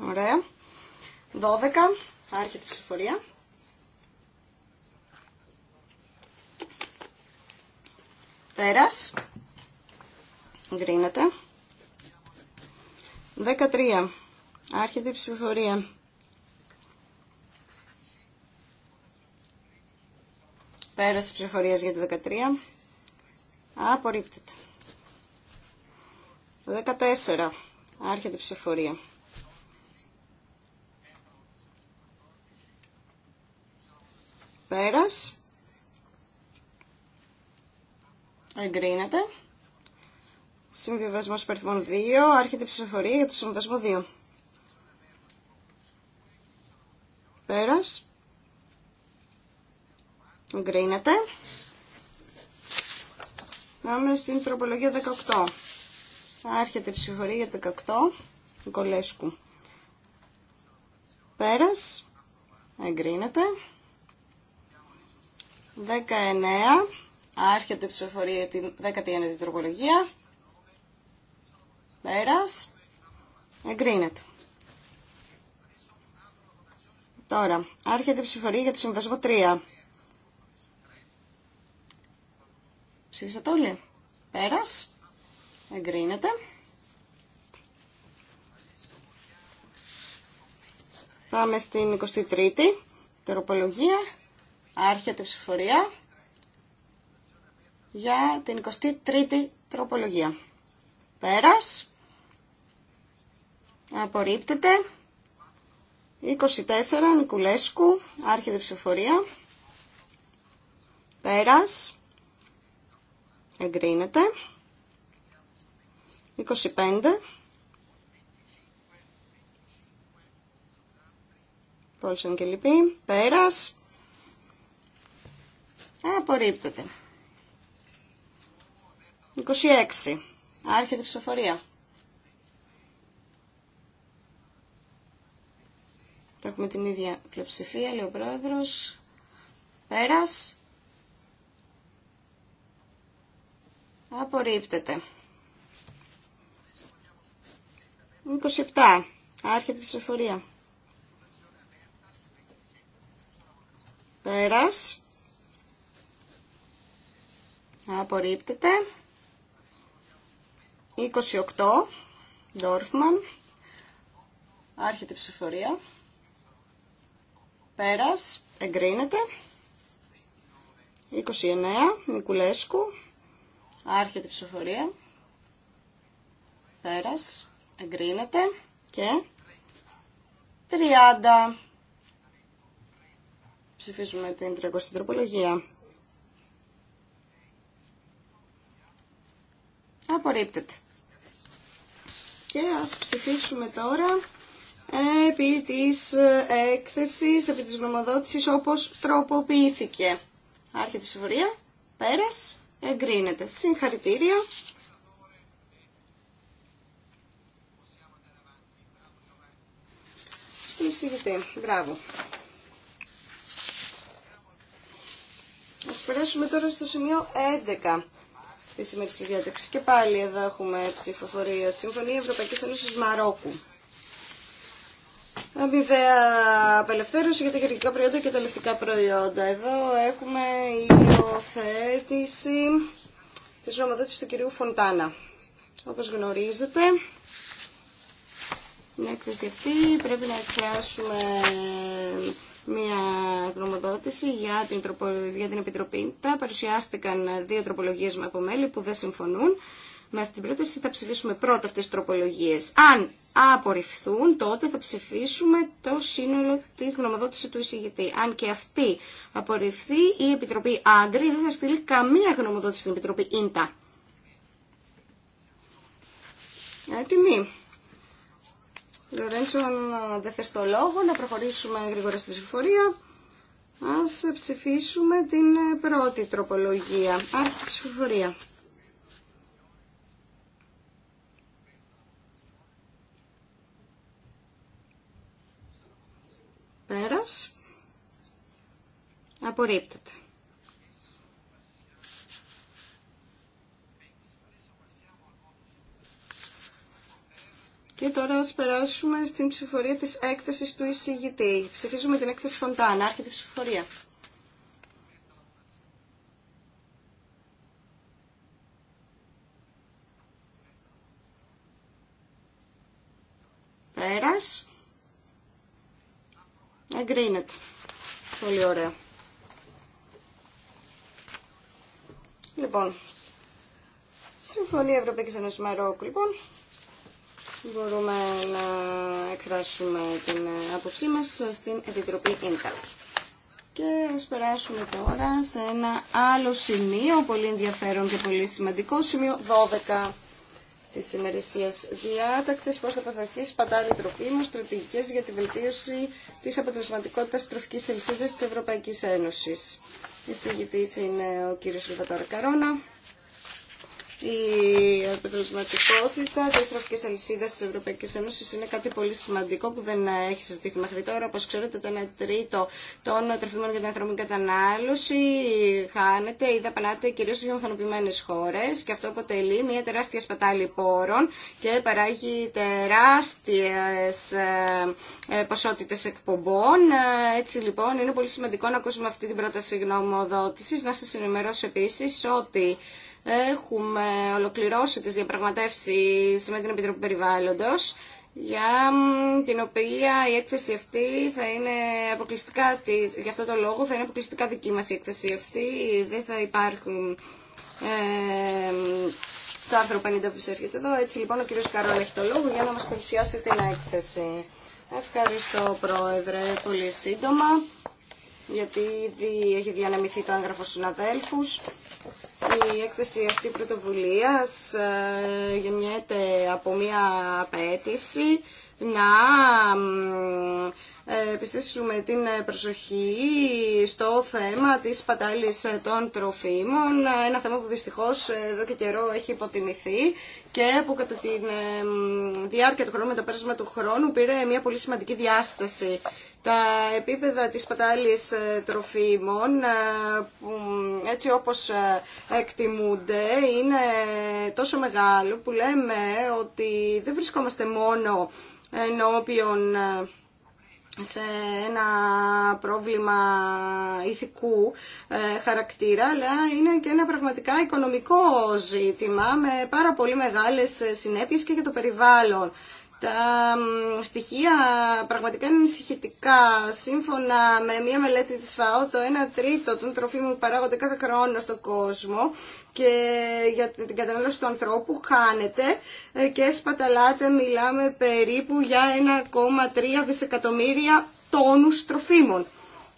Ωραία. 12. Άρχεται η ψηφοφορία. Πέρας. Εγκρίνεται. 13. Άρχεται η ψηφοφορία. Πέρασε ψηφοφορία για το 13. Απορρίπτεται. 14. Άρχεται η ψηφοφορία. Πέρας. Εγκρίνεται. Συμβιβασμό υπερθμών 2. Άρχεται η ψηφοφορία για το συμβιβασμό 2. Πέρας. Εγκρίνεται. Πάμε στην τροπολογία 18. Άρχεται η ψηφορία 18. Νικολέσκου. Πέρας. Εγκρίνεται. 19. Άρχεται η ψηφοφορία για την 19η τροπολογία. Πέρας. Εγκρίνεται. Τώρα, άρχεται η ψηφορία για το συμβασμό 3. Ψήφισατε όλοι. Πέρας. Εγκρίνεται. Πάμε στην 23η. Τροπολογία. Άρχεται η ψηφορία. Για την 23η τροπολογία. Πέρας. Απορρίπτεται. 24 Νικουλέσκου, άρχιδη ψηφοφορία. Πέρας. Εγκρίνεται. 25. Πόλσον και λοιπή. Πέρας. Απορρίπτεται. 26. Άρχεται ψηφοφορία. Το έχουμε την ίδια πλειοψηφία, λέει ο πρόεδρος. Πέρας. Απορρίπτεται. 27. Άρχεται η ψηφορία. Πέρας. Απορρίπτεται. 28. Ντόρφμαν. Άρχεται η ψηφορία. Πέρας, εγκρίνεται. 29, Νικουλέσκου. Άρχεται η ψηφοφορία. Πέρας, εγκρίνεται. Και 30. Ψηφίζουμε την 30 τροπολογία. Απορρίπτεται. Και ας ψηφίσουμε τώρα επί της ε, έκθεσης, επί της γνωμοδότησης όπως τροποποιήθηκε. Άρχεται η ψηφορία, πέρας, εγκρίνεται. Συγχαρητήρια. Στον εισηγητή, μπράβο. Ας περάσουμε τώρα στο σημείο 11 τη σημερινής διάταξης. Και πάλι εδώ έχουμε ψηφοφορία. Συμφωνία Ευρωπαϊκής Ένωση Μαρόκου αμοιβαία απελευθέρωση για τα γεωργικά προϊόντα και τα λεφτικά προϊόντα. Εδώ έχουμε η υιοθέτηση της γνωμοδότηση του κυρίου Φοντάνα. Όπως γνωρίζετε, την έκθεση αυτή πρέπει να εκφράσουμε μια γνωμοδότηση για την, για την Επιτροπή. Τα παρουσιάστηκαν δύο τροπολογίες από μέλη που δεν συμφωνούν με αυτή την πρόταση θα ψηφίσουμε πρώτα αυτές τις τροπολογίες. Αν απορριφθούν, τότε θα ψηφίσουμε το σύνολο τη γνωμοδότηση του εισηγητή. Αν και αυτή απορριφθεί, η Επιτροπή Άγκρη δεν θα στείλει καμία γνωμοδότηση στην Επιτροπή Ίντα. Έτοιμοι. Λορέντσο, αν δεν θες το λόγο, να προχωρήσουμε γρήγορα στην ψηφοφορία. Ας ψηφίσουμε την πρώτη τροπολογία. Άρχη ψηφοφορία. Πέρας. Απορρίπτεται. Και τώρα ας περάσουμε στην ψηφορία της έκθεσης του εισηγητή. Ψηφίζουμε την έκθεση Φοντάνα. Άρχεται η ψηφορία. Πέρας. Εγκρίνεται. Πολύ ωραία. Λοιπόν, Συμφωνία Ευρωπαϊκής Ένωσης Μαρόκου, λοιπόν, μπορούμε να εκφράσουμε την άποψή μας στην Επιτροπή Ίνταλ. Και ας περάσουμε τώρα σε ένα άλλο σημείο, πολύ ενδιαφέρον και πολύ σημαντικό, σημείο 12. Τη ημερησία διάταξη πώ θα προσπαθήσει σπατάλη τροφίμων, στρατηγικέ για τη βελτίωση της αποτελεσματικότητας τροφική ελσίδας τη Ευρωπαϊκή Ένωση. Η είναι ο κύριο Λιβατόρα Καρόνα. Η αποτελεσματικότητα τη τροφική αλυσίδα τη Ευρωπαϊκή Ένωση είναι κάτι πολύ σημαντικό που δεν έχει συζητηθεί μέχρι τώρα. Όπω ξέρετε, το 1 τρίτο των τροφίμων για την ανθρώπινη κατανάλωση χάνεται ή δαπανάται κυρίω σε βιομηχανοποιημένε χώρε και αυτό αποτελεί μια τεράστια σπατάλη πόρων και παράγει τεράστιε ποσότητε εκπομπών. Έτσι λοιπόν, είναι πολύ σημαντικό να ακούσουμε αυτή την πρόταση γνωμοδότηση. Να σα ενημερώσω επίση ότι Έχουμε ολοκληρώσει τις διαπραγματεύσεις με την Επιτροπή Περιβάλλοντος για την οποία η έκθεση αυτή θα είναι αποκλειστικά της, για αυτό το λόγο θα είναι αποκλειστικά δική μας η έκθεση αυτή, δεν θα υπάρχουν ε, το άρθρο 50 που έρχεται εδώ. Έτσι λοιπόν ο κύριος Καρόλ έχει το λόγο για να μας παρουσιάσει την έκθεση. Ευχαριστώ Πρόεδρε, πολύ σύντομα, γιατί ήδη έχει διανεμηθεί το άγγραφο συναδέλφους. Η έκθεση αυτή πρωτοβουλίας ε, γεννιέται από μία απέτηση να ε, επιστήσουμε την προσοχή στο θέμα της πατάλης των τροφίμων, ένα θέμα που δυστυχώς εδώ και καιρό έχει υποτιμηθεί και που κατά τη ε, διάρκεια του χρόνου, με το πέρασμα του χρόνου, πήρε μια πολύ σημαντική διάσταση. Τα επίπεδα της πατάλης ε, τροφίμων, έτσι όπως εκτιμούνται, είναι τόσο μεγάλο που λέμε ότι δεν βρισκόμαστε μόνο ενώπιον σε ένα πρόβλημα ηθικού ε, χαρακτήρα, αλλά είναι και ένα πραγματικά οικονομικό ζήτημα με πάρα πολύ μεγάλες συνέπειες και για το περιβάλλον τα στοιχεία πραγματικά είναι ανησυχητικά. Σύμφωνα με μια μελέτη της ΦΑΟ, το 1 τρίτο των τροφίμων που παράγονται κάθε χρόνο στον κόσμο και για την κατανάλωση του ανθρώπου χάνεται ε, και σπαταλάτε μιλάμε περίπου για 1,3 δισεκατομμύρια τόνους τροφίμων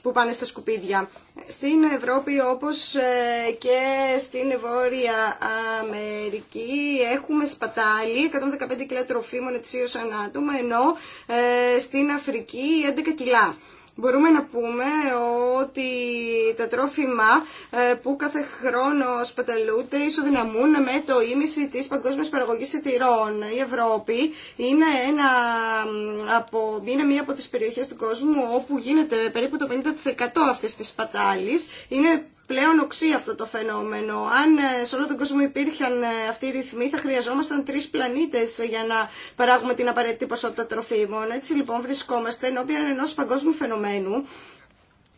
που πάνε στα σκουπίδια. Στην Ευρώπη όπως ε, και στην Βόρεια Αμερική έχουμε σπατάλη 115 κιλά τροφίμων ετσίως ανάτομα ενώ ε, στην Αφρική 11 κιλά μπορούμε να πούμε ότι τα τρόφιμα ε, που κάθε χρόνο σπαταλούνται ισοδυναμούν με το ίμιση της παγκόσμιας παραγωγής σιτηρών. Η Ευρώπη είναι, ένα από, είναι μία από τις περιοχές του κόσμου όπου γίνεται περίπου το 50% αυτής της σπατάλης. Είναι πλέον οξύ αυτό το φαινόμενο. Αν ε, σε όλο τον κόσμο υπήρχαν ε, αυτοί οι ρυθμοί, θα χρειαζόμασταν τρει πλανήτε για να παράγουμε την απαραίτητη ποσότητα τροφίμων. Έτσι λοιπόν βρισκόμαστε ενώπιον ενό παγκόσμιου φαινομένου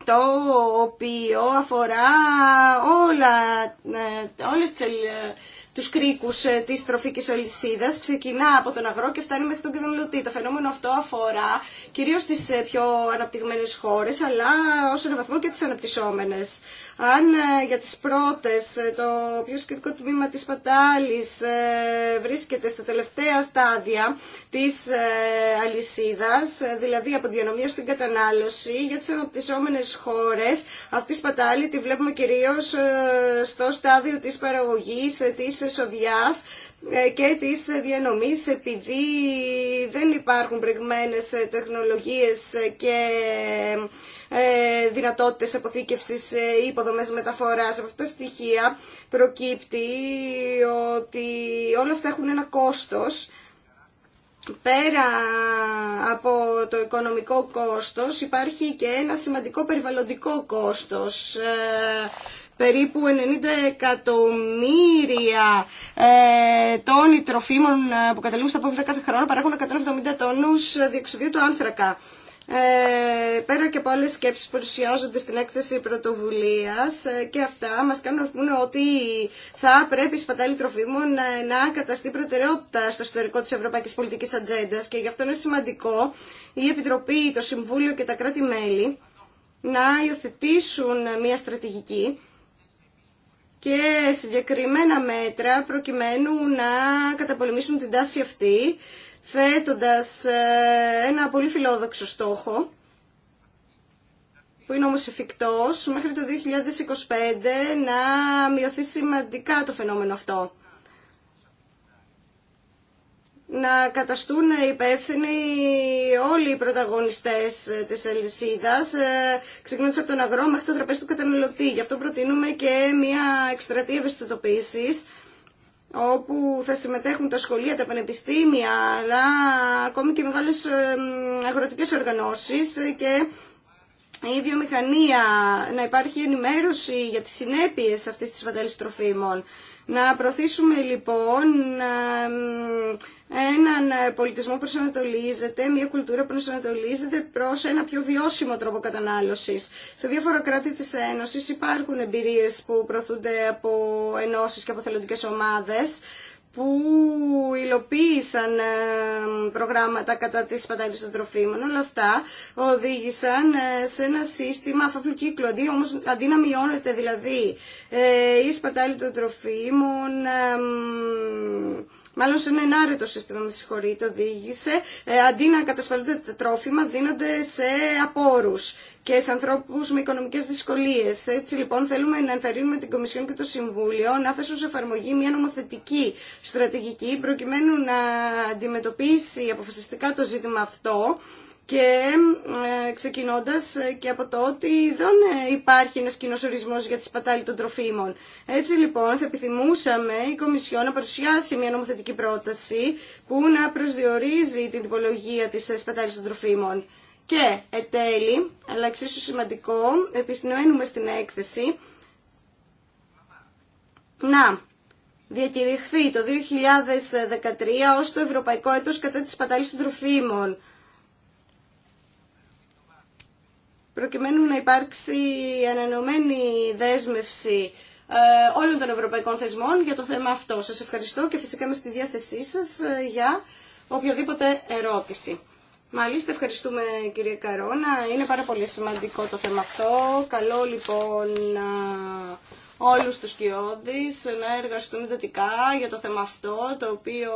το οποίο αφορά όλα, ε, όλες τις τους κρίκους ε, τη τροφική ολυσίδα, ξεκινά από τον αγρό και φτάνει μέχρι τον καταναλωτή. Το φαινόμενο αυτό αφορά κυρίως τις ε, πιο αναπτυγμένες χώρες, αλλά ω ένα βαθμό και τι αναπτυσσόμενες. Αν ε, για τις πρώτες το πιο σχετικό τμήμα της πατάλης βρίσκεται στα τελευταία στάδια της αλυσίδας, δηλαδή από τη διανομή στην κατανάλωση, για τι αναπτυσσόμενες χώρε. αυτή η πατάλη τη βλέπουμε κυρίως στο στάδιο τη παραγωγή τη εσοδιάς ε, και της διανομής επειδή δεν υπάρχουν πρεγμένες ε, τεχνολογίες ε, και δυνατότητες αποθήκευσης ή υποδομές μεταφοράς. Από αυτά τα στοιχεία προκύπτει ότι όλα αυτά έχουν ένα κόστος Πέρα από το οικονομικό κόστος υπάρχει και ένα σημαντικό περιβαλλοντικό κόστος περίπου 90 εκατομμύρια ε, τόνοι τροφίμων ε, που καταλήγουν στα απόβλητα κάθε χρόνο παράγουν 170 τόνους διεξουδίου του άνθρακα. Ε, πέρα και από άλλες σκέψεις που ουσιάζονται στην έκθεση πρωτοβουλίας ε, και αυτά μας κάνουν να πούμε ότι θα πρέπει η σπατάλη τροφίμων ε, να καταστεί προτεραιότητα στο ιστορικό της ευρωπαϊκής πολιτικής ατζέντα και γι' αυτό είναι σημαντικό η Επιτροπή, το Συμβούλιο και τα κράτη-μέλη να υιοθετήσουν μια στρατηγική και συγκεκριμένα μέτρα προκειμένου να καταπολεμήσουν την τάση αυτή θέτοντας ε, ένα πολύ φιλόδοξο στόχο που είναι όμως εφικτός μέχρι το 2025 να μειωθεί σημαντικά το φαινόμενο αυτό να καταστούν υπεύθυνοι όλοι οι πρωταγωνιστές της αλυσίδα, ε, ξεκινώντας από τον αγρό μέχρι το τραπέζι του καταναλωτή. Γι' αυτό προτείνουμε και μια εκστρατεία ευαισθητοποίησης όπου θα συμμετέχουν τα σχολεία, τα πανεπιστήμια, αλλά ακόμη και μεγάλες ε, αγροτικές οργανώσεις και η βιομηχανία, να υπάρχει ενημέρωση για τις συνέπειες αυτής της φαντάλης τροφίμων. Να προωθήσουμε λοιπόν ε, έναν ε, πολιτισμό που προσανατολίζεται, μια κουλτούρα που προσανατολίζεται προ ένα πιο βιώσιμο τρόπο κατανάλωση. Σε διάφορα κράτη τη Ένωση υπάρχουν εμπειρίε που προωθούνται από ενώσει και από θελοντικέ ομάδε που υλοποίησαν ε, προγράμματα κατά της πατάλης των τροφίμων. Όλα αυτά οδήγησαν ε, σε ένα σύστημα αφαφλού Αντί, όμως, αντί να μειώνεται δηλαδή η σπατάλη των τροφίμων, μάλλον σε ένα ενάρετο σύστημα, με συγχωρείτε, οδήγησε, ε, αντί να κατασφαλίζονται τα τρόφιμα, δίνονται σε απόρου και σε ανθρώπου με οικονομικέ δυσκολίε. Έτσι λοιπόν θέλουμε να ενθαρρύνουμε την Κομισιόν και το Συμβούλιο να θέσουν σε εφαρμογή μια νομοθετική στρατηγική προκειμένου να αντιμετωπίσει αποφασιστικά το ζήτημα αυτό και ε, ξεκινώντας ε, και από το ότι δεν ε, υπάρχει ένας κοινός ορισμός για τις σπατάλη των τροφίμων. Έτσι λοιπόν θα επιθυμούσαμε η Κομισιό να παρουσιάσει μια νομοθετική πρόταση που να προσδιορίζει την τυπολογία της σπατάλης των τροφίμων. Και ετέλει, αλλά εξίσου σημαντικό, επισημαίνουμε στην έκθεση να διακηρυχθεί το 2013 ως το Ευρωπαϊκό Έτος κατά τη σπατάλης των τροφίμων. προκειμένου να υπάρξει ανανεωμένη δέσμευση ε, όλων των ευρωπαϊκών θεσμών για το θέμα αυτό. Σας ευχαριστώ και φυσικά είμαι στη διάθεσή σας ε, για οποιοδήποτε ερώτηση. Μάλιστα, ευχαριστούμε κυρία Καρόνα. Είναι πάρα πολύ σημαντικό το θέμα αυτό. Καλό λοιπόν ε, όλους τους κοιόδης να εργαστούν εντατικά για το θέμα αυτό, το οποίο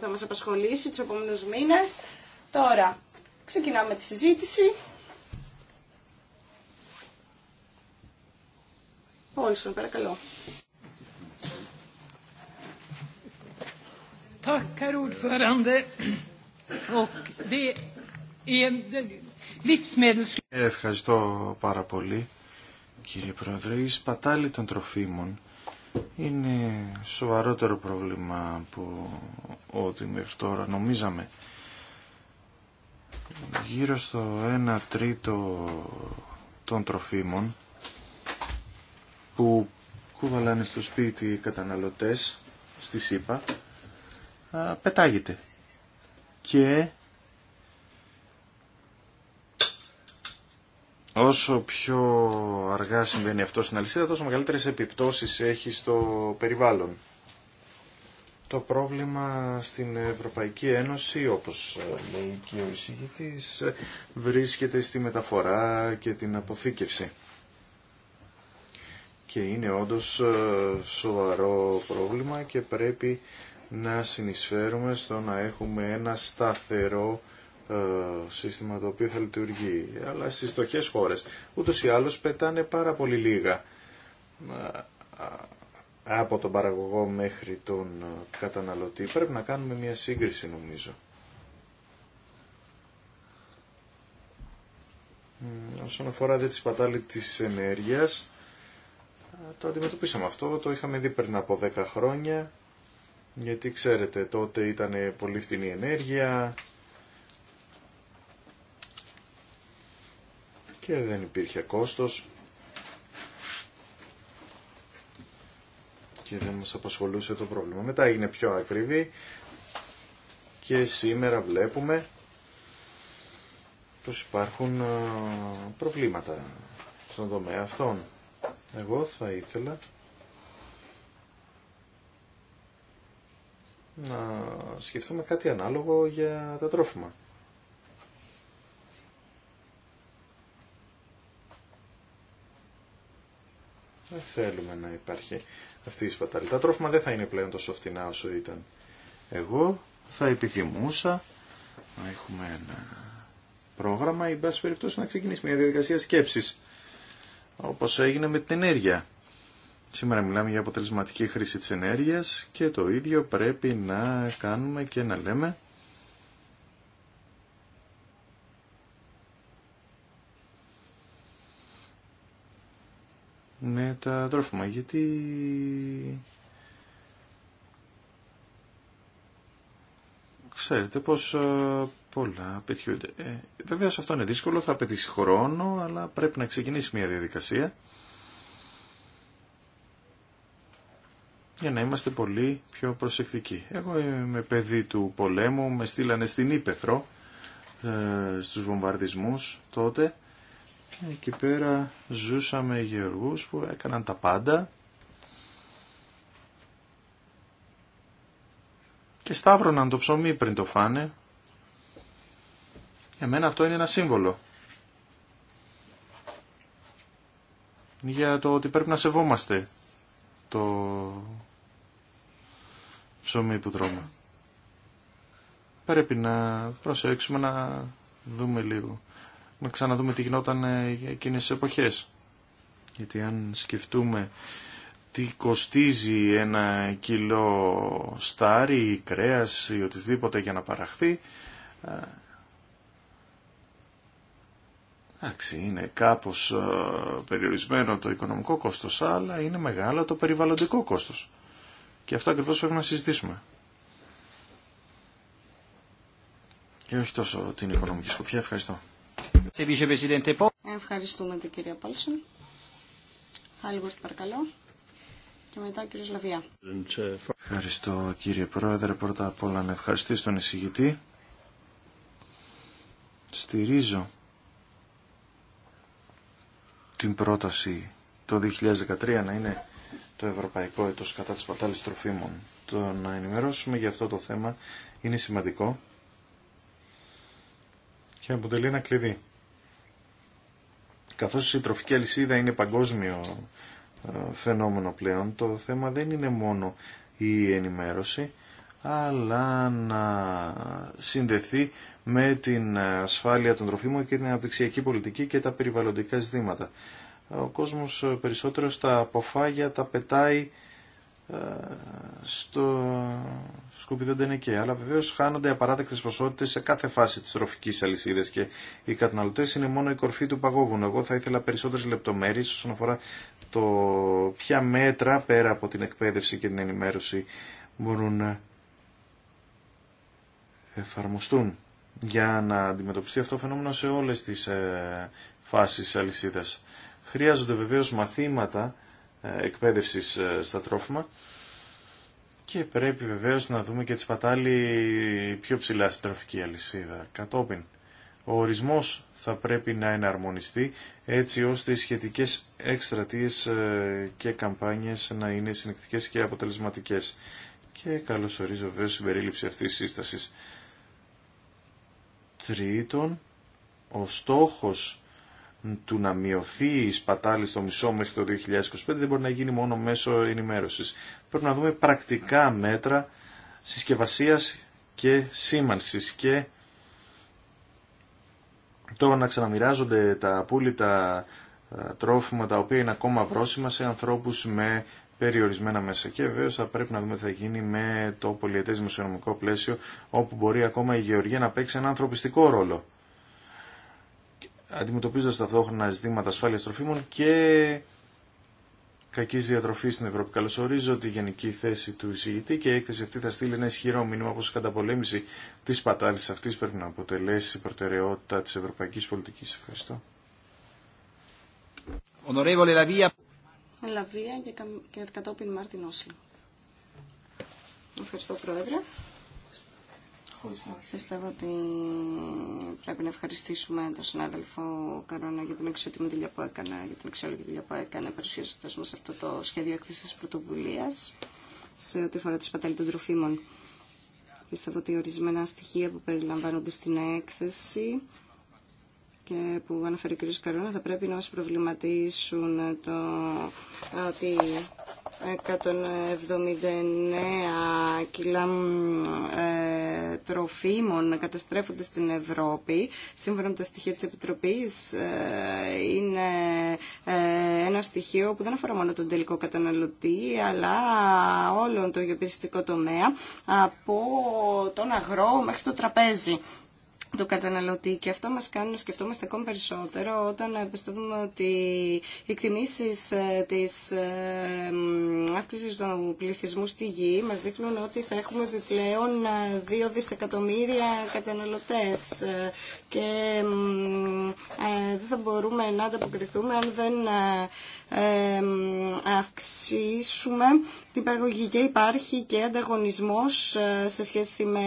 θα μας απασχολήσει τους επόμενους μήνες. Τώρα, ξεκινάμε τη συζήτηση. Ευχαριστώ πάρα πολύ, κύριε Πρόεδρε. Η σπατάλη των τροφίμων είναι σοβαρότερο πρόβλημα από ό,τι μέχρι τώρα νομίζαμε. Γύρω στο 1 τρίτο των τροφίμων που κουβαλάνε στο σπίτι οι καταναλωτές στη ΣΥΠΑ πετάγεται. Και όσο πιο αργά συμβαίνει αυτό στην αλυσίδα, τόσο μεγαλύτερες επιπτώσεις έχει στο περιβάλλον. Το πρόβλημα στην Ευρωπαϊκή Ένωση, όπως ε, λέει και ο εισηγητής, ε, βρίσκεται στη μεταφορά και την αποθήκευση και είναι όντως ε, σοβαρό πρόβλημα και πρέπει να συνεισφέρουμε στο να έχουμε ένα σταθερό ε, σύστημα το οποίο θα λειτουργεί. Αλλά στις στοχές χώρες ούτως ή άλλως πετάνε πάρα πολύ λίγα ε, από τον παραγωγό μέχρι τον καταναλωτή. Πρέπει να κάνουμε μια σύγκριση νομίζω. Όσον αφορά δε τη σπατάλη της ενέργειας, το αντιμετωπίσαμε αυτό, το είχαμε δει πριν από 10 χρόνια, γιατί ξέρετε τότε ήταν πολύ φτηνή ενέργεια και δεν υπήρχε κόστος και δεν μας απασχολούσε το πρόβλημα. Μετά έγινε πιο ακριβή και σήμερα βλέπουμε πως υπάρχουν προβλήματα στον τομέα αυτών. Εγώ θα ήθελα να σκεφτούμε κάτι ανάλογο για τα τρόφιμα. Δεν θέλουμε να υπάρχει αυτή η σπατάλη. Τα τρόφιμα δεν θα είναι πλέον τόσο φτηνά όσο ήταν. Εγώ θα επιθυμούσα να έχουμε ένα πρόγραμμα ή, μπας περιπτώσει, να ξεκινήσει μια διαδικασία σκέψης όπως έγινε με την ενέργεια. Σήμερα μιλάμε για αποτελεσματική χρήση της ενέργειας και το ίδιο πρέπει να κάνουμε και να λέμε με ναι, τα τρόφιμα γιατί Ξέρετε πως ε, πολλά απαιτιούνται. Ε, βεβαίως αυτό είναι δύσκολο, θα απαιτήσει χρόνο, αλλά πρέπει να ξεκινήσει μια διαδικασία για να είμαστε πολύ πιο προσεκτικοί. Εγώ είμαι παιδί του πολέμου, με στείλανε στην Ήπεθρο ε, στους βομβαρδισμούς τότε. Ε, εκεί πέρα ζούσαμε γεωργούς που έκαναν τα πάντα και σταύρωναν το ψωμί πριν το φάνε. Για μένα αυτό είναι ένα σύμβολο. Για το ότι πρέπει να σεβόμαστε το ψωμί που τρώμε. Πρέπει να προσέξουμε να δούμε λίγο. Να ξαναδούμε τι γινόταν ε, εκείνες τις εποχές. Γιατί αν σκεφτούμε τι κοστίζει ένα κιλό στάρι ή κρέας ή οτιδήποτε για να παραχθεί. Ε, εντάξει, είναι κάπως ε, περιορισμένο το οικονομικό κόστος, αλλά είναι μεγάλο το περιβαλλοντικό κόστος. Και αυτό ακριβώς πρέπει να συζητήσουμε. Και όχι τόσο την οικονομική σκοπιά. Ευχαριστώ. Ευχαριστούμε την κυρία Πόλσον. Άλβορτ, παρακαλώ. Και μετά ο κύριος Λαβιά. Ευχαριστώ κύριε Πρόεδρε. Πρώτα απ' όλα να ευχαριστήσω τον εισηγητή. Στηρίζω την πρόταση το 2013 να είναι το Ευρωπαϊκό Έτος κατά της πατάλης τροφίμων. Το να ενημερώσουμε για αυτό το θέμα είναι σημαντικό και αποτελεί ένα κλειδί. Καθώς η τροφική αλυσίδα είναι παγκόσμιο ε, φαινόμενο πλέον. Το θέμα δεν είναι μόνο η ενημέρωση, αλλά να συνδεθεί με την ασφάλεια των τροφίμων και την αναπτυξιακή πολιτική και τα περιβαλλοντικά ζητήματα. Ο κόσμος περισσότερο στα αποφάγια τα πετάει ε, στο σκουπιδέντε και αλλά βεβαίως χάνονται απαράδεκτες ποσότητες σε κάθε φάση της τροφικής αλυσίδας και οι καταναλωτές είναι μόνο η κορφή του παγόβουνου. Εγώ θα ήθελα περισσότερες λεπτομέρειες όσον αφορά το ποια μέτρα πέρα από την εκπαίδευση και την ενημέρωση μπορούν να εφαρμοστούν για να αντιμετωπιστεί αυτό το φαινόμενο σε όλες τις ε, φάσεις αλυσίδας. Χρειάζονται βεβαίως μαθήματα ε, εκπαίδευσης ε, στα τρόφιμα και πρέπει βεβαίως να δούμε και τις πατάλοι πιο ψηλά στην τροφική αλυσίδα κατόπιν. Ο ορισμός θα πρέπει να εναρμονιστεί έτσι ώστε οι σχετικές εκστρατείες ε, και καμπάνιες να είναι συνεκτικές και αποτελεσματικές. Και ορίζω βέβαια συμπερίληψη αυτής της σύστασης. Τρίτον, ο στόχος του να μειωθεί η σπατάλη στο μισό μέχρι το 2025 δεν μπορεί να γίνει μόνο μέσω ενημέρωσης. Πρέπει να δούμε πρακτικά μέτρα συσκευασίας και σήμανσης και Τώρα να ξαναμοιράζονται τα απόλυτα ε, τρόφιμα τα οποία είναι ακόμα βρόσιμα σε ανθρώπους με περιορισμένα μέσα. Και βέβαια θα πρέπει να δούμε τι θα γίνει με το πολυετές δημοσιονομικό πλαίσιο όπου μπορεί ακόμα η Γεωργία να παίξει ένα ανθρωπιστικό ρόλο. Αντιμετωπίζοντα ταυτόχρονα ζητήματα ασφάλεια τροφίμων και κακή διατροφή στην Ευρώπη. Καλωσορίζω τη γενική θέση του εισηγητή και η έκθεση αυτή θα στείλει ένα ισχυρό μήνυμα πω η καταπολέμηση τη πατάλη αυτή πρέπει να αποτελέσει προτεραιότητα τη Ευρωπαϊκή Πολιτική. Ευχαριστώ. Ονορεύολε Λαβία. Λαβία και κατόπιν Μάρτιν Ευχαριστώ Πρόεδρε. Πιστεύω ότι πρέπει να ευχαριστήσουμε τον συνάδελφο Καρόνα για την εξαιρετική δουλειά που έκανε, για την εξαιρετική δουλειά που έκανε μας αυτό το σχέδιο έκθεσης πρωτοβουλίας σε ό,τι αφορά τη σπατάλη των τροφίμων. Πιστεύω ότι ορισμένα στοιχεία που περιλαμβάνονται στην έκθεση και που αναφέρει ο κ. Καρόνα θα πρέπει να μας προβληματίσουν το ότι 179 κιλά ε, τροφίμων καταστρέφονται στην Ευρώπη. Σύμφωνα με τα στοιχεία της Επιτροπής ε, είναι ε, ένα στοιχείο που δεν αφορά μόνο τον τελικό καταναλωτή αλλά όλον το γεωπιστικό τομέα από τον αγρό μέχρι το τραπέζι του καταναλωτή και αυτό μας κάνει να σκεφτόμαστε ακόμη περισσότερο όταν πιστεύουμε ότι οι εκτιμήσεις ε, της ε, αύξησης του πληθυσμού στη γη μας δείχνουν ότι θα έχουμε επιπλέον ε, δύο δισεκατομμύρια καταναλωτές και δεν θα μπορούμε να ανταποκριθούμε αν δεν αυξήσουμε την παραγωγή και υπάρχει και ανταγωνισμός ε, σε σχέση με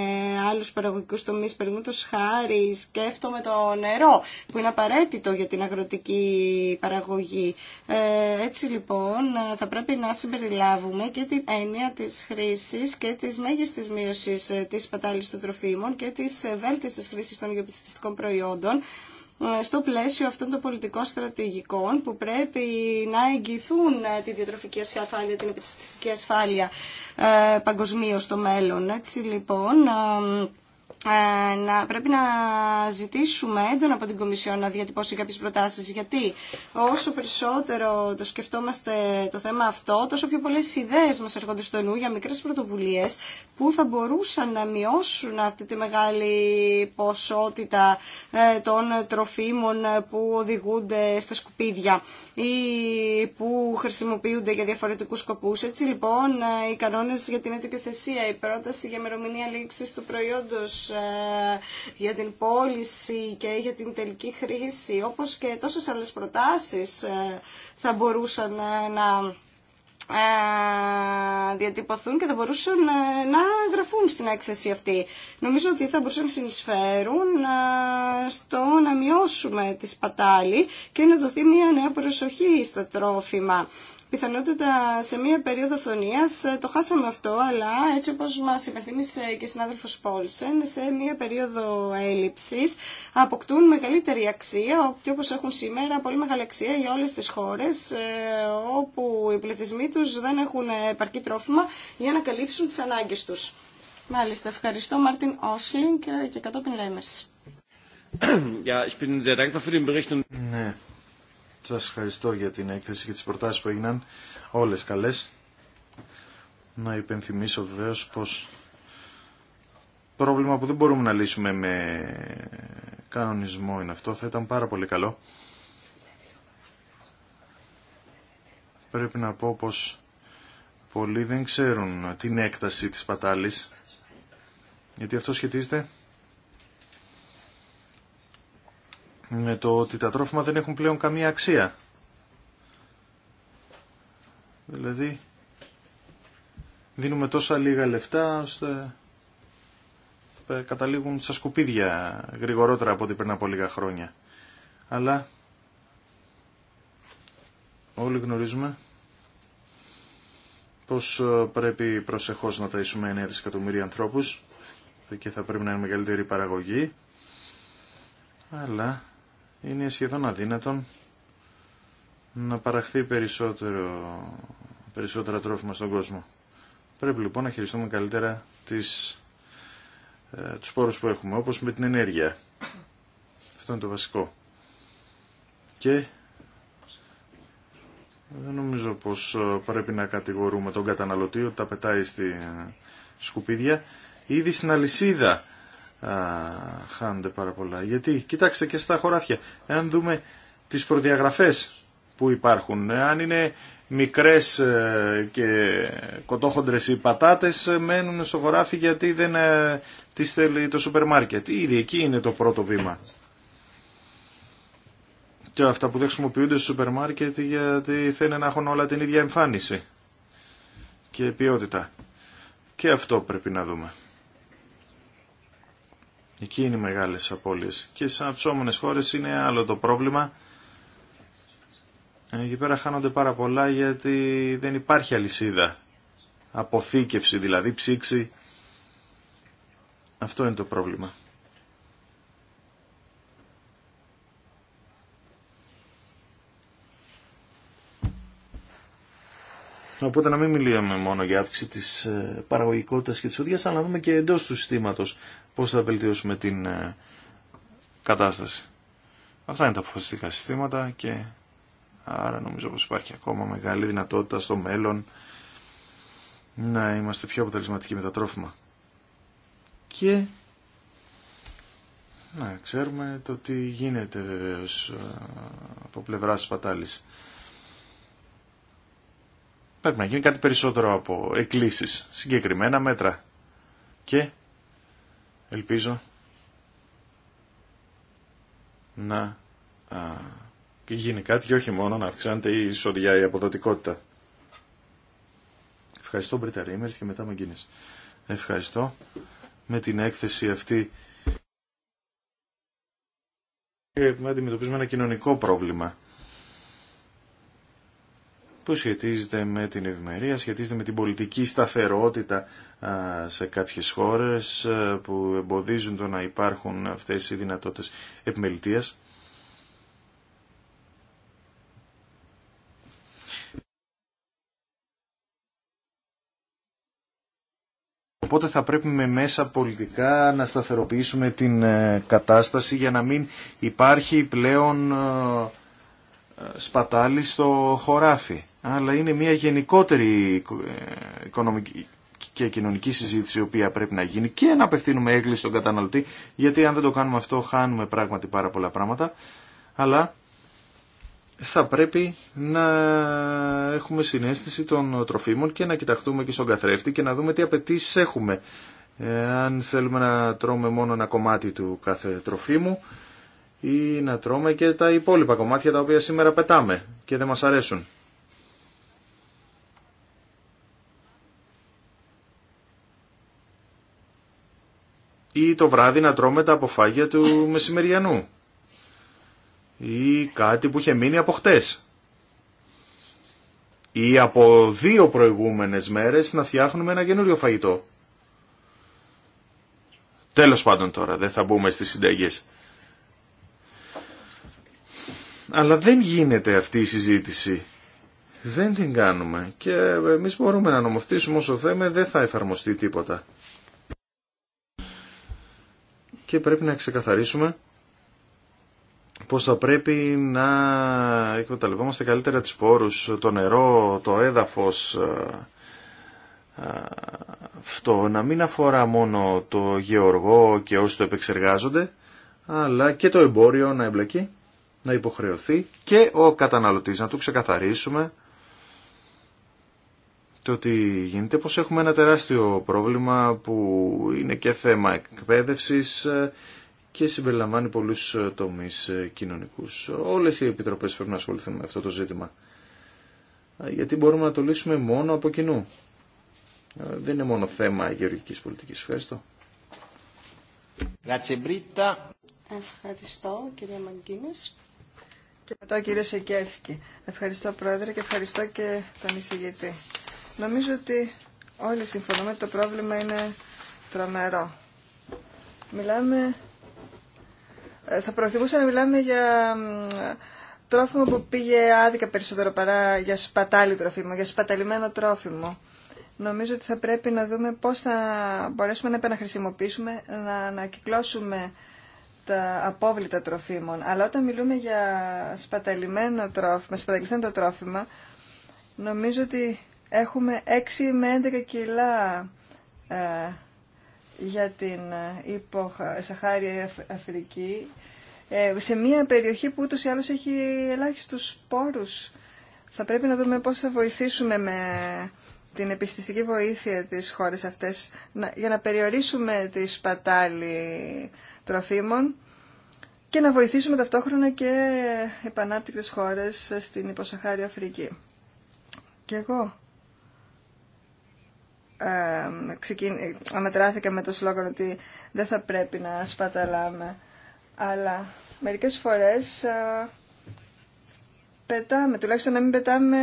άλλους παραγωγικούς τομείς, το χάρη, σκέφτομαι το νερό που είναι απαραίτητο για την αγροτική παραγωγή. Ε, έτσι λοιπόν ε, θα πρέπει να συμπεριλάβουμε και την έννοια της χρήσης και της μέγιστης μείωσης της πατάλης των τροφίμων και της βέλτιστης χρήσης των γεωπιστικών προϊόντων ε, στο πλαίσιο αυτών των πολιτικών στρατηγικών που πρέπει να εγγυηθούν ε, τη διατροφική ασφάλεια, την επιστημιστική ασφάλεια ε, παγκοσμίω στο μέλλον. Έτσι λοιπόν ε, να πρέπει να ζητήσουμε έντονα από την Κομισιόν να διατυπώσει κάποιες προτάσεις γιατί όσο περισσότερο το σκεφτόμαστε το θέμα αυτό τόσο πιο πολλές ιδέες μας έρχονται στο νου για μικρές πρωτοβουλίες που θα μπορούσαν να μειώσουν αυτή τη μεγάλη ποσότητα ε, των τροφίμων που οδηγούνται στα σκουπίδια ή που χρησιμοποιούνται για διαφορετικούς σκοπούς. Έτσι λοιπόν ε, οι κανόνες για την θεσία, η πρόταση για μερομηνία λήξης του προϊόντος ε, για την πώληση και για την τελική χρήση, όπως και τόσες άλλες προτάσεις ε, θα μπορούσαν ε, να διατυπωθούν και θα μπορούσαν να γραφούν στην έκθεση αυτή. Νομίζω ότι θα μπορούσαν να συνεισφέρουν στο να μειώσουμε τη σπατάλη και να δοθεί μια νέα προσοχή στα τρόφιμα πιθανότητα σε μία περίοδο φθονίας ε, το χάσαμε αυτό, αλλά έτσι όπως μας υπενθύμισε και η συνάδελφος Πόλσεν, σε μία περίοδο έλλειψης αποκτούν μεγαλύτερη αξία, και όπως έχουν σήμερα πολύ μεγάλη αξία για όλες τις χώρες, ε, όπου οι πληθυσμοί τους δεν έχουν επαρκή τρόφιμα για να καλύψουν τις ανάγκες τους. Μάλιστα, ευχαριστώ Μάρτιν Όσλιν και, κατόπιν und σας ευχαριστώ για την έκθεση και τις προτάσεις που έγιναν. Όλες καλές. Να υπενθυμίσω βεβαίως πως πρόβλημα που δεν μπορούμε να λύσουμε με κανονισμό είναι αυτό. Θα ήταν πάρα πολύ καλό. Πρέπει να πω πως πολλοί δεν ξέρουν την έκταση της πατάλης. Γιατί αυτό σχετίζεται με το ότι τα τρόφιμα δεν έχουν πλέον καμία αξία. Δηλαδή, δίνουμε τόσα λίγα λεφτά, ώστε καταλήγουν στα σκουπίδια γρηγορότερα από ό,τι πριν από λίγα χρόνια. Αλλά όλοι γνωρίζουμε πως ε, πρέπει προσεχώς να ταΐσουμε 9 δισεκατομμύρια ανθρώπους και θα πρέπει να είναι μεγαλύτερη παραγωγή. Αλλά είναι σχεδόν αδύνατον να παραχθεί περισσότερο, περισσότερα τρόφιμα στον κόσμο. Πρέπει λοιπόν να χειριστούμε καλύτερα τις, ε, τους πόρους που έχουμε, όπως με την ενέργεια. Αυτό είναι το βασικό. Και δεν νομίζω πως ε, πρέπει να κατηγορούμε τον καταναλωτή ότι τα πετάει στη σκουπίδια. Ήδη στην αλυσίδα χάνονται πάρα πολλά. Γιατί, κοιτάξτε και στα χωράφια, αν δούμε τις προδιαγραφές που υπάρχουν, αν είναι μικρές ε, και κοτόχοντρες οι πατάτες ε, μένουν στο χωράφι γιατί δεν ε, τις θέλει το σούπερ μάρκετ. Ήδη εκεί είναι το πρώτο βήμα. Και αυτά που δεν χρησιμοποιούνται στο σούπερ μάρκετ γιατί θέλουν να έχουν όλα την ίδια εμφάνιση και ποιότητα. Και αυτό πρέπει να δούμε. Εκεί είναι οι μεγάλες απώλειες. Και σε αναψώμενε χώρες είναι άλλο το πρόβλημα. Ε, εκεί πέρα χάνονται πάρα πολλά γιατί δεν υπάρχει αλυσίδα. Αποθήκευση δηλαδή, ψήξη. Αυτό είναι το πρόβλημα. Οπότε να μην μιλήσουμε μόνο για αύξηση της ε, παραγωγικότητα και τη οδεία, αλλά να δούμε και εντό του συστήματο πώ θα βελτίσουμε την ε, κατάσταση. Αυτά είναι τα αποφασιστικά συστήματα και άρα νομίζω πως υπάρχει ακόμα μεγάλη δυνατότητα στο μέλλον να είμαστε πιο αποτελεσματικοί με τα τρόφιμα. Και να ξέρουμε το τι γίνεται βεβαίω ε, από πλευράς σπατάλης. Πρέπει να γίνει κάτι περισσότερο από εκκλήσεις, συγκεκριμένα μέτρα. Και ελπίζω να α, γίνει κάτι και όχι μόνο να αυξάνεται η εισοδιά, η αποδοτικότητα. Ευχαριστώ Μπρίτα Ρήμερς και μετά Μαγκίνες. Ευχαριστώ με την έκθεση αυτή να ε, αντιμετωπίζουμε ένα κοινωνικό πρόβλημα που σχετίζεται με την ευημερία, σχετίζεται με την πολιτική σταθερότητα σε κάποιες χώρες που εμποδίζουν το να υπάρχουν αυτές οι δυνατότητες επιμελητίας. Οπότε θα πρέπει με μέσα πολιτικά να σταθεροποιήσουμε την ε, κατάσταση για να μην υπάρχει πλέον ε, σπατάλη στο χωράφι. Αλλά είναι μια γενικότερη ε, οικονομική και κοινωνική συζήτηση η οποία πρέπει να γίνει και να απευθύνουμε έγκληση στον καταναλωτή γιατί αν δεν το κάνουμε αυτό χάνουμε πράγματι πάρα πολλά πράγματα αλλά θα πρέπει να έχουμε συνέστηση των τροφίμων και να κοιταχτούμε και στον καθρέφτη και να δούμε τι απαιτήσει έχουμε. Ε, αν θέλουμε να τρώμε μόνο ένα κομμάτι του κάθε τροφίμου ή να τρώμε και τα υπόλοιπα κομμάτια τα οποία σήμερα πετάμε και δεν μας αρέσουν. Ή το βράδυ να τρώμε τα αποφάγια του μεσημεριανού. Ή κάτι που είχε μείνει από χτες. Ή από δύο προηγούμενες μέρες να φτιάχνουμε ένα καινούριο φαγητό. Τέλος πάντων τώρα, δεν θα μπούμε στις συνταγές. Αλλά δεν γίνεται αυτή η συζήτηση. Δεν την κάνουμε. Και εμείς μπορούμε να νομοθετήσουμε όσο θέμε, δεν θα εφαρμοστεί τίποτα. Και πρέπει να ξεκαθαρίσουμε πως θα πρέπει να εκμεταλλευόμαστε καλύτερα τις πόρους, το νερό, το έδαφος, ε, ε, αυτό να μην αφορά μόνο το γεωργό και όσοι το επεξεργάζονται, αλλά και το εμπόριο να εμπλακεί να υποχρεωθεί και ο καταναλωτής να του ξεκαθαρίσουμε το ότι γίνεται, πως έχουμε ένα τεράστιο πρόβλημα που είναι και θέμα εκπαίδευσης και συμπεριλαμβάνει πολλούς τομείς κοινωνικούς. Όλες οι επιτροπές πρέπει να ασχοληθούν με αυτό το ζήτημα. Γιατί μπορούμε να το λύσουμε μόνο από κοινού. Δεν είναι μόνο θέμα γεωργικής πολιτικής. Ευχαριστώ. Ευχαριστώ κύριε Μαγκίνης. Και μετά ο κύριος Σεκέρσκι. Ευχαριστώ Πρόεδρε και ευχαριστώ και τον εισηγητή. Νομίζω ότι όλοι συμφωνούμε ότι το πρόβλημα είναι τρομερό. Μιλάμε... Ε, θα προτιμούσα να μιλάμε για τρόφιμο που πήγε άδικα περισσότερο παρά για σπατάλη τροφίμο, για σπαταλημένο τρόφιμο. Νομίζω ότι θα πρέπει να δούμε πώς θα μπορέσουμε να επαναχρησιμοποιήσουμε, να ανακυκλώσουμε τα απόβλητα τροφίμων. Αλλά όταν μιλούμε για σπαταλημένο τρόφιμα, σπαταληθέντα τρόφιμα, νομίζω ότι έχουμε 6 με 11 κιλά ε, για την ε, υποσαχάρια Αφρική ε, σε μια περιοχή που ούτως ή άλλως έχει ελάχιστους πόρους Θα πρέπει να δούμε πώς θα βοηθήσουμε με την επιστηστική βοήθεια της χώρες αυτές για να περιορίσουμε τη σπατάλη τροφίμων και να βοηθήσουμε ταυτόχρονα και επανάπτυκτες χώρες στην υποσαχάρια Αφρική. Και εγώ ε, ξεκίν, με το σλόγγαν ότι δεν θα πρέπει να σπαταλάμε, αλλά μερικές φορές... Ε, πετάμε, τουλάχιστον να μην πετάμε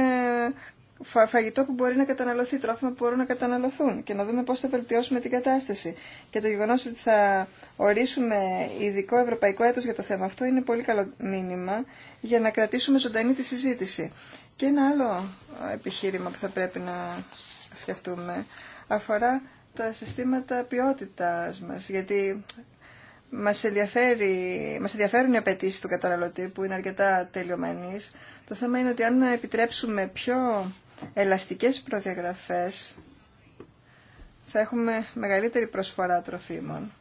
φαγητό που μπορεί να καταναλωθεί, τρόφιμα που μπορούν να καταναλωθούν και να δούμε πώς θα βελτιώσουμε την κατάσταση. Και το γεγονός ότι θα ορίσουμε ειδικό ευρωπαϊκό έτος για το θέμα αυτό είναι πολύ καλό μήνυμα για να κρατήσουμε ζωντανή τη συζήτηση. Και ένα άλλο ε, επιχείρημα που θα πρέπει να σκεφτούμε αφορά τα συστήματα ποιότητας μας, γιατί μας, ενδιαφέρει, μας ενδιαφέρουν οι απαιτήσει του καταναλωτή που είναι αρκετά τελειωμένης. Το θέμα είναι ότι αν επιτρέψουμε πιο ελαστικές προδιαγραφές θα έχουμε μεγαλύτερη προσφορά τροφίμων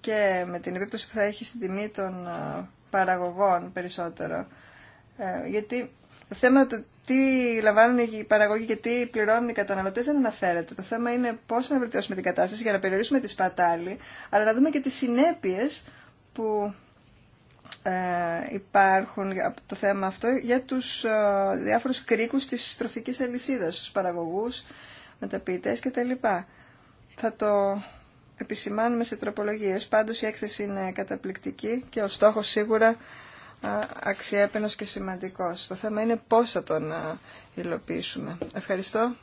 και με την επίπτωση που θα έχει στην τιμή των ε, παραγωγών περισσότερο. Ε, γιατί το θέμα του τι λαμβάνουν οι παραγωγοί και τι πληρώνουν οι καταναλωτέ δεν αναφέρεται. Το θέμα είναι πώ να βελτιώσουμε την κατάσταση για να περιορίσουμε τη σπατάλη, αλλά να δούμε και τι συνέπειε που ε, υπάρχουν από το θέμα αυτό για τους ε, διάφορους κρίκους της τροφικής αλυσίδας, τους παραγωγούς, μεταποιητές λοιπά Θα το επισημάνουμε σε τροπολογίες. Πάντως η έκθεση είναι καταπληκτική και ο στόχος σίγουρα ε, αξιέπαινος και σημαντικός. Το θέμα είναι πώς θα τον υλοποιήσουμε. Ευχαριστώ.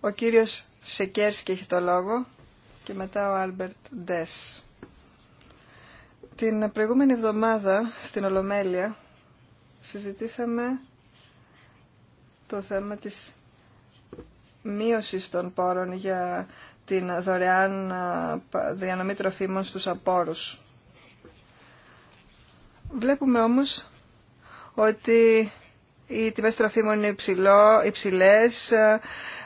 Ο κύριος Σεκέρσκι έχει το λόγο και μετά ο Άλμπερτ Ντες. Την προηγούμενη εβδομάδα στην Ολομέλεια συζητήσαμε το θέμα της μείωσης των πόρων για την δωρεάν διανομή τροφίμων στους απόρους. Βλέπουμε όμως ότι οι τιμές τροφίμων είναι υψηλό, υψηλές,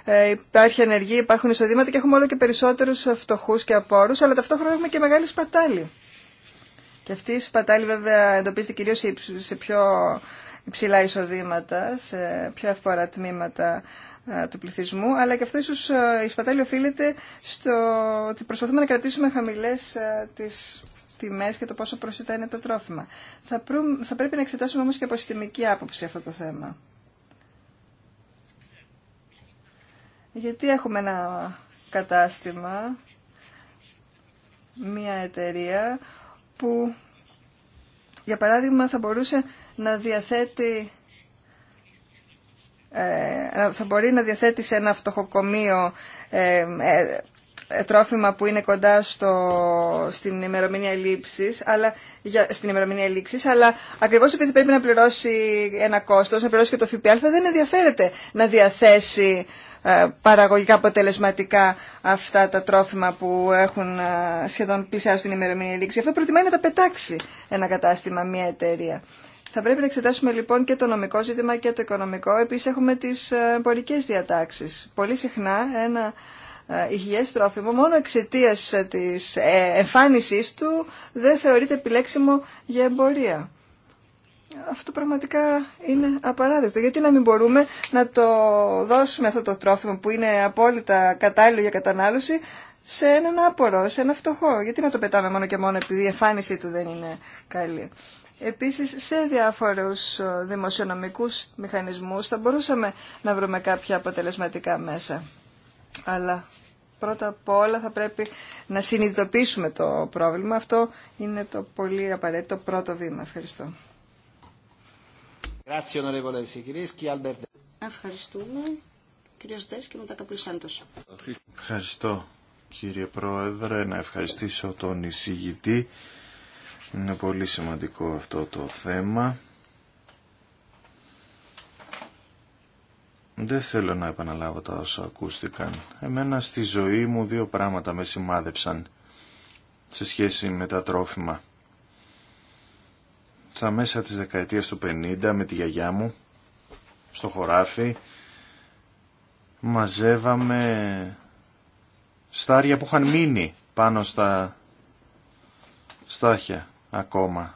ε, υπάρχει ανεργία, υπάρχουν εισοδήματα και έχουμε όλο και περισσότερους φτωχούς και απόρους, αλλά ταυτόχρονα έχουμε και μεγάλη σπατάλη. Και αυτή η σπατάλη βέβαια εντοπίζεται κυρίως σε πιο υψηλά εισοδήματα, σε πιο εύπορα τμήματα ε, του πληθυσμού, αλλά και αυτό ίσως ε, η σπατάλη οφείλεται στο ότι προσπαθούμε να κρατήσουμε χαμηλές ε, τις τιμές και το πόσο προσιτά είναι τα τρόφιμα. Θα, θα πρέπει να εξετάσουμε όμως και από συστημική άποψη αυτό το θέμα. Γιατί έχουμε ένα κατάστημα, μια εταιρεία που για παράδειγμα θα μπορούσε να διαθέτει ε, θα μπορεί να διαθέτει σε ένα φτωχοκομείο ε, ε, τρόφιμα που είναι κοντά στο, στην ημερομηνία λήψης, αλλά, για, στην ημερομηνία αλλά ακριβώς επειδή πρέπει να πληρώσει ένα κόστος, να πληρώσει και το ΦΠΑ, δεν ενδιαφέρεται να διαθέσει ε, παραγωγικά αποτελεσματικά αυτά τα τρόφιμα που έχουν ε, σχεδόν πλησιάσει την ημερομηνία λήξη. Αυτό προτιμάει να τα πετάξει ένα κατάστημα, μια εταιρεία. Θα πρέπει να εξετάσουμε λοιπόν και το νομικό ζήτημα και το οικονομικό. επίση έχουμε τις ε, εμπορικές διατάξεις. Πολύ συχνά ένα υγιές τρόφιμο μόνο εξαιτία τη εμφάνισή του δεν θεωρείται επιλέξιμο για εμπορία. Αυτό πραγματικά είναι απαράδεκτο. Γιατί να μην μπορούμε να το δώσουμε αυτό το τρόφιμο που είναι απόλυτα κατάλληλο για κατανάλωση σε έναν άπορο, σε ένα φτωχό. Γιατί να το πετάμε μόνο και μόνο επειδή η εμφάνισή του δεν είναι καλή. Επίσης, σε διάφορους δημοσιονομικούς μηχανισμούς θα μπορούσαμε να βρούμε κάποια αποτελεσματικά μέσα. Αλλά πρώτα απ' όλα θα πρέπει να συνειδητοποιήσουμε το πρόβλημα. Αυτό είναι το πολύ απαραίτητο πρώτο βήμα. Ευχαριστώ. Ευχαριστούμε. και Ευχαριστώ κύριε Πρόεδρε, να ευχαριστήσω τον εισηγητή. Είναι πολύ σημαντικό αυτό το θέμα. Δεν θέλω να επαναλάβω τα όσα ακούστηκαν. Εμένα στη ζωή μου δύο πράγματα με σημάδεψαν σε σχέση με τα τρόφιμα στα μέσα της δεκαετίας του 50 με τη γιαγιά μου στο χωράφι μαζεύαμε στάρια που είχαν μείνει πάνω στα στάχια ακόμα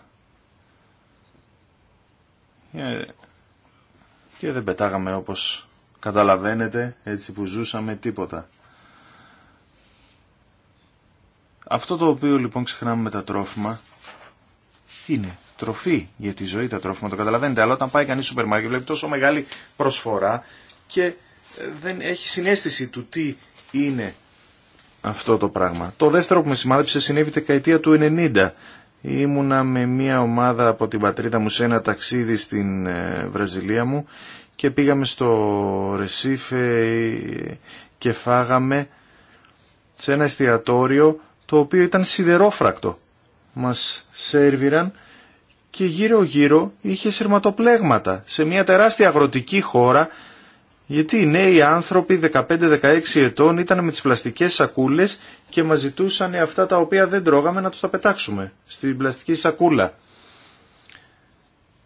ε, και δεν πετάγαμε όπως καταλαβαίνετε έτσι που ζούσαμε τίποτα. Αυτό το οποίο λοιπόν ξεχνάμε με τα τρόφιμα είναι τροφή για τη ζωή τα τρόφιμα, το καταλαβαίνετε. Αλλά όταν πάει κανείς στο σούπερ μάρκετ βλέπει τόσο μεγάλη προσφορά και ε, δεν έχει συνέστηση του τι είναι αυτό το πράγμα. Το δεύτερο που με σημάδεψε συνέβη δεκαετία του 90. Ήμουνα με μια ομάδα από την πατρίδα μου σε ένα ταξίδι στην ε, Βραζιλία μου και πήγαμε στο Ρεσίφε ε, και φάγαμε σε ένα εστιατόριο το οποίο ήταν σιδερόφρακτο. Μας σερβιραν και γύρω γύρω είχε σειρματοπλέγματα σε μια τεράστια αγροτική χώρα γιατί οι νέοι άνθρωποι 15-16 ετών ήταν με τις πλαστικές σακούλες και μας ζητούσαν αυτά τα οποία δεν τρώγαμε να τους τα πετάξουμε στην πλαστική σακούλα.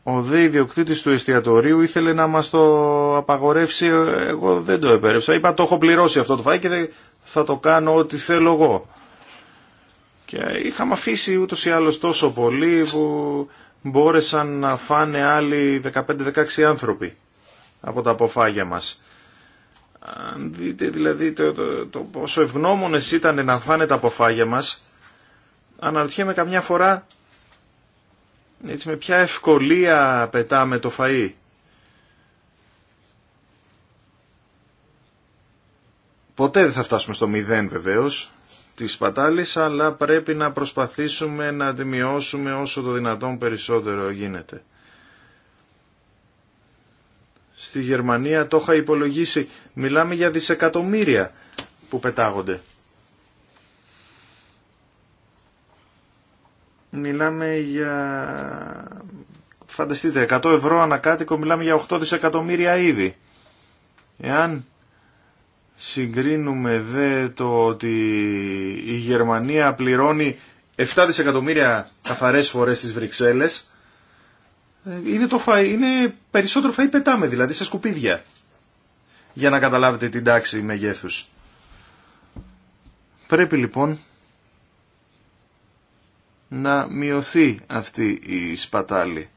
Ο δε ιδιοκτήτης του εστιατορίου ήθελε να μας το απαγορεύσει, εγώ δεν το επέρεψα. Είπα το έχω πληρώσει αυτό το φάει και θα το κάνω ό,τι θέλω εγώ. Και είχαμε αφήσει ούτως ή άλλως τόσο πολύ που μπόρεσαν να φάνε άλλοι 15-16 άνθρωποι από τα αποφάγια μας. Αν δείτε δηλαδή το, το, πόσο ευγνώμονες ήταν να φάνε τα αποφάγια μας, αναρωτιέμαι καμιά φορά έτσι, με ποια ευκολία πετάμε το φαΐ. Ποτέ δεν θα φτάσουμε στο μηδέν βεβαίως, Τη σπατάλη, αλλά πρέπει να προσπαθήσουμε να τη μειώσουμε όσο το δυνατόν περισσότερο γίνεται. Στη Γερμανία το είχα υπολογίσει. Μιλάμε για δισεκατομμύρια που πετάγονται. Μιλάμε για... Φανταστείτε, 100 ευρώ ανακάτοικο μιλάμε για 8 δισεκατομμύρια ήδη. Εάν συγκρίνουμε δε το ότι η Γερμανία πληρώνει 7 δισεκατομμύρια καθαρές φορές στις Βρυξέλλες, είναι, το είναι περισσότερο φαΐ πετάμε, δηλαδή σε σκουπίδια, για να καταλάβετε την τάξη μεγέθους. Πρέπει λοιπόν να μειωθεί αυτή η σπατάλη.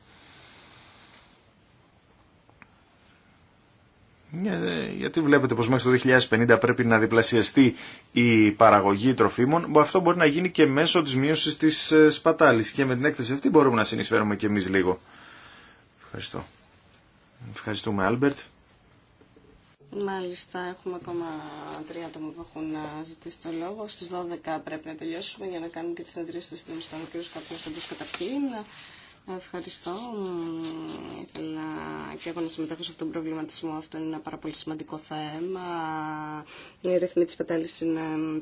Ναι, γιατί βλέπετε πως μέχρι το 2050 πρέπει να διπλασιαστεί η παραγωγή τροφίμων, αυτό μπορεί να γίνει και μέσω της μείωσης της ε, σπατάλης και με την έκθεση αυτή μπορούμε να συνεισφέρουμε και εμείς λίγο. Ευχαριστώ. Ευχαριστούμε Άλμπερτ. Μάλιστα, έχουμε ακόμα τρία άτομα που έχουν ε, ζητήσει το λόγο. Στις 12 πρέπει να τελειώσουμε για να κάνουμε και τις συνεδρίες των συντονιστών. Ο κ. τους καταρχήν. Ευχαριστώ. Ήθελα και εγώ να συμμετέχω σε αυτόν τον προβληματισμό. Αυτό είναι ένα πάρα πολύ σημαντικό θέμα. Οι ρυθμοί της πετάλησης,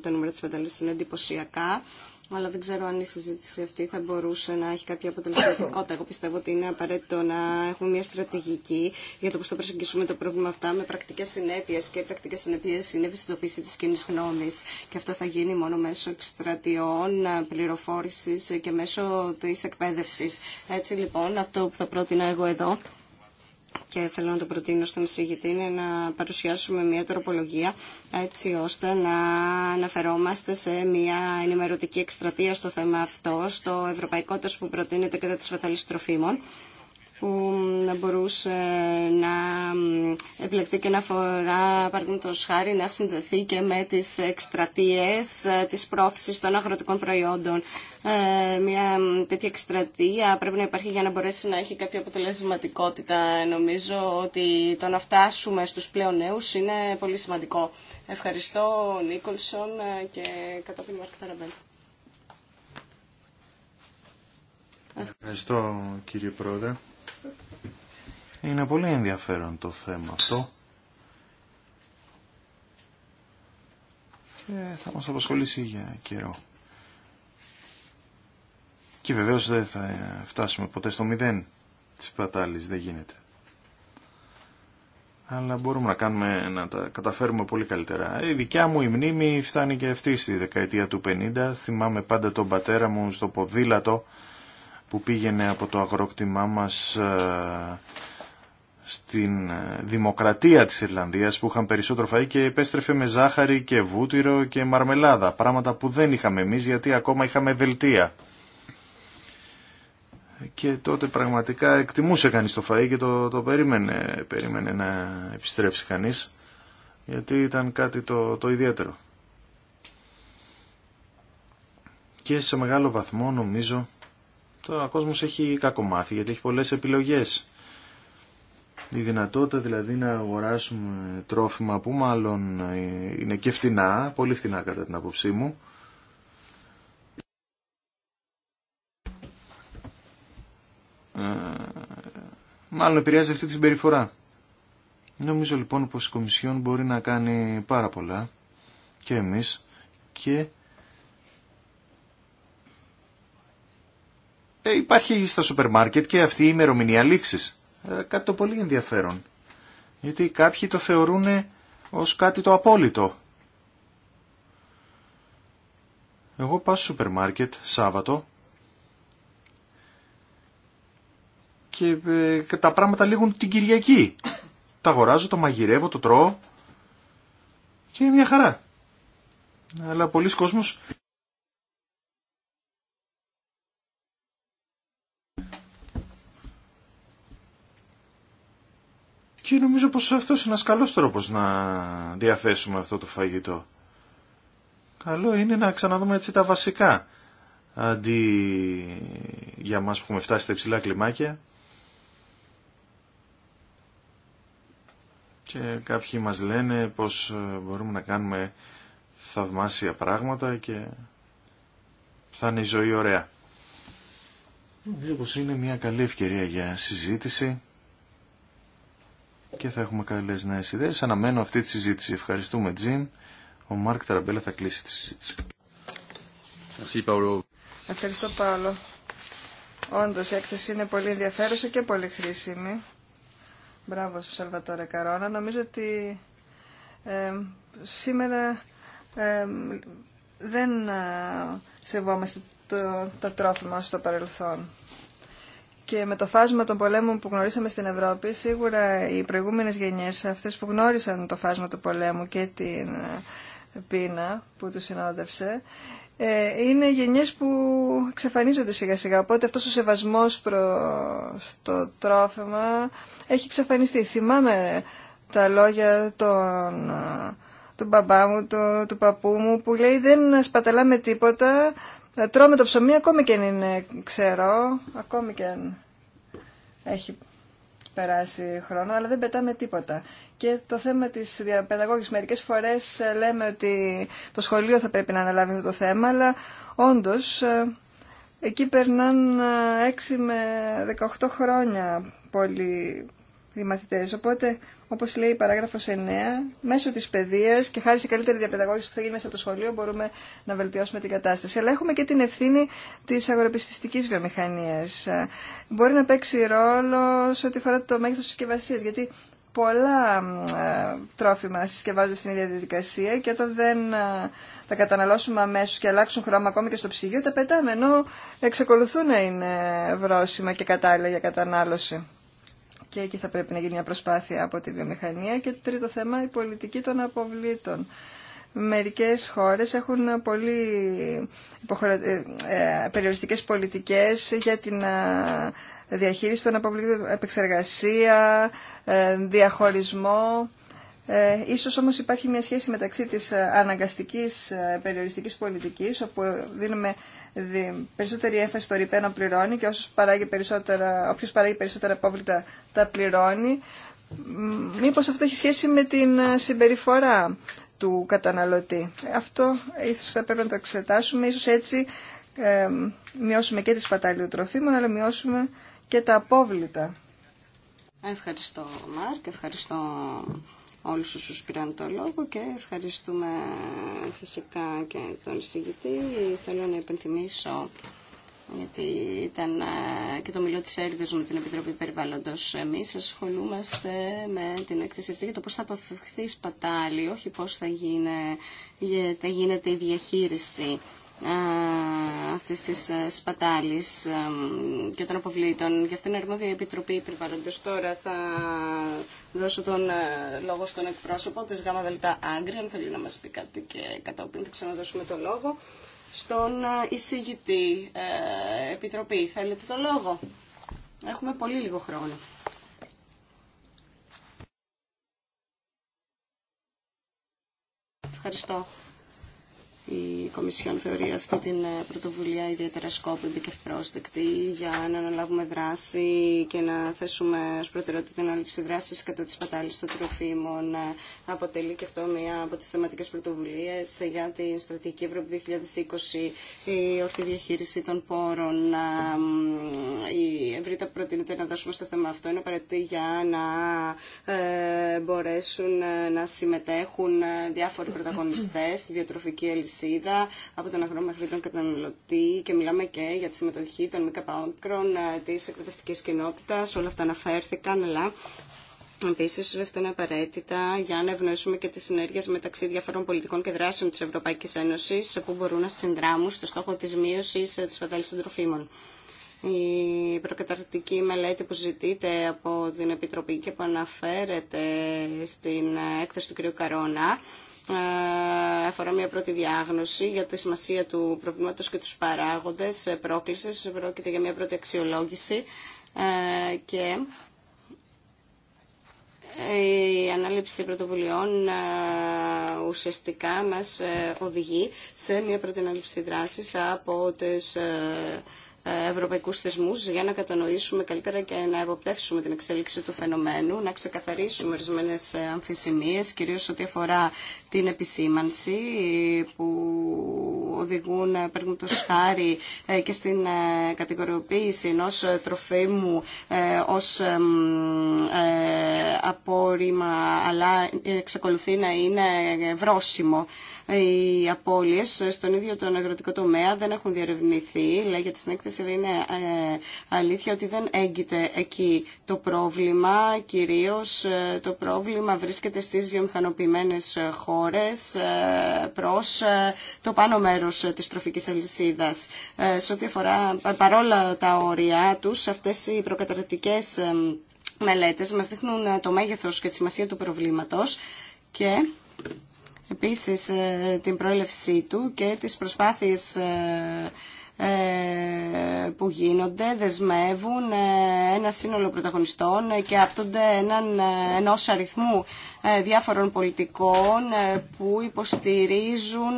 τα νούμερα της πετάλησης είναι εντυπωσιακά αλλά δεν ξέρω αν η συζήτηση αυτή θα μπορούσε να έχει κάποια αποτελεσματικότητα. Εγώ πιστεύω ότι είναι απαραίτητο να έχουμε μια στρατηγική για το πώ θα προσεγγίσουμε το πρόβλημα αυτά με πρακτικέ συνέπειε. Και οι πρακτικέ συνέπειε είναι ευαισθητοποίηση τη κοινή γνώμη. Και αυτό θα γίνει μόνο μέσω εκστρατιών, πληροφόρηση και μέσω τη εκπαίδευση. Έτσι λοιπόν, αυτό που θα πρότεινα εγώ εδώ και θέλω να το προτείνω στον εισηγητή είναι να παρουσιάσουμε μια τροπολογία έτσι ώστε να αναφερόμαστε σε μια ενημερωτική εκστρατεία στο θέμα αυτό, στο ευρωπαϊκό τόσο που προτείνεται κατά της φαταλής τροφίμων που να μπορούσε να επιλεκτεί και να αφορά, παραδείγματο χάρη, να συνδεθεί και με τις εκστρατείε ε, της πρόθεση των αγροτικών προϊόντων. Ε, μια τέτοια εκστρατεία πρέπει να υπάρχει για να μπορέσει να έχει κάποια αποτελεσματικότητα. Νομίζω ότι το να φτάσουμε στους πλέον νέου, είναι πολύ σημαντικό. Ευχαριστώ Νίκολσον ε, και κατόπιν Μάρκ Ταραμπέλ. Ευχαριστώ κύριε Πρόεδρε. Είναι πολύ ενδιαφέρον το θέμα αυτό και θα μας απασχολήσει για καιρό. Και βεβαίως δεν θα φτάσουμε ποτέ στο μηδέν της πατάλης, δεν γίνεται. Αλλά μπορούμε να, κάνουμε, να τα καταφέρουμε πολύ καλύτερα. Η δικιά μου η μνήμη φτάνει και αυτή στη δεκαετία του 50. Θυμάμαι πάντα τον πατέρα μου στο ποδήλατο που πήγαινε από το αγρόκτημά μας ε, στην ε, δημοκρατία της Ιρλανδίας που είχαν περισσότερο φαΐ και επέστρεφε με ζάχαρη και βούτυρο και μαρμελάδα, πράγματα που δεν είχαμε εμείς γιατί ακόμα είχαμε δελτία. Και τότε πραγματικά εκτιμούσε κανείς το φαΐ και το, το περίμενε, περίμενε να επιστρέψει κανείς γιατί ήταν κάτι το, το ιδιαίτερο. Και σε μεγάλο βαθμό νομίζω το κόσμος έχει κακομάθει γιατί έχει πολλές επιλογές η δυνατότητα δηλαδή να αγοράσουμε τρόφιμα που μάλλον είναι και φτηνά, πολύ φτηνά κατά την άποψή μου. Ε, μάλλον επηρεάζει αυτή τη συμπεριφορά. Νομίζω λοιπόν πως η Κομισιόν μπορεί να κάνει πάρα πολλά και εμείς και ε, υπάρχει στα σούπερ μάρκετ και αυτή η ημερομηνία λήξης. Ε, κάτι το πολύ ενδιαφέρον. Γιατί κάποιοι το θεωρούν ως κάτι το απόλυτο. Εγώ πάω στο σούπερ μάρκετ Σάββατο ε, και τα πράγματα λήγουν την Κυριακή. Τα αγοράζω, το μαγειρεύω, το τρώω και είναι μια χαρά. Αλλά πολλοί κόσμος Και νομίζω πως αυτός είναι ένας καλός τρόπος να διαθέσουμε αυτό το φαγητό. Καλό είναι να ξαναδούμε έτσι τα βασικά. Αντί για μας που έχουμε φτάσει στα υψηλά κλιμάκια. Και κάποιοι μας λένε πως ε, μπορούμε να κάνουμε θαυμάσια πράγματα και θα είναι η ζωή ωραία. Νομίζω πως είναι μια καλή ευκαιρία για συζήτηση και θα έχουμε καλέ νέες ιδέες. Αναμένω αυτή τη συζήτηση. Ευχαριστούμε Τζιν. Ο Μάρκ Ταραμπέλα θα κλείσει τη συζήτηση. Ευχαριστώ Παύλο. Όντω η έκθεση είναι πολύ ενδιαφέρουσα και πολύ χρήσιμη. Μπράβο Σαλβατόρε Καρόνα. Νομίζω ότι σήμερα ε, δεν σεβόμαστε το, τα τρόφιμα στο παρελθόν και με το φάσμα των πολέμων που γνωρίσαμε στην Ευρώπη, σίγουρα οι προηγούμενες γενιές, αυτές που γνώρισαν το φάσμα του πολέμου και την ε, πείνα που του συνόδευσε, ε, είναι γενιές που εξαφανίζονται σιγά σιγά. Οπότε αυτός ο σεβασμός προς το τρόφιμα έχει εξαφανιστεί. Θυμάμαι τα λόγια των, ε, του μπαμπά μου, του, του παππού μου που λέει δεν σπαταλάμε τίποτα, τρώμε το ψωμί ακόμη και αν είναι ξερό, ακόμη και αν έχει περάσει χρόνο, αλλά δεν πετάμε τίποτα. Και το θέμα της διαπαιδαγώγησης, μερικές φορές ε, λέμε ότι το σχολείο θα πρέπει να αναλάβει αυτό το θέμα, αλλά όντως ε, εκεί περνάνε 6 με 18 χρόνια πολλοί οι μαθητές. Οπότε όπως λέει η παράγραφος 9, μέσω της παιδείας και χάρη σε καλύτερη διαπαιδαγώγηση που θα γίνει μέσα από το σχολείο μπορούμε να βελτιώσουμε την κατάσταση. Αλλά έχουμε και την ευθύνη της αγοροπιστιστικής βιομηχανίας. Μπορεί να παίξει ρόλο σε ό,τι αφορά το μέγεθος συσκευασία, γιατί πολλά ε, τρόφιμα συσκευάζονται στην ίδια διαδικασία και όταν δεν ε, τα καταναλώσουμε αμέσως και αλλάξουν χρώμα ακόμη και στο ψυγείο, τα πετάμε, ενώ εξακολουθούν να είναι βρόσιμα και κατάλληλα για κατανάλωση. Και εκεί θα πρέπει να γίνει μια προσπάθεια από τη βιομηχανία. Και το τρίτο θέμα, η πολιτική των αποβλήτων. Μερικές χώρες έχουν πολύ ε, ε, περιοριστικές πολιτικές για την διαχείριση των αποβλήτων, επεξεργασία, ε, διαχωρισμό. Ε, ίσως όμως υπάρχει μια σχέση μεταξύ της ε, αναγκαστικής ε, περιοριστικής πολιτικής, όπου δίνουμε περισσότερη έμφαση στο ρηπαίνο πληρώνει και όσος παράγει περισσότερα, όποιος παράγει περισσότερα απόβλητα τα πληρώνει. Μήπως αυτό έχει σχέση με την ε, συμπεριφορά του καταναλωτή. Αυτό ίσως θα πρέπει να το εξετάσουμε. Ίσως έτσι ε, μειώσουμε και τη σπατάλη τροφίμων, αλλά μειώσουμε και τα απόβλητα. Ευχαριστώ Μάρκ, ευχαριστώ όλους όσους πήραν το λόγο και ευχαριστούμε φυσικά και τον εισηγητή. Θέλω να υπενθυμίσω γιατί ήταν ε, και το μιλό της έργας με την Επιτροπή Περιβάλλοντος. Εμείς ασχολούμαστε με την έκθεση αυτή το πώς θα αποφευχθεί σπατάλη, όχι πώς θα, γίνε, θα γίνεται η διαχείριση αυτής της ε, σπατάλης ε, και των αποβλήτων. Γι' αυτό είναι αρμόδια η Επιτροπή Τώρα θα δώσω τον ε, λόγο στον εκπρόσωπο της ΓΑΜΑ ΔΕΛΤΑ αν θέλει να μας πει κάτι και κατόπιν θα ξαναδώσουμε τον λόγο. Στον εισηγητή Επιτροπή, θέλετε το λόγο. Έχουμε πολύ λίγο χρόνο. Ευχαριστώ η Κομισιόν θεωρεί αυτή την ε, πρωτοβουλία ιδιαίτερα σκόπιμη και προσδεκτή για να αναλάβουμε δράση και να θέσουμε ως προτεραιότητα την ανάληψη δράσης κατά της πατάλης των τροφίμων. Ε, αποτελεί και αυτό μία από τις θεματικές πρωτοβουλίες για την Στρατηγική Ευρώπη 2020, η ορθή διαχείριση των πόρων. Ε, η Ευρύτα προτείνεται να δώσουμε στο θέμα αυτό είναι απαραίτητη για να μπορέσουν να συμμετέχουν διάφοροι πρωταγωνιστές στη διατροφική αλυσίδα αλυσίδα από τον αγρό μέχρι τον καταναλωτή και μιλάμε και για τη συμμετοχή των ΜΚΟ, ε, τη εκπαιδευτική κοινότητα. όλα αυτά αναφέρθηκαν, αλλά Επίση, αυτό είναι απαραίτητα για να ευνοήσουμε και τι συνέργειε μεταξύ διαφορών πολιτικών και δράσεων τη Ευρωπαϊκή Ένωση που μπορούν να συνδράμουν στο στόχο τη μείωση ε, τη φατάλη των τροφίμων. Η προκαταρκτική μελέτη που ζητείται από την Επιτροπή και που αναφέρεται στην ε, έκθεση του κ. Καρόνα ε, αφορά μια πρώτη διάγνωση για τη σημασία του προβλήματος και τους παράγοντες ε, πρόκλησης. Πρόκειται για μια πρώτη αξιολόγηση ε, και η ανάληψη πρωτοβουλειών ουσιαστικά μας οδηγεί σε μια πρώτη ανάληψη δράσης από τις ευρωπαϊκούς θεσμούς για να κατανοήσουμε καλύτερα και να εποπτεύσουμε την εξέλιξη του φαινομένου, να ξεκαθαρίσουμε ορισμένε ε, αμφισημίες, κυρίως ό,τι αφορά την επισήμανση που οδηγούν ε, το σχάρι ε, και στην κατηγοριοποίηση ενό τροφίμου ως απόρριμα αλλά εξακολουθεί να είναι βρόσιμο οι απώλειε στον ίδιο τον αγροτικό τομέα δεν έχουν διαρευνηθεί. Λέγεται στην έκθεση, αλλά είναι ε, αλήθεια ότι δεν έγκυται εκεί το πρόβλημα. Κυρίως ε, το πρόβλημα βρίσκεται στις βιομηχανοποιημένες χώρες ε, προς το πάνω μέρος της τροφικής αλυσίδας. Σε ό,τι αφορά παρόλα τα όρια τους, αυτές οι προκαταρτικές μελέτες μας δείχνουν το μέγεθος και τη σημασία του προβλήματος και επίσης ε, την πρόλευσή του και τις προσπάθειες ε, ε, που γίνονται δεσμεύουν ε, ένα σύνολο πρωταγωνιστών και άπτονται έναν, ε, ενός αριθμού διάφορων πολιτικών που υποστηρίζουν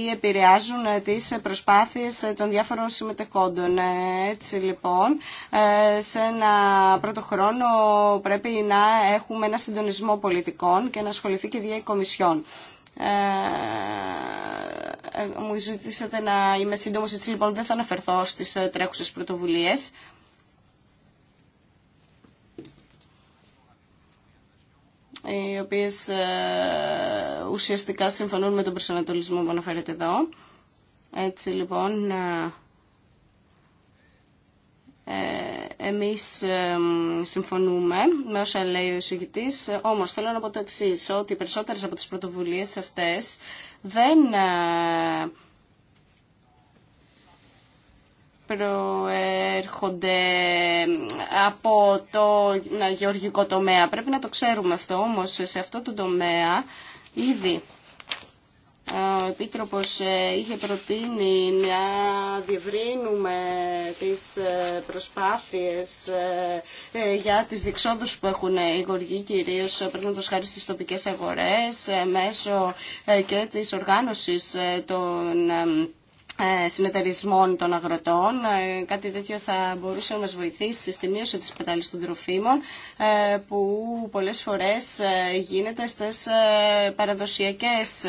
ή επηρεάζουν τις προσπάθειες των διάφορων συμμετεχόντων. Έτσι λοιπόν, σε ένα πρώτο χρόνο πρέπει να έχουμε ένα συντονισμό πολιτικών και να ασχοληθεί και δια Κομισιόν. Ε, ε, μου ζητήσατε να είμαι σύντομος, έτσι λοιπόν δεν θα αναφερθώ στις ε, τρέχουσες πρωτοβουλίες. οι οποίες ουσιαστικά συμφωνούν με τον προσανατολισμό που αναφέρεται εδώ. Έτσι λοιπόν, ε, εμείς συμφωνούμε με όσα λέει ο εισηγητής, όμως θέλω να πω το εξή ότι οι περισσότερες από τις πρωτοβουλίες αυτές δεν ε, προέρχονται από το ε, γεωργικό τομέα. Πρέπει να το ξέρουμε αυτό, όμως σε αυτό το τομέα ήδη ο Επίτροπος ε, είχε προτείνει να διευρύνουμε τις ε, προσπάθειες ε, για τις διεξόδους που έχουν οι γοργοί κυρίως πρέπει να τους χάρη στις τοπικές αγορές μέσω και της οργάνωσης των ε, συνεταιρισμών των αγροτών. Ε, κάτι τέτοιο θα μπορούσε να μας βοηθήσει στη μείωση της πετάλης των τροφίμων ε, που πολλές φορές γίνεται στις παραδοσιακές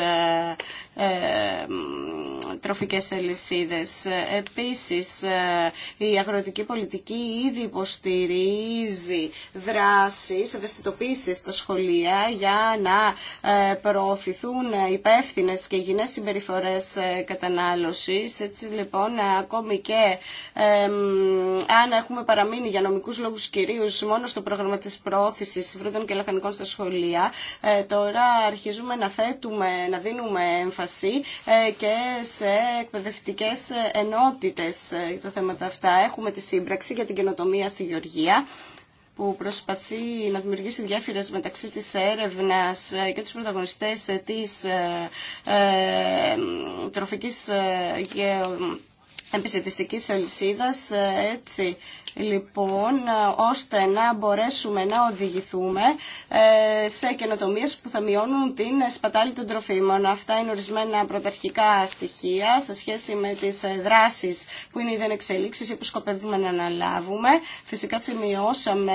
τροφικές αλυσίδες. Επίσης, η αγροτική πολιτική ήδη υποστηρίζει δράσεις, ευαισθητοποίησης στα σχολεία για να προωθηθούν υπεύθυνε και υγιεινές συμπεριφορές κατανάλωση έτσι λοιπόν, ε, ακόμη και αν έχουμε παραμείνει για νομικούς λόγους κυρίως μόνο στο πρόγραμμα της προώθησης βρούτων και λαχανικών στα σχολεία, ε, τώρα αρχίζουμε να θέτουμε, να δίνουμε έμφαση ε, και σε εκπαιδευτικές ενότητες για τα θέματα αυτά. Έχουμε τη σύμπραξη για την καινοτομία στη Γεωργία που προσπαθεί να δημιουργήσει διάφορες μεταξύ της έρευνας ε, και τους πρωταγωνιστές ε, της ε, τροφικής και επιστημιστικής αλυσίδας ε, έτσι λοιπόν ε, ώστε να μπορέσουμε να οδηγηθούμε ε, σε καινοτομίε που θα μειώνουν την σπατάλη των τροφίμων. Αυτά είναι ορισμένα πρωταρχικά στοιχεία σε σχέση με τις δράσεις που είναι ήδη εξελίξει ή που σκοπεύουμε να αναλάβουμε. Φυσικά σημειώσαμε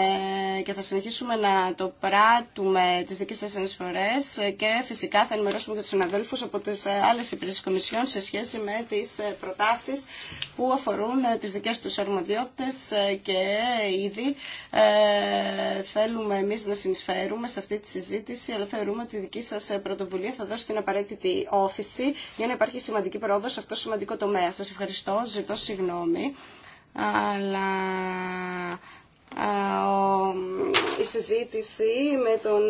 και θα συνεχίσουμε να το πράττουμε τις δικές σας ενισφορέ και φυσικά θα ενημερώσουμε και τους συναδέλφους από τις άλλες υπηρεσίες κομισιών σε σχέση με τις προτάσεις που αφορούν ε, τις δικές τους αρμοδιότητες ε, και ήδη ε, θέλουμε εμείς να συνεισφέρουμε σε αυτή τη συζήτηση, αλλά θεωρούμε ότι η δική σας πρωτοβουλία θα δώσει την απαραίτητη όθηση για να υπάρχει σημαντική πρόοδο σε αυτό το σημαντικό τομέα. Σας ευχαριστώ, ζητώ συγγνώμη, αλλά η συζήτηση με τον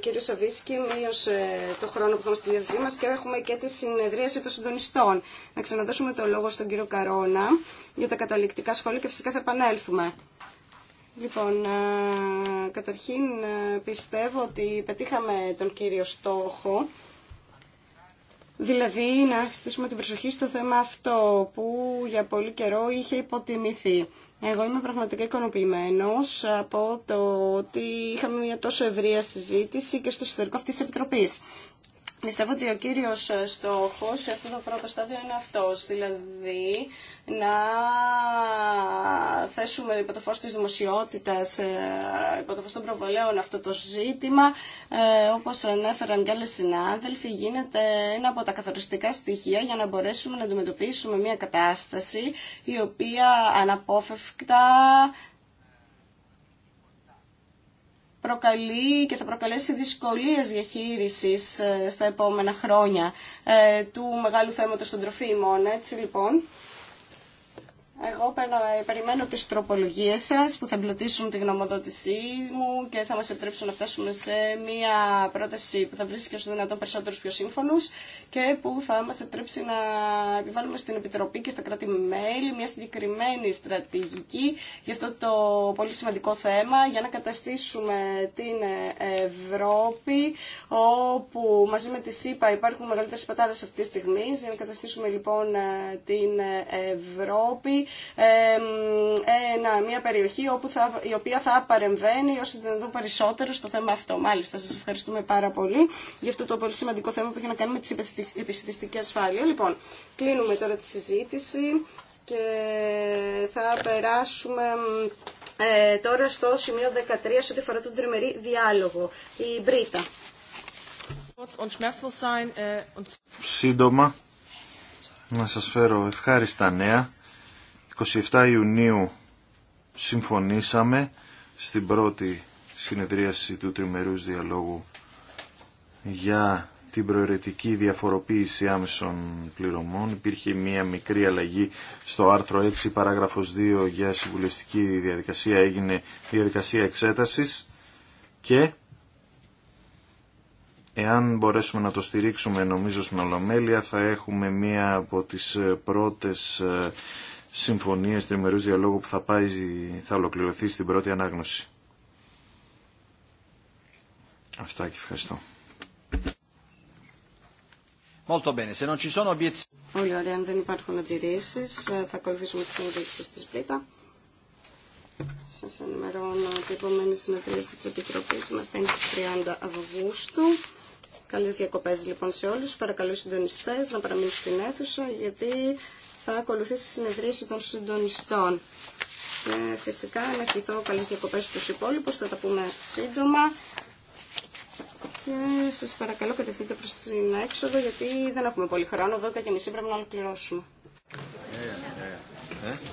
κύριο Σαβίσκη μείωσε το χρόνο που είχαμε στη διάθεσή μας και έχουμε και τη συνεδρίαση των συντονιστών. Να ξαναδώσουμε το λόγο στον κύριο Καρόνα για τα καταληκτικά σχόλια και φυσικά θα επανέλθουμε. Λοιπόν, καταρχήν πιστεύω ότι πετύχαμε τον κύριο στόχο Δηλαδή να στήσουμε την προσοχή στο θέμα αυτό που για πολύ καιρό είχε υποτιμηθεί. Εγώ είμαι πραγματικά ικανοποιημένο από το ότι είχαμε μια τόσο ευρεία συζήτηση και στο εσωτερικό αυτή τη Επιτροπή. Πιστεύω ότι ο κύριος στόχος σε αυτό το πρώτο στάδιο είναι αυτός, δηλαδή να θέσουμε υπό το φως της δημοσιότητας, ε, υπό το φως των προβολέων αυτό το ζήτημα. Ε, όπως ανέφεραν και άλλες συνάδελφοι, γίνεται ένα από τα καθοριστικά στοιχεία για να μπορέσουμε να αντιμετωπίσουμε μια κατάσταση η οποία αναπόφευκτα προκαλεί και θα προκαλέσει δυσκολίες διαχείρισης ε, στα επόμενα χρόνια ε, του μεγάλου θέματος των τροφίμων. Έτσι λοιπόν, εγώ περιμένω τις τροπολογίες σας που θα εμπλουτίσουν τη γνωμοδότησή μου και θα μας επιτρέψουν να φτάσουμε σε μια πρόταση που θα βρίσκει ω όσο δυνατόν περισσότερους πιο σύμφωνους και που θα μας επιτρέψει να επιβάλλουμε στην Επιτροπή και στα κρατη mail μια συγκεκριμένη στρατηγική για αυτό το πολύ σημαντικό θέμα για να καταστήσουμε την Ευρώπη όπου μαζί με τη ΣΥΠΑ υπάρχουν μεγαλύτερες πατάρες αυτή τη στιγμή για να καταστήσουμε λοιπόν την Ευρώπη μια περιοχή όπου θα, η οποία θα παρεμβαίνει όσο δυνατόν περισσότερο στο θέμα αυτό. Μάλιστα, σας ευχαριστούμε πάρα πολύ για αυτό το πολύ σημαντικό θέμα που έχει να κάνει με τη επιστημιστική ασφάλεια. Λοιπόν, κλείνουμε τώρα τη συζήτηση και θα περάσουμε ε, τώρα στο σημείο 13 σε ό,τι αφορά τον τριμερή διάλογο. Η Μπρίτα. Ε, Σύντομα, να σας φέρω ευχάριστα νέα. 27 Ιουνίου συμφωνήσαμε στην πρώτη συνεδρίαση του τριμερούς διαλόγου για την προαιρετική διαφοροποίηση άμεσων πληρωμών. Υπήρχε μία μικρή αλλαγή στο άρθρο 6 παράγραφος 2 για συμβουλευτική διαδικασία. Έγινε διαδικασία εξέτασης και εάν μπορέσουμε να το στηρίξουμε νομίζω στην Ολομέλεια θα έχουμε μία από τις πρώτες συμφωνίας τριμερούς διαλόγου που θα, πάει, θα ολοκληρωθεί στην πρώτη ανάγνωση. Αυτά και ευχαριστώ. Πολύ ωραία, αν δεν υπάρχουν αντιρρήσει, θα ακολουθήσουμε τι ενδείξει τη ΠΛΙΤΑ. Σα ενημερώνω ότι η επόμενη συνεδρίαση τη Επιτροπή μα θα είναι στι 30 Αυγούστου. Καλέ διακοπέ λοιπόν σε όλου. Παρακαλώ συντονιστέ να παραμείνουν στην αίθουσα γιατί θα ακολουθήσει συνεδρίαση των συντονιστών. Και φυσικά να ευχηθώ καλές διακοπές στους υπόλοιπους, θα τα πούμε σύντομα. Και σας παρακαλώ κατευθύντε προς την έξοδο γιατί δεν έχουμε πολύ χρόνο, 12 και μισή πρέπει να ολοκληρώσουμε. Ε, ε, ε.